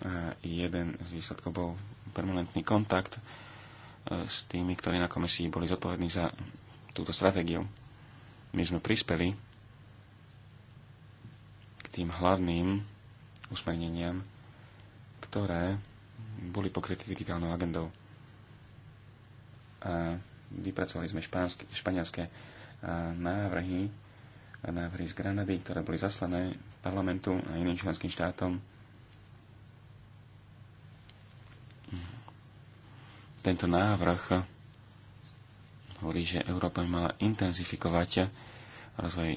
a jeden z výsledkov bol permanentný kontakt e, s tými, ktorí na komisii boli zodpovední za túto stratégiu my sme prispeli k tým hlavným usmerneniam, ktoré boli pokryté digitálnou agendou. A vypracovali sme španielské návrhy, návrhy z Granady, ktoré boli zaslané parlamentu a iným členským štátom. Tento návrh hovorí, že Európa by mala intenzifikovať rozvoj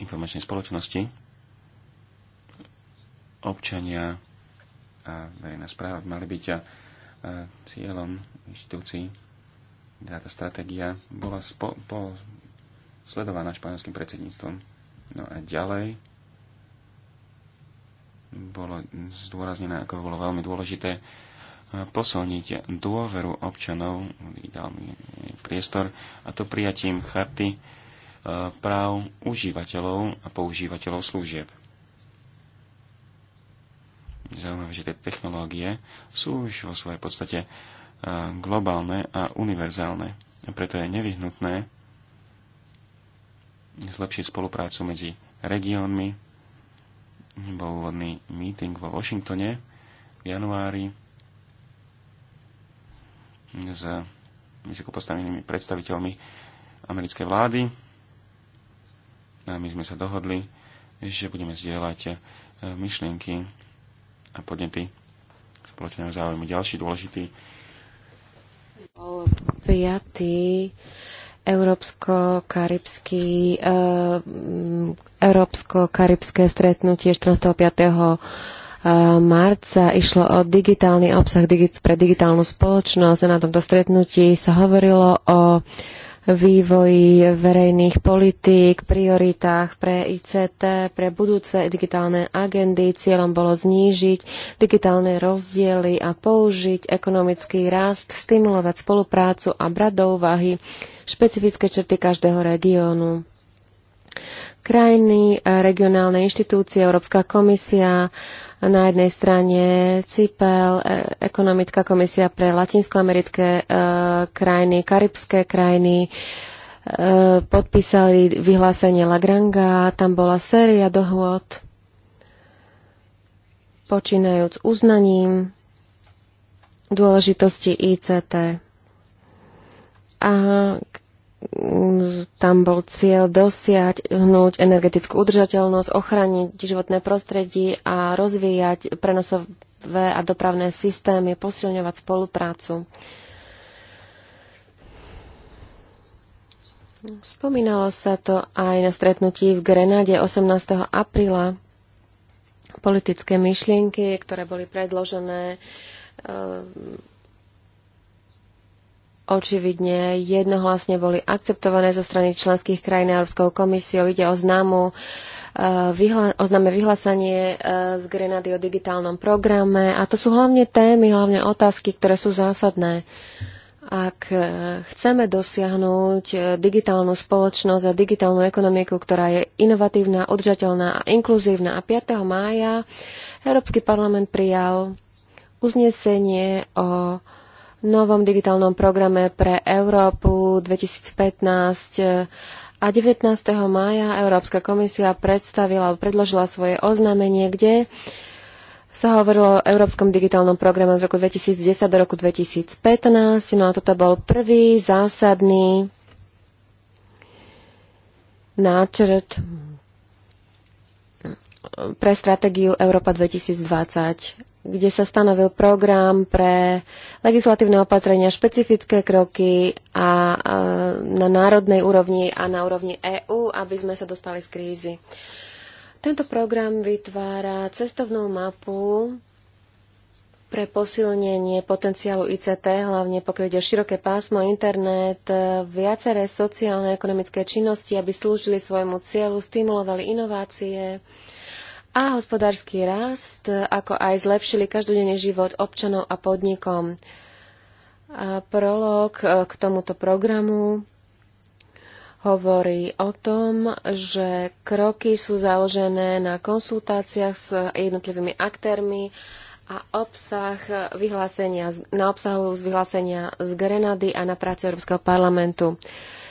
informačnej spoločnosti. Občania a verejná správa by mali byť a, a cieľom inštitúcií. Teda Táto stratégia bola spo, po, sledovaná španielským predsedníctvom. No a ďalej bolo zdôraznené, ako bolo veľmi dôležité posilniť dôveru občanov, vydal mi priestor, a to prijatím charty e, práv užívateľov a používateľov služieb. Zaujímavé, že tie technológie sú už vo svojej podstate e, globálne a univerzálne. A preto je nevyhnutné zlepšiť spoluprácu medzi regiónmi. Bol úvodný meeting vo Washingtone v januári s vysoko postavenými predstaviteľmi americkej vlády. A my sme sa dohodli, že budeme zdieľať e, myšlienky a podnety spoločného záujmu. Ďalší dôležitý bol prijatý Európsko-karibský, e, Európsko-karibské stretnutie 14.5 marca išlo o digitálny obsah pre digitálnu spoločnosť a na tomto stretnutí sa hovorilo o vývoji verejných politík, prioritách pre ICT, pre budúce digitálne agendy. Cieľom bolo znížiť digitálne rozdiely a použiť ekonomický rast, stimulovať spoluprácu a brať do úvahy špecifické črty každého regiónu. Krajiny, regionálne inštitúcie, Európska komisia, na jednej strane CIPEL, e, Ekonomická komisia pre latinskoamerické e, krajiny, karibské krajiny, e, podpísali vyhlásenie Lagranga, tam bola séria dohôd, počínajúc uznaním dôležitosti ICT a tam bol cieľ hnúť energetickú udržateľnosť, ochraniť životné prostredie a rozvíjať prenosové a dopravné systémy, posilňovať spoluprácu. Spomínalo sa to aj na stretnutí v Grenade 18. apríla. Politické myšlienky, ktoré boli predložené, očividne jednohlasne boli akceptované zo strany členských krajín Európskou komisiou. Ide o známu e, oznáme vyhlásenie e, z Grenady o digitálnom programe a to sú hlavne témy, hlavne otázky, ktoré sú zásadné. Ak e, chceme dosiahnuť digitálnu spoločnosť a digitálnu ekonomiku, ktorá je inovatívna, udržateľná a inkluzívna. A 5. mája Európsky parlament prijal uznesenie o novom digitálnom programe pre Európu 2015 a 19. mája Európska komisia predstavila, predložila svoje oznámenie, kde sa hovorilo o Európskom digitálnom programe z roku 2010 do roku 2015. No a toto bol prvý zásadný náčrt pre stratégiu Európa 2020 kde sa stanovil program pre legislatívne opatrenia, špecifické kroky a, a e, na národnej úrovni a na úrovni EÚ, aby sme sa dostali z krízy. Tento program vytvára cestovnú mapu pre posilnenie potenciálu ICT, hlavne pokryť o široké pásmo, internet, e, viaceré sociálne a ekonomické činnosti, aby slúžili svojmu cieľu, stimulovali inovácie, a hospodársky rast, ako aj zlepšili každodenný život občanov a podnikom. A prolog e, k tomuto programu hovorí o tom, že kroky sú založené na konsultáciách s jednotlivými aktérmi a obsah vyhlásenia, na obsahu z vyhlásenia z Grenady a na práci Európskeho parlamentu.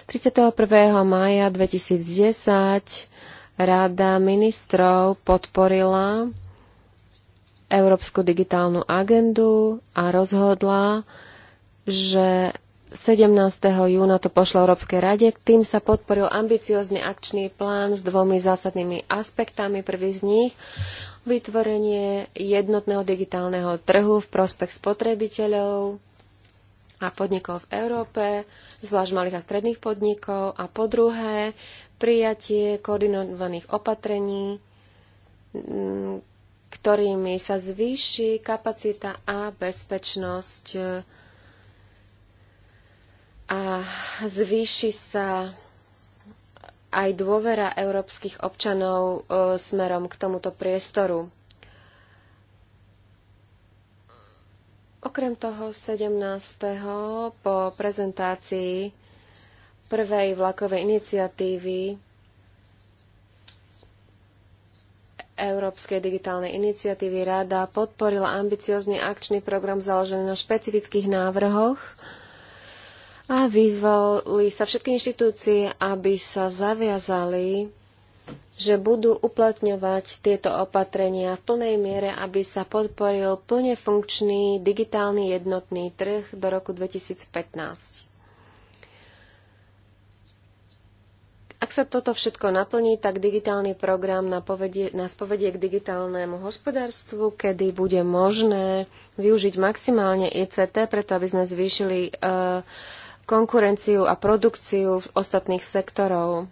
31. mája 2010 Rada ministrov podporila Európsku digitálnu agendu a rozhodla, že 17. júna to pošlo Európskej rade. Tým sa podporil ambiciózny akčný plán s dvomi zásadnými aspektami. Prvý z nich vytvorenie jednotného digitálneho trhu v prospech spotrebiteľov a podnikov v Európe, zvlášť malých a stredných podnikov. A po druhé, prijatie koordinovaných opatrení, ktorými sa zvýši kapacita a bezpečnosť a zvýši sa aj dôvera európskych občanov e, smerom k tomuto priestoru. Okrem toho 17. po prezentácii prvej vlakovej iniciatívy Európskej digitálnej iniciatívy Rada podporila ambiciózny akčný program založený na špecifických návrhoch a vyzvali sa všetky inštitúcie, aby sa zaviazali, že budú uplatňovať tieto opatrenia v plnej miere, aby sa podporil plne funkčný digitálny jednotný trh do roku 2015. Ak sa toto všetko naplní, tak digitálny program nás povedie k digitálnemu hospodárstvu, kedy bude možné využiť maximálne ICT, preto aby sme zvýšili e, konkurenciu a produkciu v ostatných sektorov.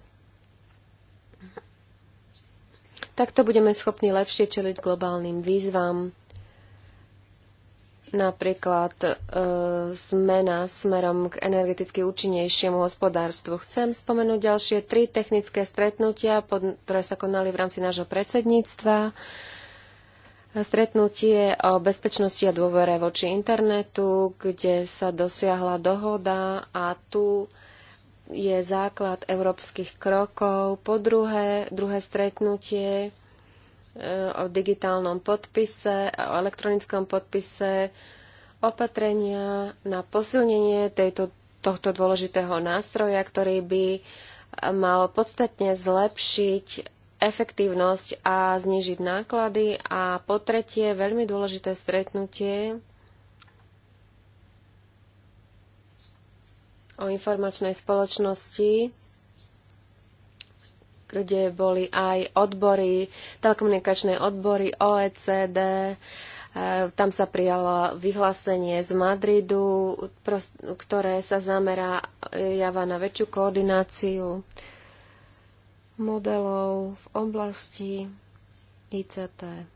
Takto budeme schopní lepšie čeliť globálnym výzvam napríklad e, zmena smerom k energeticky účinnejšiemu hospodárstvu. Chcem spomenúť ďalšie tri technické stretnutia, pod, ktoré sa konali v rámci nášho predsedníctva. Stretnutie o bezpečnosti a dôvere voči internetu, kde sa dosiahla dohoda a tu je základ európskych krokov. Po druhé, druhé stretnutie o digitálnom podpise o elektronickom podpise opatrenia na posilnenie tejto, tohto dôležitého nástroja, ktorý by mal podstatne zlepšiť efektívnosť a znižiť náklady. A po tretie, veľmi dôležité stretnutie o informačnej spoločnosti kde boli aj odbory, telekomunikačné odbory OECD, e, tam sa prijalo vyhlásenie z Madridu, ktoré sa zamerá e, java na väčšiu koordináciu modelov v oblasti ICT.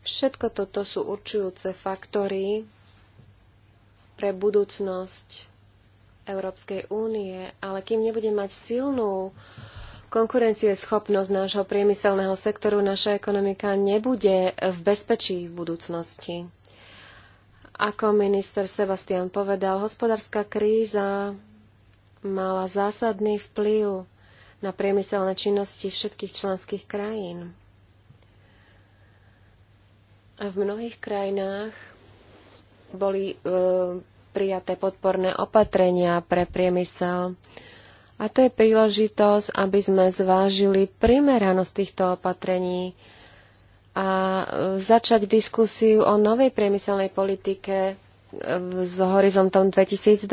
Všetko toto sú určujúce faktory, pre budúcnosť Európskej únie, ale kým nebudeme mať silnú konkurencieschopnosť nášho priemyselného sektoru, naša ekonomika nebude v bezpečí v budúcnosti. Ako minister Sebastian povedal, hospodárska kríza mala zásadný vplyv na priemyselné činnosti všetkých členských krajín. A v mnohých krajinách boli e, prijaté podporné opatrenia pre priemysel. A to je príležitosť, aby sme zvážili primeranosť týchto opatrení a e, začať diskusiu o novej priemyselnej politike e, s horizontom 2020.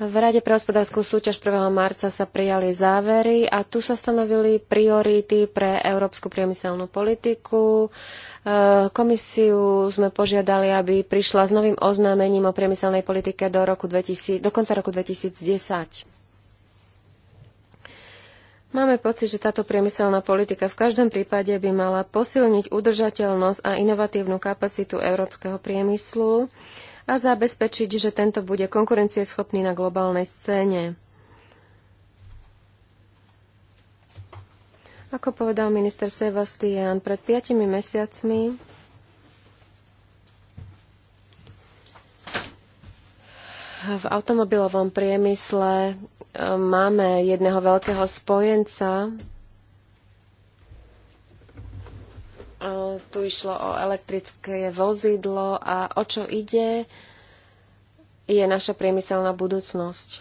V Rade pre hospodárskú súťaž 1. marca sa prijali závery a tu sa stanovili priority pre európsku priemyselnú politiku. E, komisiu sme požiadali, aby prišla s novým oznámením o priemyselnej politike do, roku 2000, do konca roku 2010. Máme pocit, že táto priemyselná politika v každom prípade by mala posilniť udržateľnosť a inovatívnu kapacitu európskeho priemyslu a zabezpečiť, že tento bude konkurencieschopný na globálnej scéne. Ako povedal minister Sebastian pred piatimi mesiacmi, v automobilovom priemysle e, máme jedného veľkého spojenca, Tu išlo o elektrické vozidlo a o čo ide, je naša priemyselná budúcnosť.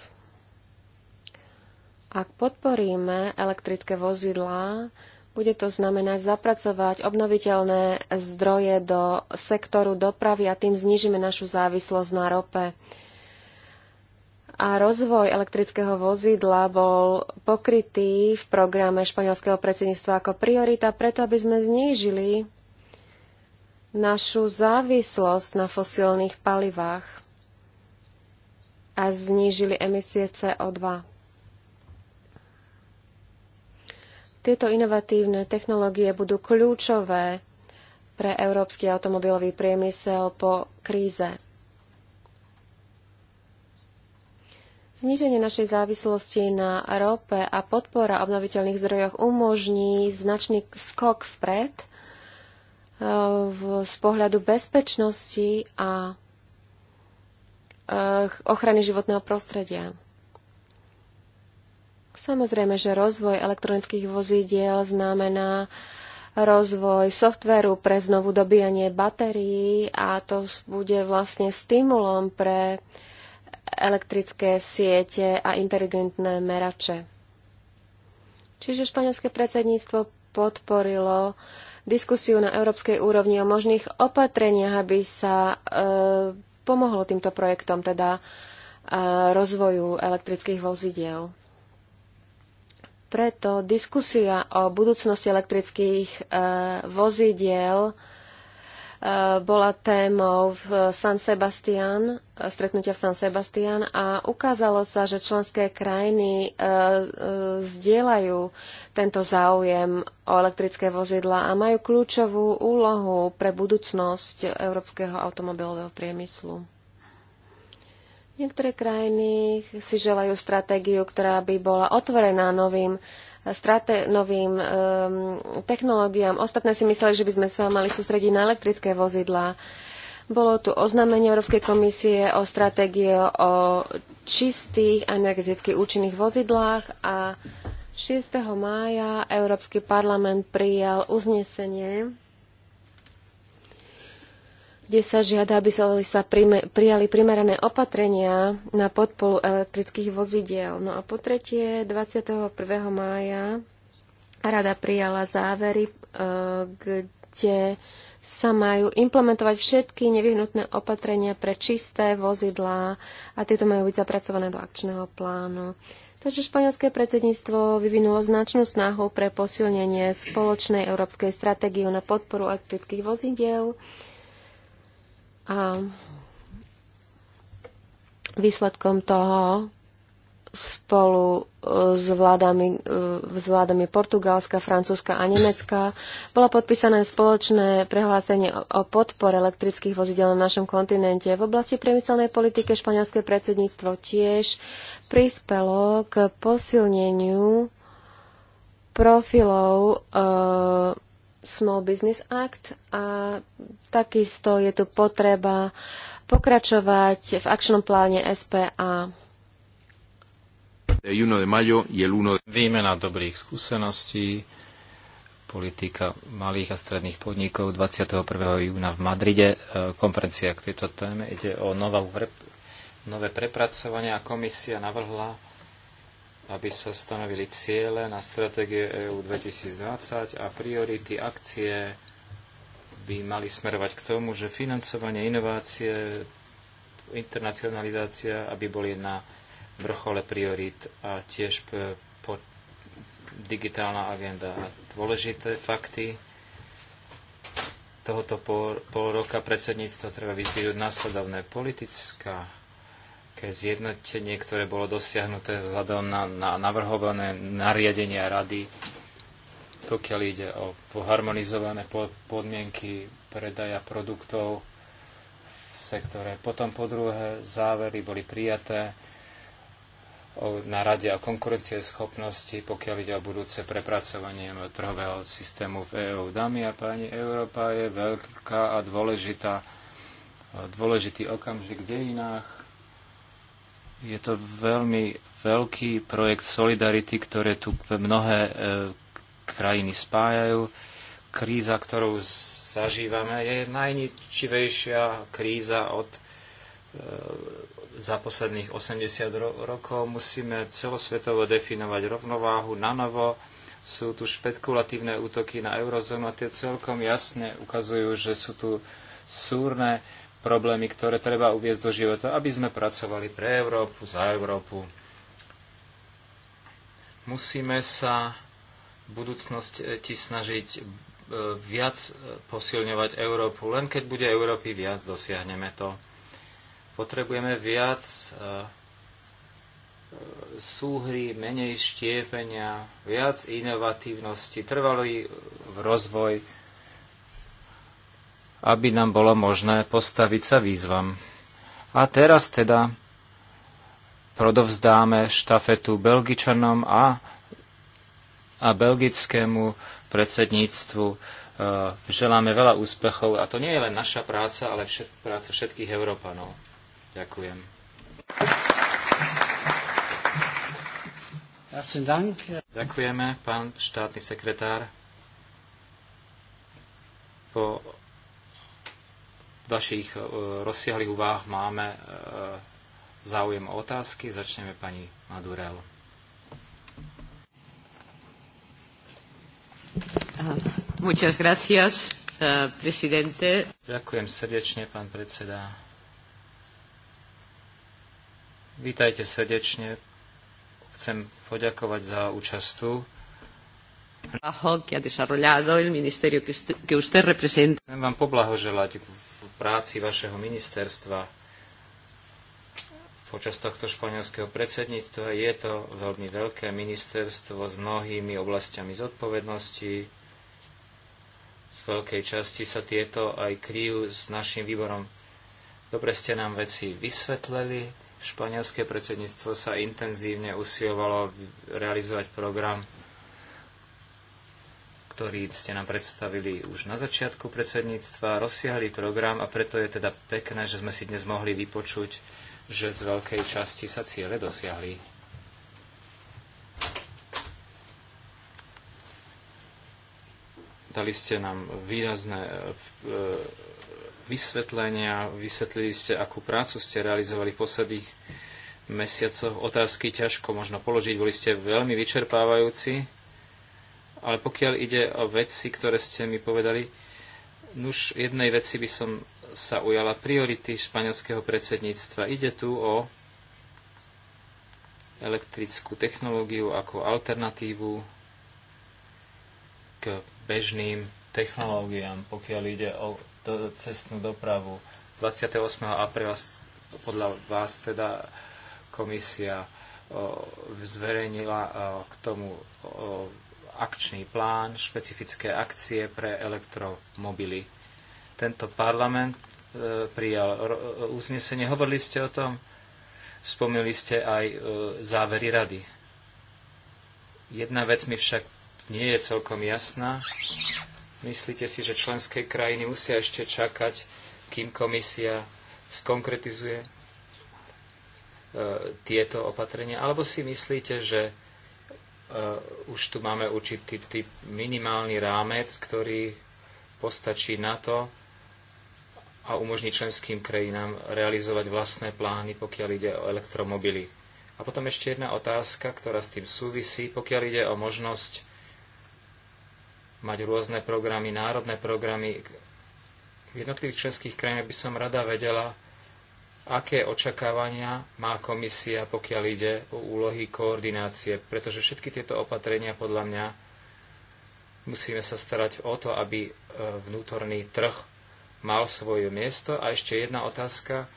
Ak podporíme elektrické vozidlá, bude to znamenať zapracovať obnoviteľné zdroje do sektoru dopravy a tým znižíme našu závislosť na rope a rozvoj elektrického vozidla bol pokrytý v programe španielského predsedníctva ako priorita, preto aby sme znížili našu závislosť na fosílnych palivách a znížili emisie CO2. Tieto inovatívne technológie budú kľúčové pre európsky automobilový priemysel po kríze. Zníženie našej závislosti na rope a podpora obnoviteľných zdrojov umožní značný skok vpred e, z pohľadu bezpečnosti a e, ochrany životného prostredia. Samozrejme, že rozvoj elektronických vozidiel znamená rozvoj softveru pre znovu dobíjanie batérií a to bude vlastne stimulom pre uh, elektrické siete a inteligentné merače. Čiže španielské predsedníctvo podporilo diskusiu na európskej úrovni o možných opatreniach, aby sa e, pomohlo týmto projektom, teda e, rozvoju elektrických vozidiel. Preto diskusia o budúcnosti elektrických e, vozidiel e, Eh, bola témou v San Sebastian, eh, stretnutia v San Sebastian a ukázalo sa, že členské krajiny eh, zdieľajú tento záujem o elektrické vozidla a majú kľúčovú úlohu pre budúcnosť európskeho automobilového priemyslu. Niektoré krajiny si želajú stratégiu, ktorá by bola otvorená novým strate, novým um, technológiám. Ostatné si mysleli, že by sme sa mali sústrediť na elektrické vozidlá. Bolo tu oznámenie Európskej komisie o stratégie o čistých a energeticky účinných vozidlách a 6. mája Európsky parlament prijal uznesenie kde sa žiada, aby sa prijali primerané opatrenia na podporu elektrických vozidiel. No a po tretie, 21. mája rada prijala závery, e, kde sa majú implementovať všetky nevyhnutné opatrenia pre čisté vozidlá a tieto majú byť zapracované do akčného plánu. Takže španielské predsedníctvo vyvinulo značnú snahu pre posilnenie spoločnej európskej stratégie na podporu elektrických vozidiel a výsledkom toho spolu e, s vládami, e, s vládami Portugalska, Francúzska a Nemecka bolo podpísané spoločné prehlásenie o podpore elektrických vozidel na našom kontinente. V oblasti priemyselnej politike španielské predsedníctvo tiež prispelo k posilneniu profilov e, Small Business Act a takisto je tu potreba pokračovať v akčnom pláne SPA. Výmena dobrých skúseností, politika malých a stredných podnikov 21. júna v Madride, e, konferencia k tejto téme. Ide o nové prepracovanie a komisia navrhla aby sa stanovili ciele na stratégie EU 2020 a priority akcie by mali smerovať k tomu, že financovanie, inovácie, internacionalizácia, aby boli na vrchole priorit a tiež po digitálna agenda. A dôležité fakty tohoto pol, pol roka predsedníctva treba vyzdvihnúť následovné. Politická také zjednotenie, ktoré bolo dosiahnuté vzhľadom na, na navrhované nariadenia rady, pokiaľ ide o harmonizované podmienky predaja produktov v sektore. Potom po druhé závery boli prijaté o, na rade o schopnosti, pokiaľ ide o budúce prepracovanie trhového systému v EÚ. Dámy a páni, Európa je veľká a dôležitá, dôležitý okamžik v dejinách je to veľmi veľký projekt Solidarity, ktoré tu mnohé e, krajiny spájajú. Kríza, ktorú zažívame, je najničivejšia kríza od e, za posledných 80 ro- rokov. Musíme celosvetovo definovať rovnováhu na novo. Sú tu špekulatívne útoky na eurozónu a tie celkom jasne ukazujú, že sú tu súrne problémy, ktoré treba uviezť do života, aby sme pracovali pre Európu, za Európu. Musíme sa v budúcnosti snažiť e, viac posilňovať Európu. Len keď bude Európy viac, dosiahneme to. Potrebujeme viac e, súhry, menej štiepenia, viac inovatívnosti, trvalý rozvoj, aby nám bolo možné postaviť sa výzvam. A teraz teda prodovzdáme štafetu Belgičanom a, a belgickému predsedníctvu. E, želáme veľa úspechov a to nie je len naša práca, ale všet, práca všetkých Európanov. Ďakujem. Ďakujeme, pán štátny sekretár. Po vašich e, rozsiahlých úvah máme e, záujem o otázky. Začneme pani Madurel. Ah, muchas gracias, eh, presidente. Ďakujem srdečne, pán predseda. Vítajte srdečne. Chcem poďakovať za účastu Chcem vám poblahoželať práci vašeho ministerstva počas tohto španielského predsedníctva. Je to veľmi veľké ministerstvo s mnohými oblastiami zodpovednosti. Z veľkej časti sa tieto aj kryjú s našim výborom. Dobre ste nám veci vysvetlili. Španielské predsedníctvo sa intenzívne usilovalo realizovať program ktorý ste nám predstavili už na začiatku predsedníctva, rozsiahlý program a preto je teda pekné, že sme si dnes mohli vypočuť, že z veľkej časti sa ciele dosiahli. Dali ste nám výrazné e, e, vysvetlenia, vysvetlili ste, akú prácu ste realizovali v posledných mesiacoch. Otázky ťažko možno položiť, boli ste veľmi vyčerpávajúci ale pokiaľ ide o veci, ktoré ste mi povedali, už jednej veci by som sa ujala priority španielského predsedníctva. Ide tu o elektrickú technológiu ako alternatívu k bežným technológiám, pokiaľ ide o cestnú dopravu. 28. apríla podľa vás teda komisia zverejnila k tomu akčný plán, špecifické akcie pre elektromobily. Tento parlament e, prijal uznesenie. Hovorili ste o tom, spomínali ste aj e, závery rady. Jedna vec mi však nie je celkom jasná. Myslíte si, že členské krajiny musia ešte čakať, kým komisia skonkretizuje e, tieto opatrenia? Alebo si myslíte, že Eh, už tu máme určitý typ minimálny rámec, ktorý postačí na to a umožní členským krajinám realizovať vlastné plány, pokiaľ ide o elektromobily. A potom ešte jedna otázka, ktorá s tým súvisí, pokiaľ ide o možnosť mať rôzne programy, národné programy v jednotlivých členských krajinách by som rada vedela, aké očakávania má komisia, pokiaľ ide o úlohy koordinácie, pretože všetky tieto opatrenia podľa mňa musíme sa starať o to, aby e, vnútorný trh mal svoje miesto. A ešte jedna otázka,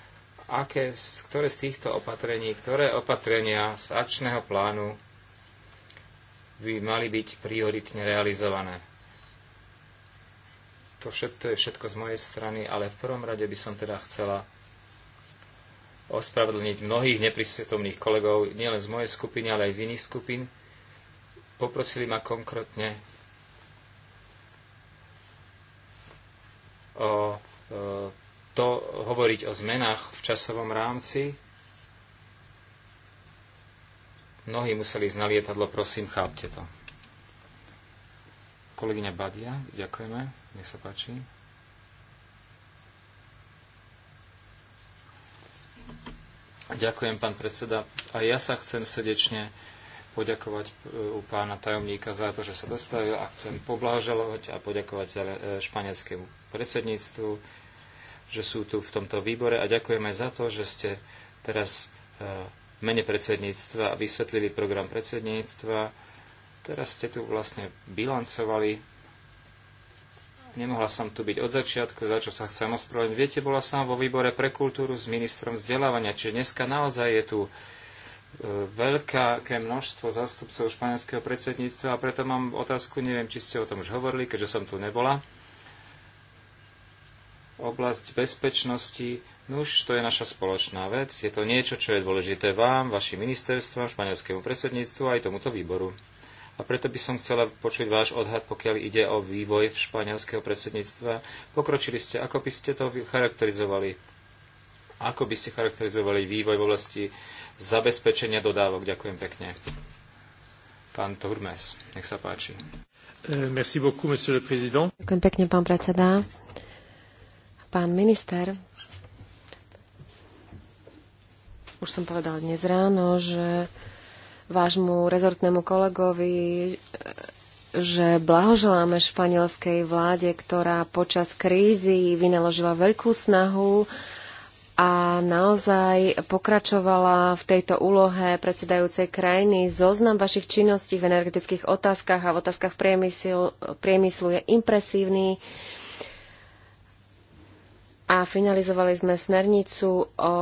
aké, ktoré z týchto opatrení, ktoré opatrenia z akčného plánu by mali byť prioritne realizované. To všetko je všetko z mojej strany, ale v prvom rade by som teda chcela ospravedlniť mnohých neprisvetomných kolegov, nielen z mojej skupiny, ale aj z iných skupín. Poprosili ma konkrétne o e, to hovoriť o zmenách v časovom rámci. Mnohí museli ísť na lietadlo, prosím, chápte to. Kolegyňa Badia, ďakujeme, nech sa páči. Ďakujem, pán predseda. A ja sa chcem srdečne poďakovať e, u pána tajomníka za to, že sa dostavil a chcem poblážalovať a poďakovať e, španielskému predsedníctvu, že sú tu v tomto výbore a ďakujem aj za to, že ste teraz e, v mene predsedníctva vysvetlili program predsedníctva. Teraz ste tu vlastne bilancovali Nemohla som tu byť od začiatku, za čo sa chcem ospravedlniť. Viete, bola som vo výbore pre kultúru s ministrom vzdelávania, čiže dneska naozaj je tu e, veľké množstvo zástupcov španielského predsedníctva a preto mám otázku, neviem, či ste o tom už hovorili, keďže som tu nebola. Oblasť bezpečnosti, nuž, no to je naša spoločná vec. Je to niečo, čo je dôležité vám, vašim ministerstvom, španielskému predsedníctvu a aj tomuto výboru. A preto by som chcela počuť váš odhad, pokiaľ ide o vývoj v španielského predsedníctva. Pokročili ste, ako by ste to charakterizovali? Ako by ste charakterizovali vývoj v oblasti zabezpečenia dodávok? Ďakujem pekne. Pán Turmes, nech sa páči. Eh, merci beaucoup, monsieur le président. Ďakujem pekne, pán predseda. Pán minister, už som povedal dnes ráno, že vášmu rezortnému kolegovi, že blahoželáme španielskej vláde, ktorá počas krízy vynaložila veľkú snahu a naozaj pokračovala v tejto úlohe predsedajúcej krajiny. Zoznam vašich činností v energetických otázkach a v otázkach priemyslu, priemyslu je impresívny a finalizovali sme smernicu o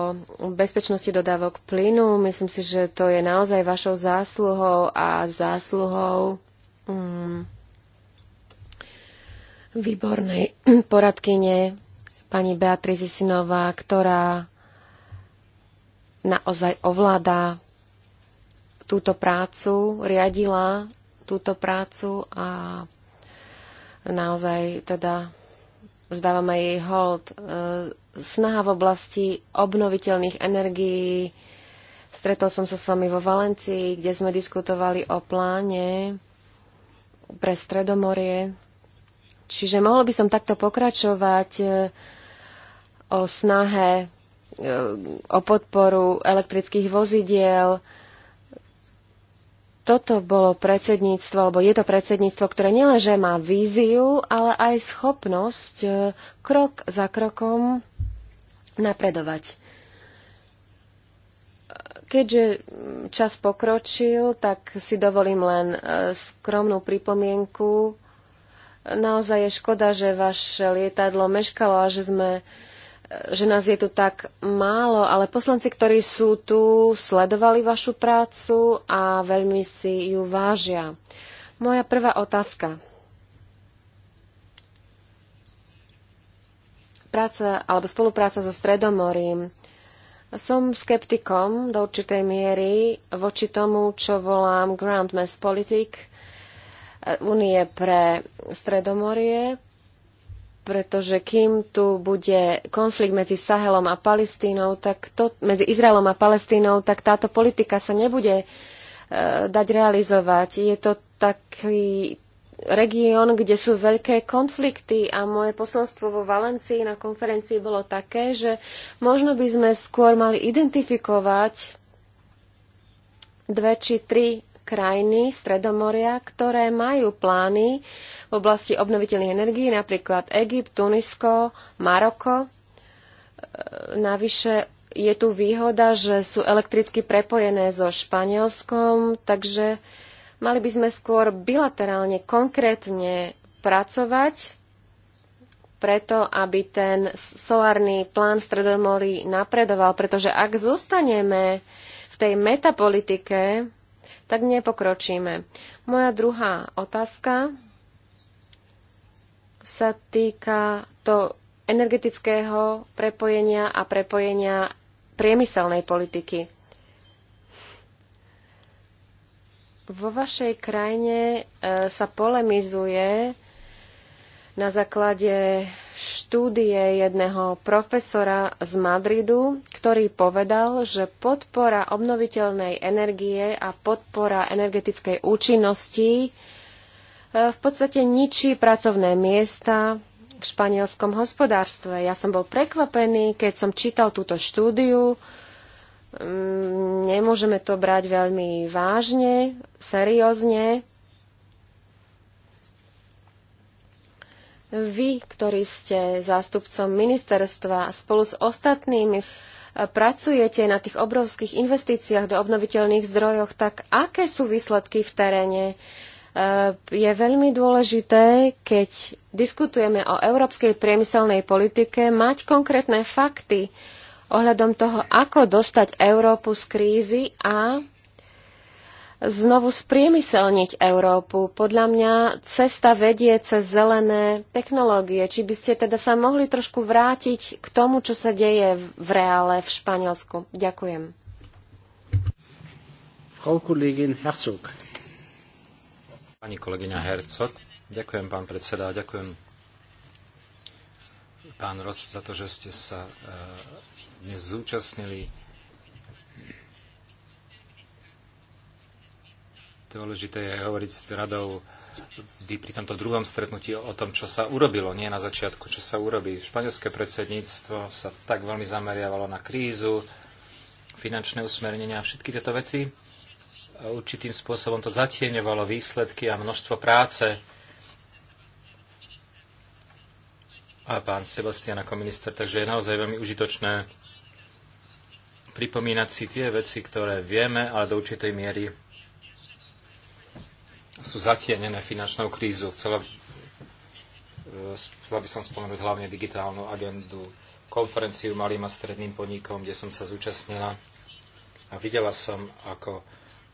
bezpečnosti dodávok plynu. Myslím si, že to je naozaj vašou zásluhou a zásluhou mm, výbornej poradkyne pani Beatriz Sinová, ktorá naozaj ovláda túto prácu, riadila túto prácu a naozaj teda vzdávame jej hold. E, snaha v oblasti obnoviteľných energií. Stretol som sa s vami vo Valencii, kde sme diskutovali o pláne pre Stredomorie. Čiže mohol by som takto pokračovať e, o snahe e, o podporu elektrických vozidiel, toto bolo predsedníctvo, alebo je to predsedníctvo, ktoré nielenže má víziu, ale aj schopnosť e, krok za krokom napredovať. Keďže čas pokročil, tak si dovolím len e, skromnú pripomienku. Naozaj je škoda, že vaše lietadlo meškalo a že sme že nás je tu tak málo, ale poslanci, ktorí sú tu, sledovali vašu prácu a veľmi si ju vážia. Moja prvá otázka. Práca alebo spolupráca so Stredomorím. Som skeptikom do určitej miery voči tomu, čo volám Grand Mass Politik, eh, Unie pre Stredomorie, pretože kým tu bude konflikt medzi Sahelom a Palestínou, tak to, medzi Izraelom a Palestínou, tak táto politika sa nebude e, dať realizovať. Je to taký región, kde sú veľké konflikty a moje posolstvo vo Valencii na konferencii bolo také, že možno by sme skôr mali identifikovať dve či tri krajiny Stredomoria, ktoré majú plány v oblasti obnoviteľných energií, napríklad Egypt, Tunisko, Maroko. E, navyše je tu výhoda, že sú elektricky prepojené so Španielskom, takže mali by sme skôr bilaterálne, konkrétne pracovať preto, aby ten solárny plán Stredomorí napredoval, pretože ak zostaneme v tej metapolitike, tak nepokročíme. Moja druhá otázka sa týka to energetického prepojenia a prepojenia priemyselnej politiky. Vo vašej krajine e, sa polemizuje na základe štúdie jedného profesora z Madridu, ktorý povedal, že podpora obnoviteľnej energie a podpora energetickej účinnosti e, v podstate ničí pracovné miesta v španielskom hospodárstve. Ja som bol prekvapený, keď som čítal túto štúdiu. Mm, nemôžeme to brať veľmi vážne, seriózne, Vy, ktorí ste zástupcom ministerstva spolu s ostatnými e, pracujete na tých obrovských investíciách do obnoviteľných zdrojoch, tak aké sú výsledky v teréne? E, je veľmi dôležité, keď diskutujeme o európskej priemyselnej politike, mať konkrétne fakty ohľadom toho, ako dostať Európu z krízy a znovu spriemyselniť Európu. Podľa mňa cesta vedie cez zelené technológie. Či by ste teda sa mohli trošku vrátiť k tomu, čo sa deje v reále v Španielsku. Ďakujem. Frau Kollegin Herzog. Pani kolegyňa Herzog. Ďakujem, pán predseda. Ďakujem, pán Roc, za to, že ste sa eh, dnes zúčastnili Dôležité je hovoriť s radou vždy pri tomto druhom stretnutí o tom, čo sa urobilo, nie na začiatku, čo sa urobí. Španielské predsedníctvo sa tak veľmi zameriavalo na krízu, finančné usmernenia a všetky tieto veci. Určitým spôsobom to zatieňovalo výsledky a množstvo práce. A pán Sebastian ako minister, takže je naozaj veľmi užitočné pripomínať si tie veci, ktoré vieme, ale do určitej miery sú zatienené finančnou krízu. Chcela, e, chcela by som spomenúť hlavne digitálnu agendu, konferenciu malým a stredným podnikom, kde som sa zúčastnila a videla som, ako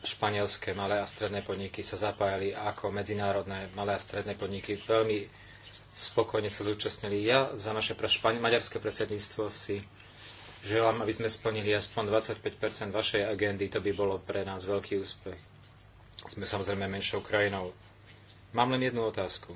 španielské malé a stredné podniky sa zapájali ako medzinárodné malé a stredné podniky. Veľmi spokojne sa zúčastnili. Ja za naše pre špani- maďarské predsedníctvo si želám, aby sme splnili aspoň 25 vašej agendy. To by bolo pre nás veľký úspech. Sme samozrejme menšou krajinou. Mám len jednu otázku.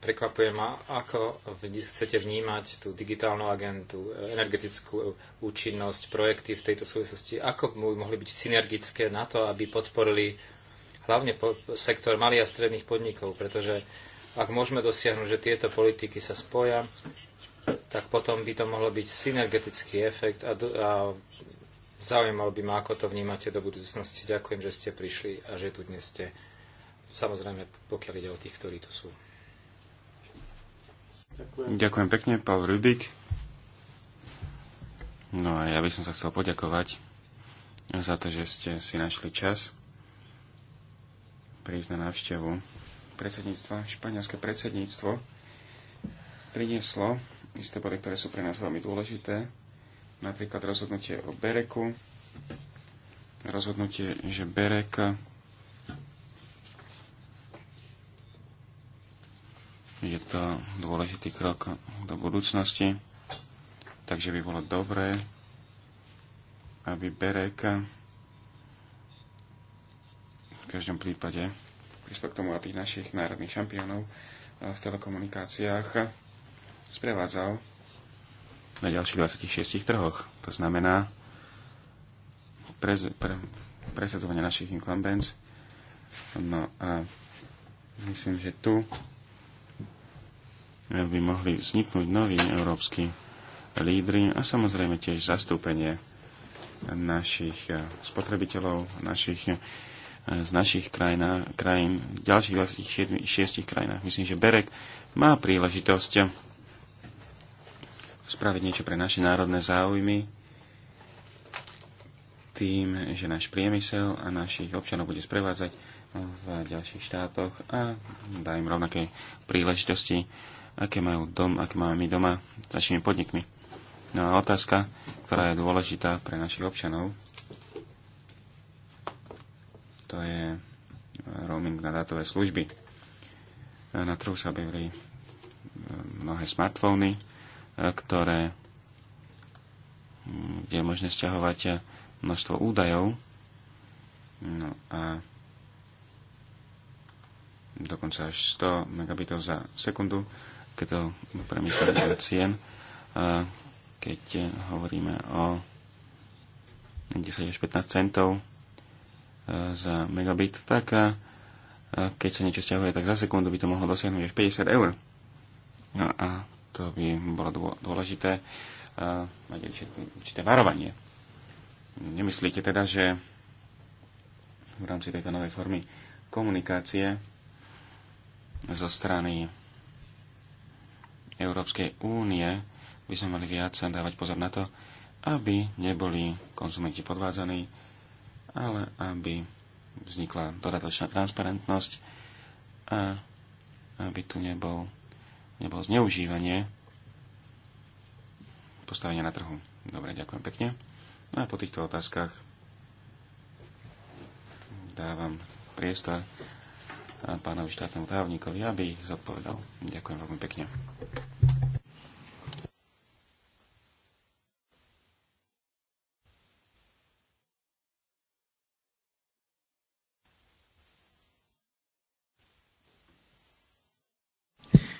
Prekvapuje ma, ako chcete vnímať tú digitálnu agentu, energetickú účinnosť, projekty v tejto súvislosti. Ako by mohli byť synergické na to, aby podporili hlavne sektor malých a stredných podnikov, pretože ak môžeme dosiahnuť, že tieto politiky sa spoja, tak potom by to mohlo byť synergetický efekt a, Zaujímalo by ma, ako to vnímate do budúcnosti. Ďakujem, že ste prišli a že tu dnes ste. Samozrejme, pokiaľ ide o tých, ktorí tu sú. Ďakujem, Ďakujem pekne, Pavel Rubik. No a ja by som sa chcel poďakovať za to, že ste si našli čas prísť na návštevu predsedníctva. Španielské predsedníctvo prinieslo isté body, ktoré sú pre nás veľmi dôležité Napríklad rozhodnutie o Bereku, rozhodnutie, že Berek je to dôležitý krok do budúcnosti, takže by bolo dobré, aby Berek v každom prípade prišlo k tomu, aby našich národných šampiónov v telekomunikáciách sprevádzal na ďalších 26 trhoch. To znamená, prez, pre, presadzovanie našich incumbents. No a myslím, že tu by mohli vzniknúť noví európsky lídry a samozrejme tiež zastúpenie našich eh, spotrebiteľov, našich eh, z našich krajín, krajín v ďalších 26 krajinách. Myslím, že Berek má príležitosť spraviť niečo pre naše národné záujmy tým, že náš priemysel a našich občanov bude sprevádzať v ďalších štátoch a dá im rovnaké príležitosti, aké majú dom, aké máme my doma s našimi podnikmi. No a otázka, ktorá je dôležitá pre našich občanov, to je roaming na dátové služby. Na trhu sa objavili mnohé smartfóny, ktoré, mm, kde je možné sťahovať eh, množstvo údajov. No a dokonca až 100 megabitov za sekundu, keď to premýšľame do cien. Keď eh, hovoríme o 10 až 15 centov eh, za megabit, tak keď sa niečo stiahuje, tak za sekundu by to mohlo dosiahnuť až 50 eur. No a to by bolo dôležité eh, mať určité varovanie. Nemyslíte teda, že v rámci tejto novej formy komunikácie zo strany Európskej únie by sme mali viac dávať pozor na to, aby neboli konzumenti podvádzaní, ale aby vznikla dodatočná transparentnosť a aby tu nebol nebolo zneužívanie postavenia na trhu. Dobre, ďakujem pekne. No a po týchto otázkach dávam priestor pánovi štátnemu tajovníkovi, aby ich zodpovedal. Ďakujem veľmi pekne.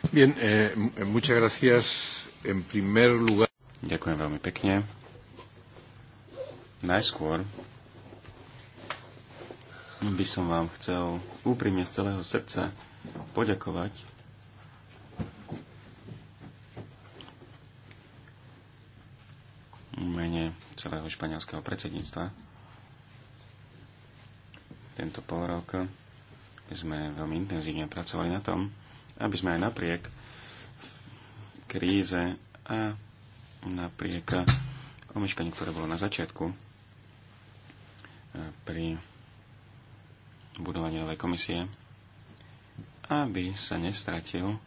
Eh, Ďakujem veľmi pekne. Najskôr by som vám chcel úprimne z celého srdca poďakovať mene celého španielského predsedníctva. Tento pol rok sme veľmi intenzívne pracovali na tom, aby sme aj napriek kríze a napriek omeškaniu, ktoré bolo na začiatku e, pri budovaní novej komisie, aby sa nestratil e,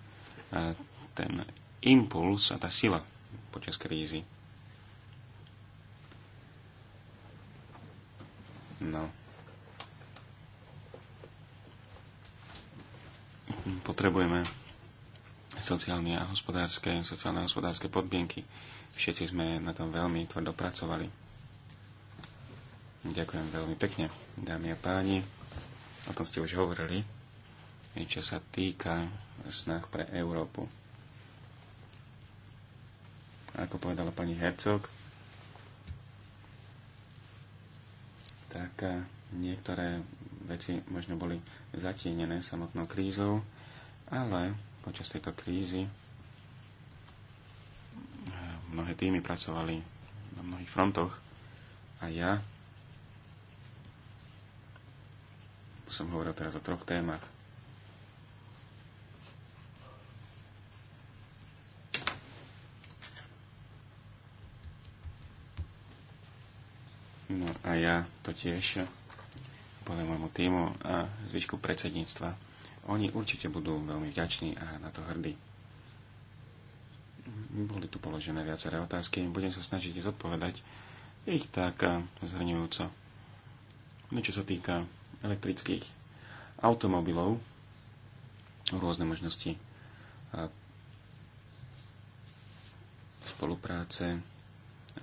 ten impuls a tá sila počas krízy. potrebujeme sociálne a hospodárske, sociálne a hospodárske podmienky. Všetci sme na tom veľmi tvrdo pracovali. Ďakujem veľmi pekne, dámy a páni. O tom ste už hovorili. Čo sa týka snah pre Európu. Ako povedala pani Hercog, tak eh, niektoré veci možno boli zatienené samotnou krízou, ale počas tejto krízy eh, mnohé týmy pracovali na mnohých frontoch a ja som hovoril teraz o troch témach. No a ja to tiež eh, podľa môjmu týmu a zvyšku predsedníctva oni určite budú veľmi vďační a na to hrdí. Boli tu položené viaceré otázky, budem sa snažiť zodpovedať ich tak eh, zhrňujúco. No čo sa týka elektrických automobilov, rôzne možnosti eh, spolupráce,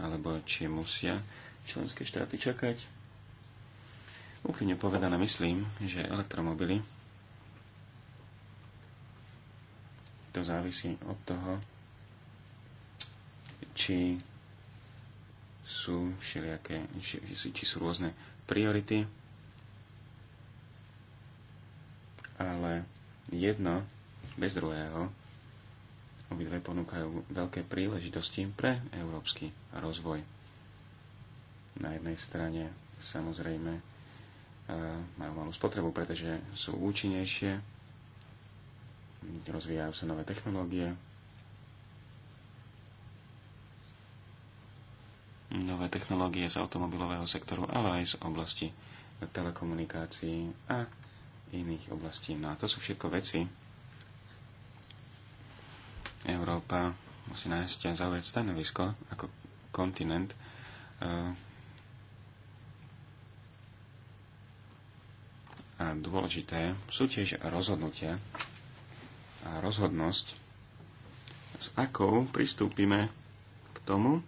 alebo či musia členské štáty čakať. Úprimne povedané myslím, že elektromobily to závisí od toho, či sú všelijaké, či, či sú rôzne priority, ale jedno bez druhého obidve ponúkajú veľké príležitosti pre európsky rozvoj. Na jednej strane samozrejme eh, majú malú spotrebu, pretože sú účinnejšie, rozvíjajú sa nové technológie, nové technológie z automobilového sektoru, ale aj z oblasti telekomunikácií a iných oblastí. No a to sú všetko veci. Európa musí nájsť a zaujať stanovisko ako kontinent. Eh, a dôležité sú tiež rozhodnutia, a rozhodnosť, s akou pristúpime k tomu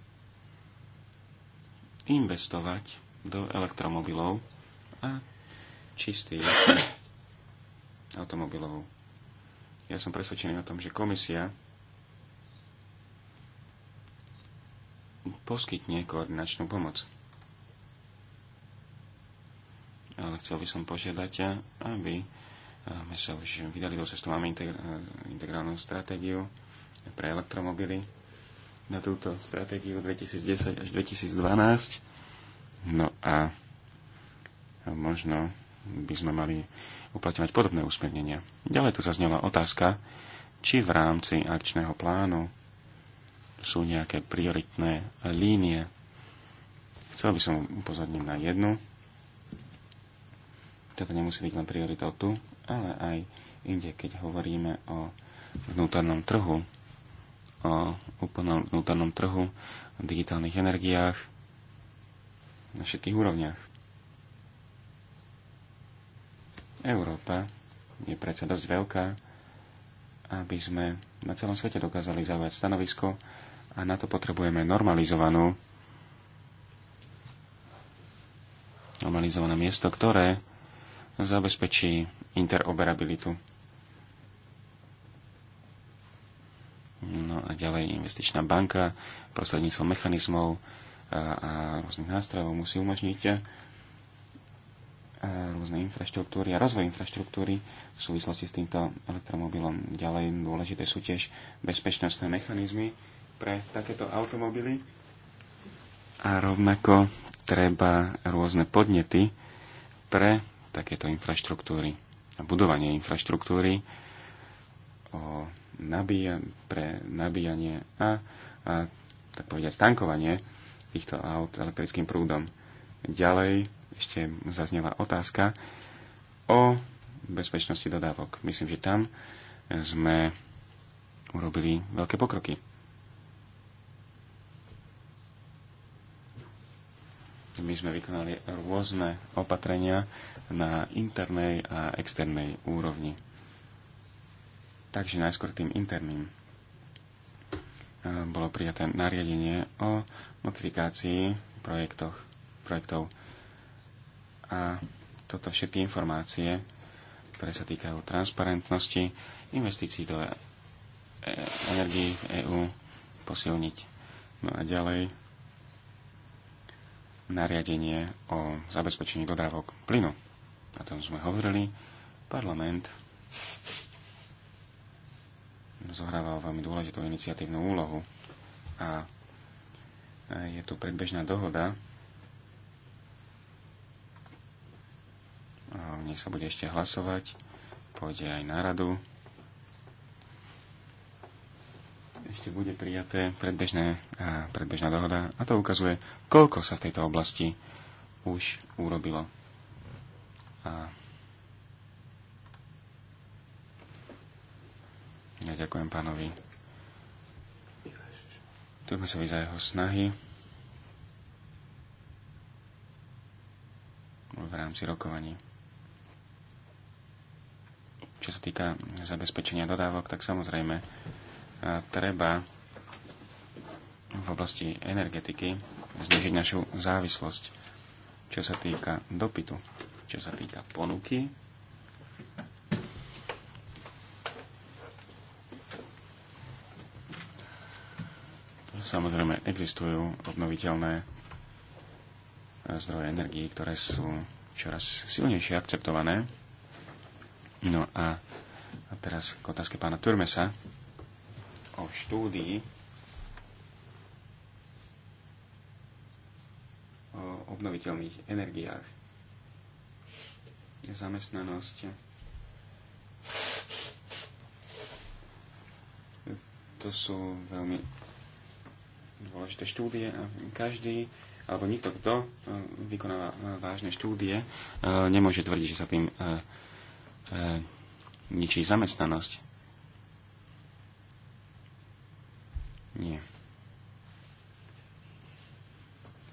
investovať do elektromobilov a čistých automobilov. Ja som presvedčený o tom, že komisia poskytne koordinačnú pomoc. Ale chcel by som požiadať, aby my sa už vydali do cestu, máme eh, integrálnu stratégiu pre elektromobily. Na túto stratégiu 2010 až 2012. No a možno by sme mali uplatňovať podobné usmernenia. Ďalej tu zaznela otázka, či v rámci akčného plánu sú nejaké prioritné línie. Chcel by som upozorniť na jednu. Toto nemusí byť len prioritou tu, ale aj inde, keď hovoríme o vnútornom trhu, o úplnom vnútornom trhu, o digitálnych energiách, na všetkých úrovniach. Európa je predsa dosť veľká, aby sme na celom svete dokázali zaujať stanovisko a na to potrebujeme normalizovanú normalizované miesto, ktoré zabezpečí interoperabilitu. No a ďalej investičná banka prostredníctvom mechanizmov a, a rôznych nástrojov musí umožniť e, rôzne infraštruktúry a rozvoj infraštruktúry v súvislosti s týmto elektromobilom. Ďalej dôležité sú tiež bezpečnostné mechanizmy pre takéto automobily a rovnako treba rôzne podnety pre takéto infraštruktúry a budovanie infraštruktúry o nabíja, pre nabíjanie a, a tak povedať, stankovanie týchto aut elektrickým prúdom. Ďalej ešte zaznela otázka o bezpečnosti dodávok. Myslím, že tam sme urobili veľké pokroky. My sme vykonali rôzne opatrenia na internej a externej úrovni. Takže najskôr tým interným bolo prijaté nariadenie o notifikácii projektoch, projektov a toto všetky informácie, ktoré sa týkajú transparentnosti, investícií do e- e- energii v EÚ posilniť. No a ďalej nariadenie o zabezpečení dodávok plynu. O tom sme hovorili. Parlament zohrával veľmi dôležitú iniciatívnu úlohu a je tu predbežná dohoda. O nej sa bude ešte hlasovať, pôjde aj na radu ešte bude prijaté predbežné, predbežná dohoda a to ukazuje, koľko sa v tejto oblasti už urobilo. A ja ďakujem pánovi Turmesovi za jeho snahy v rámci rokovaní. Čo sa týka zabezpečenia dodávok, tak samozrejme treba v oblasti energetiky znižiť našu závislosť, čo sa týka dopytu, čo sa týka ponuky. Samozrejme, existujú obnoviteľné zdroje energií, ktoré sú čoraz silnejšie akceptované. No a, a teraz k otázke pána Turmesa o štúdii o obnoviteľných energiách. Zamestnanosť to sú veľmi dôležité štúdie a každý alebo nikto, kto e, vykonáva e, vážne štúdie, e, nemôže tvrdiť, že sa tým ničí zamestnanosť. Nie.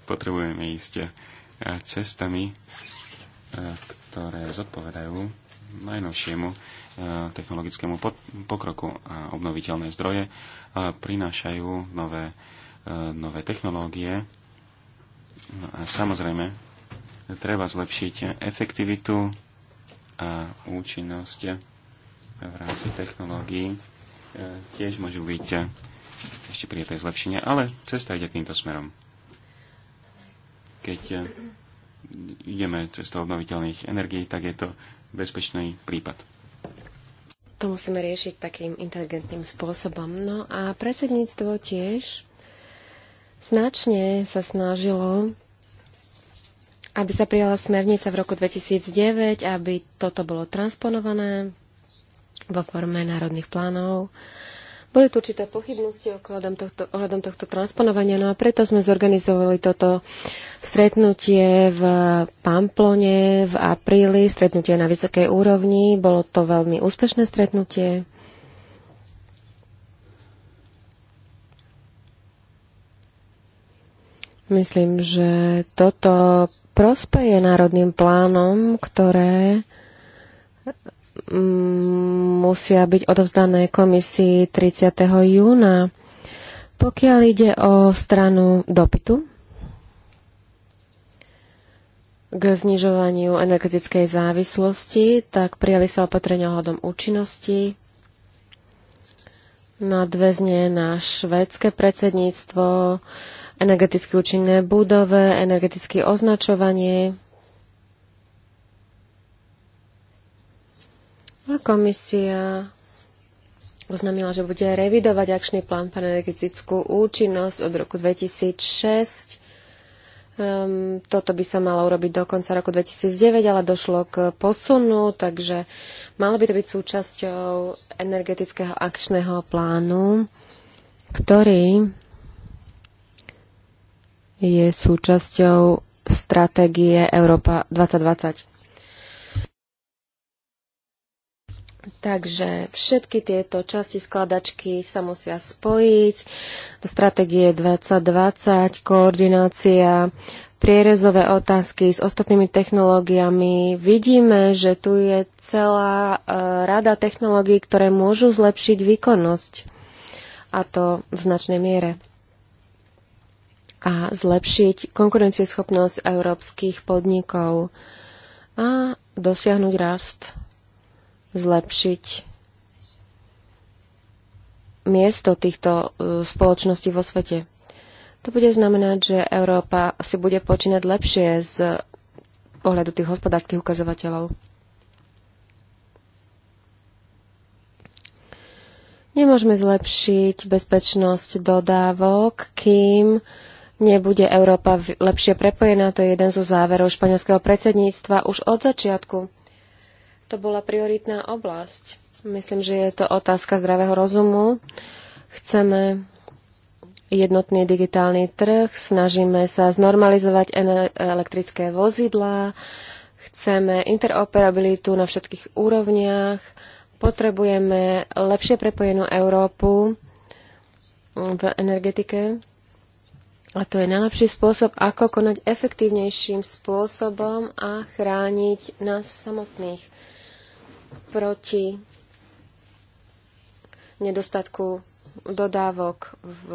Potrebujeme ísť e, cestami, e, ktoré zodpovedajú najnovšiemu e, technologickému pokroku a obnoviteľné zdroje prinášajú nové, nové technológie. No a samozrejme, treba zlepšiť efektivitu a účinnosť v rámci technológií. Tiež môžu byť ešte to zlepšenie, ale cesta ide týmto smerom. Keď eh, ideme cestou obnoviteľných energií, tak je to bezpečný prípad. To musíme riešiť takým inteligentným spôsobom. No a predsedníctvo tiež značne sa snažilo aby sa prijala smernica v roku 2009, aby toto bolo transponované vo forme národných plánov boli tu určité pochybnosti ohľadom tohto, ohľadom tohto transponovania, no a preto sme zorganizovali toto stretnutie v Pamplone v apríli, stretnutie na vysokej úrovni. Bolo to veľmi úspešné stretnutie. Myslím, že toto prospeje národným plánom, ktoré Mm, musia byť odovzdané komisii 30. júna. Pokiaľ ide o stranu dopytu k znižovaniu energetickej závislosti, tak prijali sa opatrenia ohľadom účinnosti. Nadväzne na švédske predsedníctvo, energeticky účinné budove, energetické označovanie, komisia oznámila, že bude revidovať akčný plán pre energetickú účinnosť od roku 2006. Um, ehm, toto by sa malo urobiť do konca roku 2009, ale došlo k posunu, takže malo by to byť súčasťou energetického akčného plánu, ktorý je súčasťou stratégie Európa 2020. Takže všetky tieto časti skladačky sa musia spojiť do stratégie 2020, koordinácia, prierezové otázky s ostatnými technológiami. Vidíme, že tu je celá e, rada technológií, ktoré môžu zlepšiť výkonnosť. A to v značnej miere a zlepšiť konkurencieschopnosť európskych podnikov a dosiahnuť rast zlepšiť miesto týchto e, spoločností vo svete. To bude znamenať, že Európa si bude počínať lepšie z pohľadu tých hospodárskych ukazovateľov. Nemôžeme zlepšiť bezpečnosť dodávok, kým nebude Európa lepšie prepojená. To je jeden zo záverov španielského predsedníctva už od začiatku to bola prioritná oblasť. Myslím, že je to otázka zdravého rozumu. Chceme jednotný digitálny trh, snažíme sa znormalizovať elektrické vozidlá, chceme interoperabilitu na všetkých úrovniach, potrebujeme lepšie prepojenú Európu v energetike. A to je najlepší spôsob, ako konať efektívnejším spôsobom a chrániť nás samotných proti nedostatku dodávok v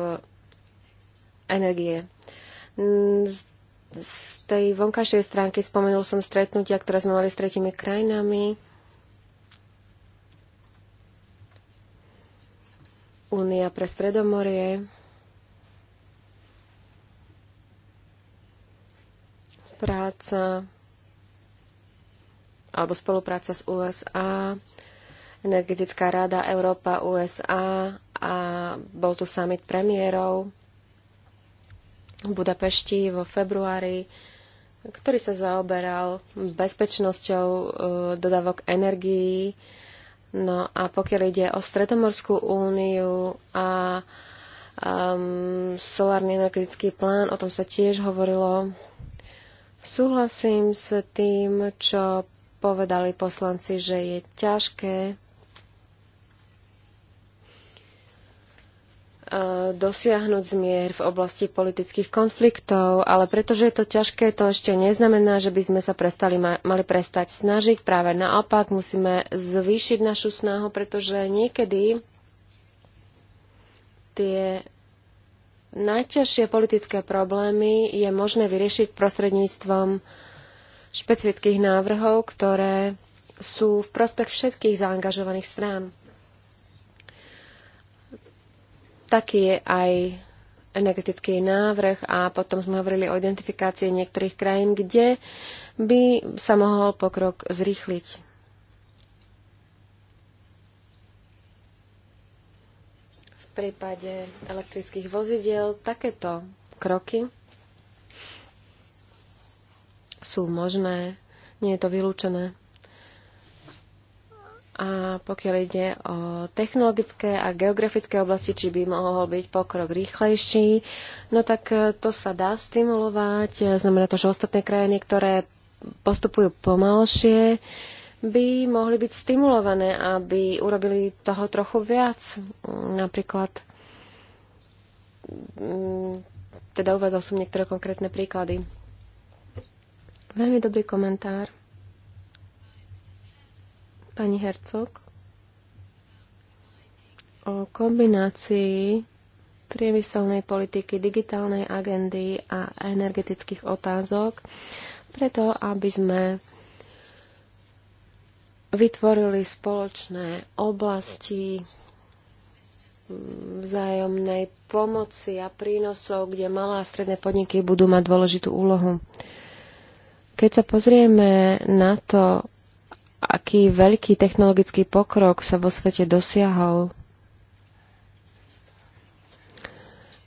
energie. Mm, z tej vonkajšej stránky spomenul som stretnutia, ktoré sme mali s tretimi krajinami. Únia pre Stredomorie. Práca alebo spolupráca s USA, Energetická rada Európa USA a bol tu summit premiérov v Budapešti vo februári, ktorý sa zaoberal bezpečnosťou dodavok e, dodávok energií. No a pokiaľ ide o Stredomorskú úniu a um, solárny energetický plán, o tom sa tiež hovorilo. Súhlasím s tým, čo povedali poslanci, že je ťažké e, dosiahnuť zmier v oblasti politických konfliktov, ale pretože je to ťažké, to ešte neznamená, že by sme sa prestali, mali prestať snažiť. Práve naopak musíme zvýšiť našu snahu, pretože niekedy tie najťažšie politické problémy je možné vyriešiť prostredníctvom špecifických návrhov, ktoré sú v prospech všetkých zaangažovaných strán. Taký je aj energetický návrh a potom sme hovorili o identifikácii niektorých krajín, kde by sa mohol pokrok zrýchliť. V prípade elektrických vozidiel takéto kroky sú možné, nie je to vylúčené. A pokiaľ ide o technologické a geografické oblasti, či by mohol byť pokrok rýchlejší, no tak e, to sa dá stimulovať. E, Znamená to, že ostatné krajiny, ktoré postupujú pomalšie, by mohli byť stimulované, aby urobili toho trochu viac. Napríklad, teda uvádzal som niektoré konkrétne príklady. Veľmi dobrý komentár. Pani Hercog o kombinácii priemyselnej politiky, digitálnej agendy a energetických otázok, preto aby sme vytvorili spoločné oblasti vzájomnej pomoci a prínosov, kde malé a stredné podniky budú mať dôležitú úlohu. Keď sa pozrieme na to, aký veľký technologický pokrok sa vo svete dosiahol,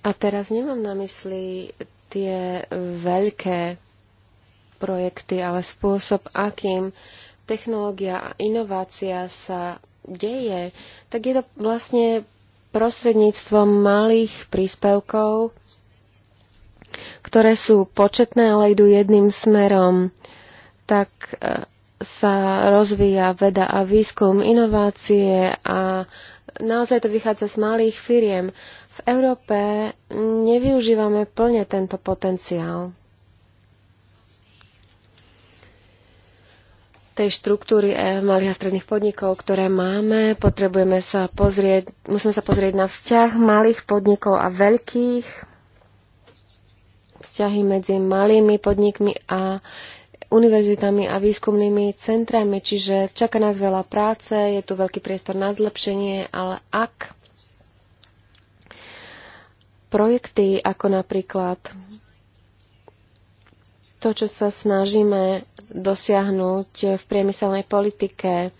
a teraz nemám na mysli tie veľké projekty, ale spôsob, akým technológia a inovácia sa deje, tak je to vlastne prostredníctvom malých príspevkov ktoré sú početné, ale idú jedným smerom, tak e, sa rozvíja veda a výskum, inovácie a naozaj to vychádza z malých firiem. V Európe nevyužívame plne tento potenciál. tej štruktúry e, malých a stredných podnikov, ktoré máme. Potrebujeme sa pozrieť, musíme sa pozrieť na vzťah malých podnikov a veľkých vzťahy medzi malými podnikmi a univerzitami a výskumnými centrami, čiže čaká nás veľa práce, je tu veľký priestor na zlepšenie, ale ak projekty ako napríklad to, čo sa snažíme dosiahnuť v priemyselnej politike,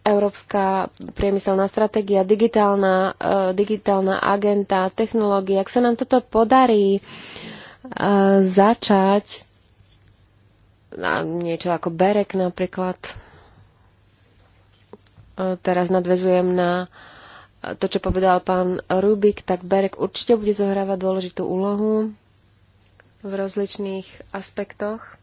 Európska priemyselná stratégia, digitálna, uh, digitálna agenta, technológia. Ak sa nám toto podarí uh, začať, na niečo ako Berek napríklad, uh, teraz nadvezujem na to, čo povedal pán Rubik, tak Berek určite bude zohrávať dôležitú úlohu v rozličných aspektoch.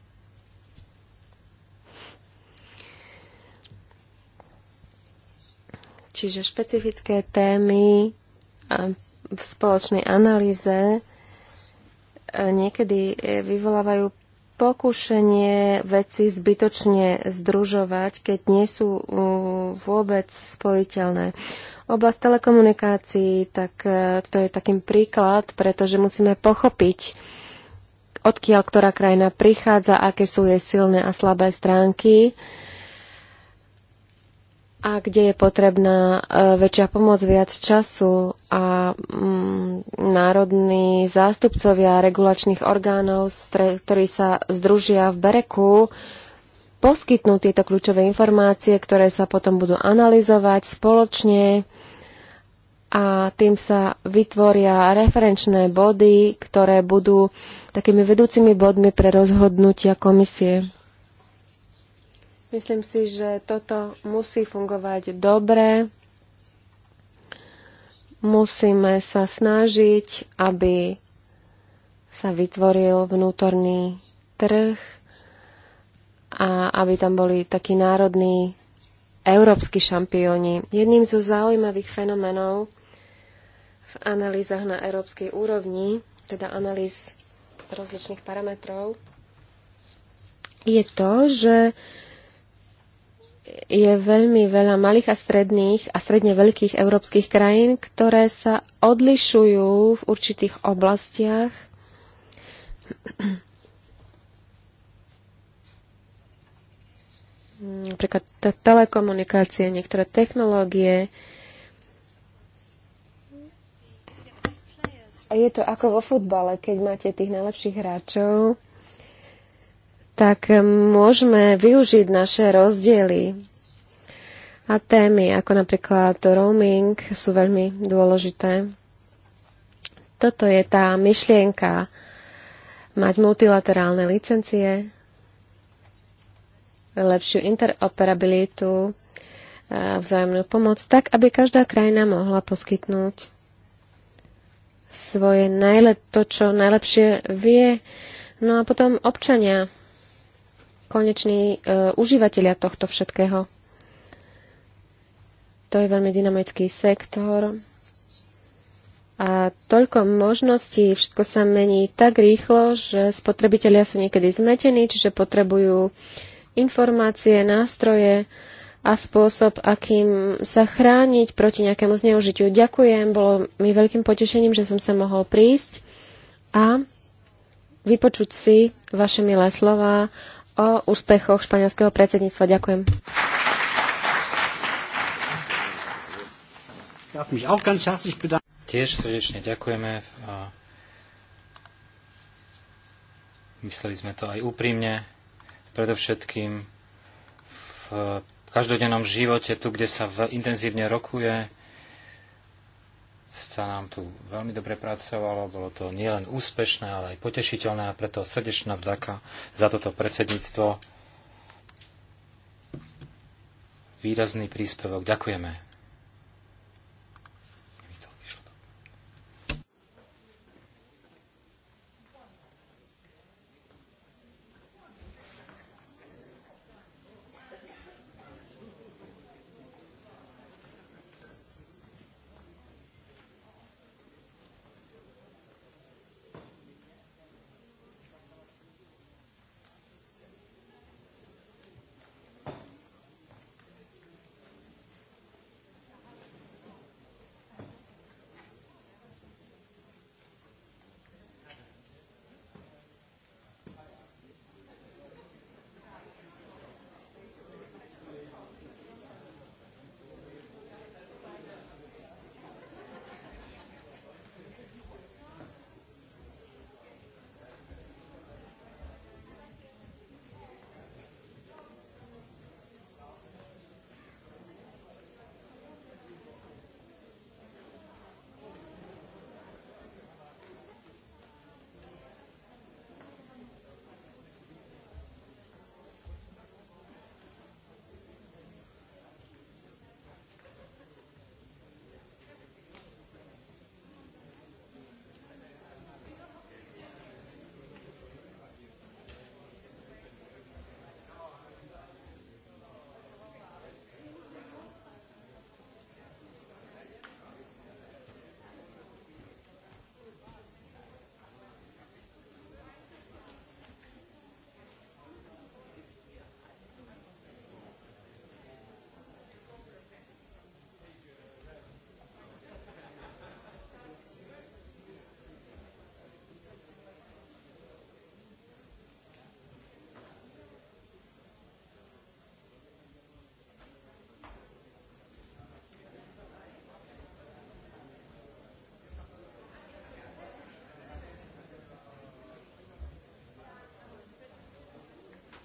Čiže špecifické témy v spoločnej analýze e, niekedy e, vyvolávajú pokušenie veci zbytočne združovať, keď nie sú vôbec spojiteľné. Oblasť telekomunikácií, tak e, to je takým príklad, pretože musíme pochopiť, odkiaľ ktorá krajina prichádza, aké sú jej silné a slabé stránky a kde je potrebná e, väčšia pomoc, viac času a mm, národní zástupcovia regulačných orgánov, ktorí sa združia v Bereku, poskytnú tieto kľúčové informácie, ktoré sa potom budú analyzovať spoločne a tým sa vytvoria referenčné body, ktoré budú takými vedúcimi bodmi pre rozhodnutia komisie. Myslím si, že toto musí fungovať dobre. Musíme sa snažiť, aby sa vytvoril vnútorný trh a aby tam boli takí národní európsky šampióni. Jedným zo zaujímavých fenomenov v analýzach na európskej úrovni, teda analýz rozličných parametrov, je to, že je veľmi veľa malých a stredných a stredne veľkých európskych krajín, ktoré sa odlišujú v určitých oblastiach. Napríklad telekomunikácie, niektoré technológie. A je to ako vo futbale, keď máte tých najlepších hráčov tak môžeme využiť naše rozdiely a témy, ako napríklad roaming, sú veľmi dôležité. Toto je tá myšlienka mať multilaterálne licencie, lepšiu interoperabilitu, e, vzájomnú pomoc, tak aby každá krajina mohla poskytnúť svoje najlep- to, čo najlepšie vie. No a potom občania koneční e, užívateľia tohto všetkého. To je veľmi dynamický sektor a toľko možností, všetko sa mení tak rýchlo, že spotrebitelia sú niekedy zmetení, čiže potrebujú informácie, nástroje a spôsob, akým sa chrániť proti nejakému zneužitiu. Ďakujem, bolo mi veľkým potešením, že som sa mohol prísť a vypočuť si vaše milé slova o úspechoch španielského predsedníctva. Ďakujem. Tiež srdečne ďakujeme. Mysleli sme to aj úprimne. Predovšetkým v každodennom živote, tu, kde sa intenzívne rokuje, sa nám tu veľmi dobre pracovalo, bolo to nielen úspešné, ale aj potešiteľné a preto srdečná vďaka za toto predsedníctvo. Výrazný príspevok. Ďakujeme.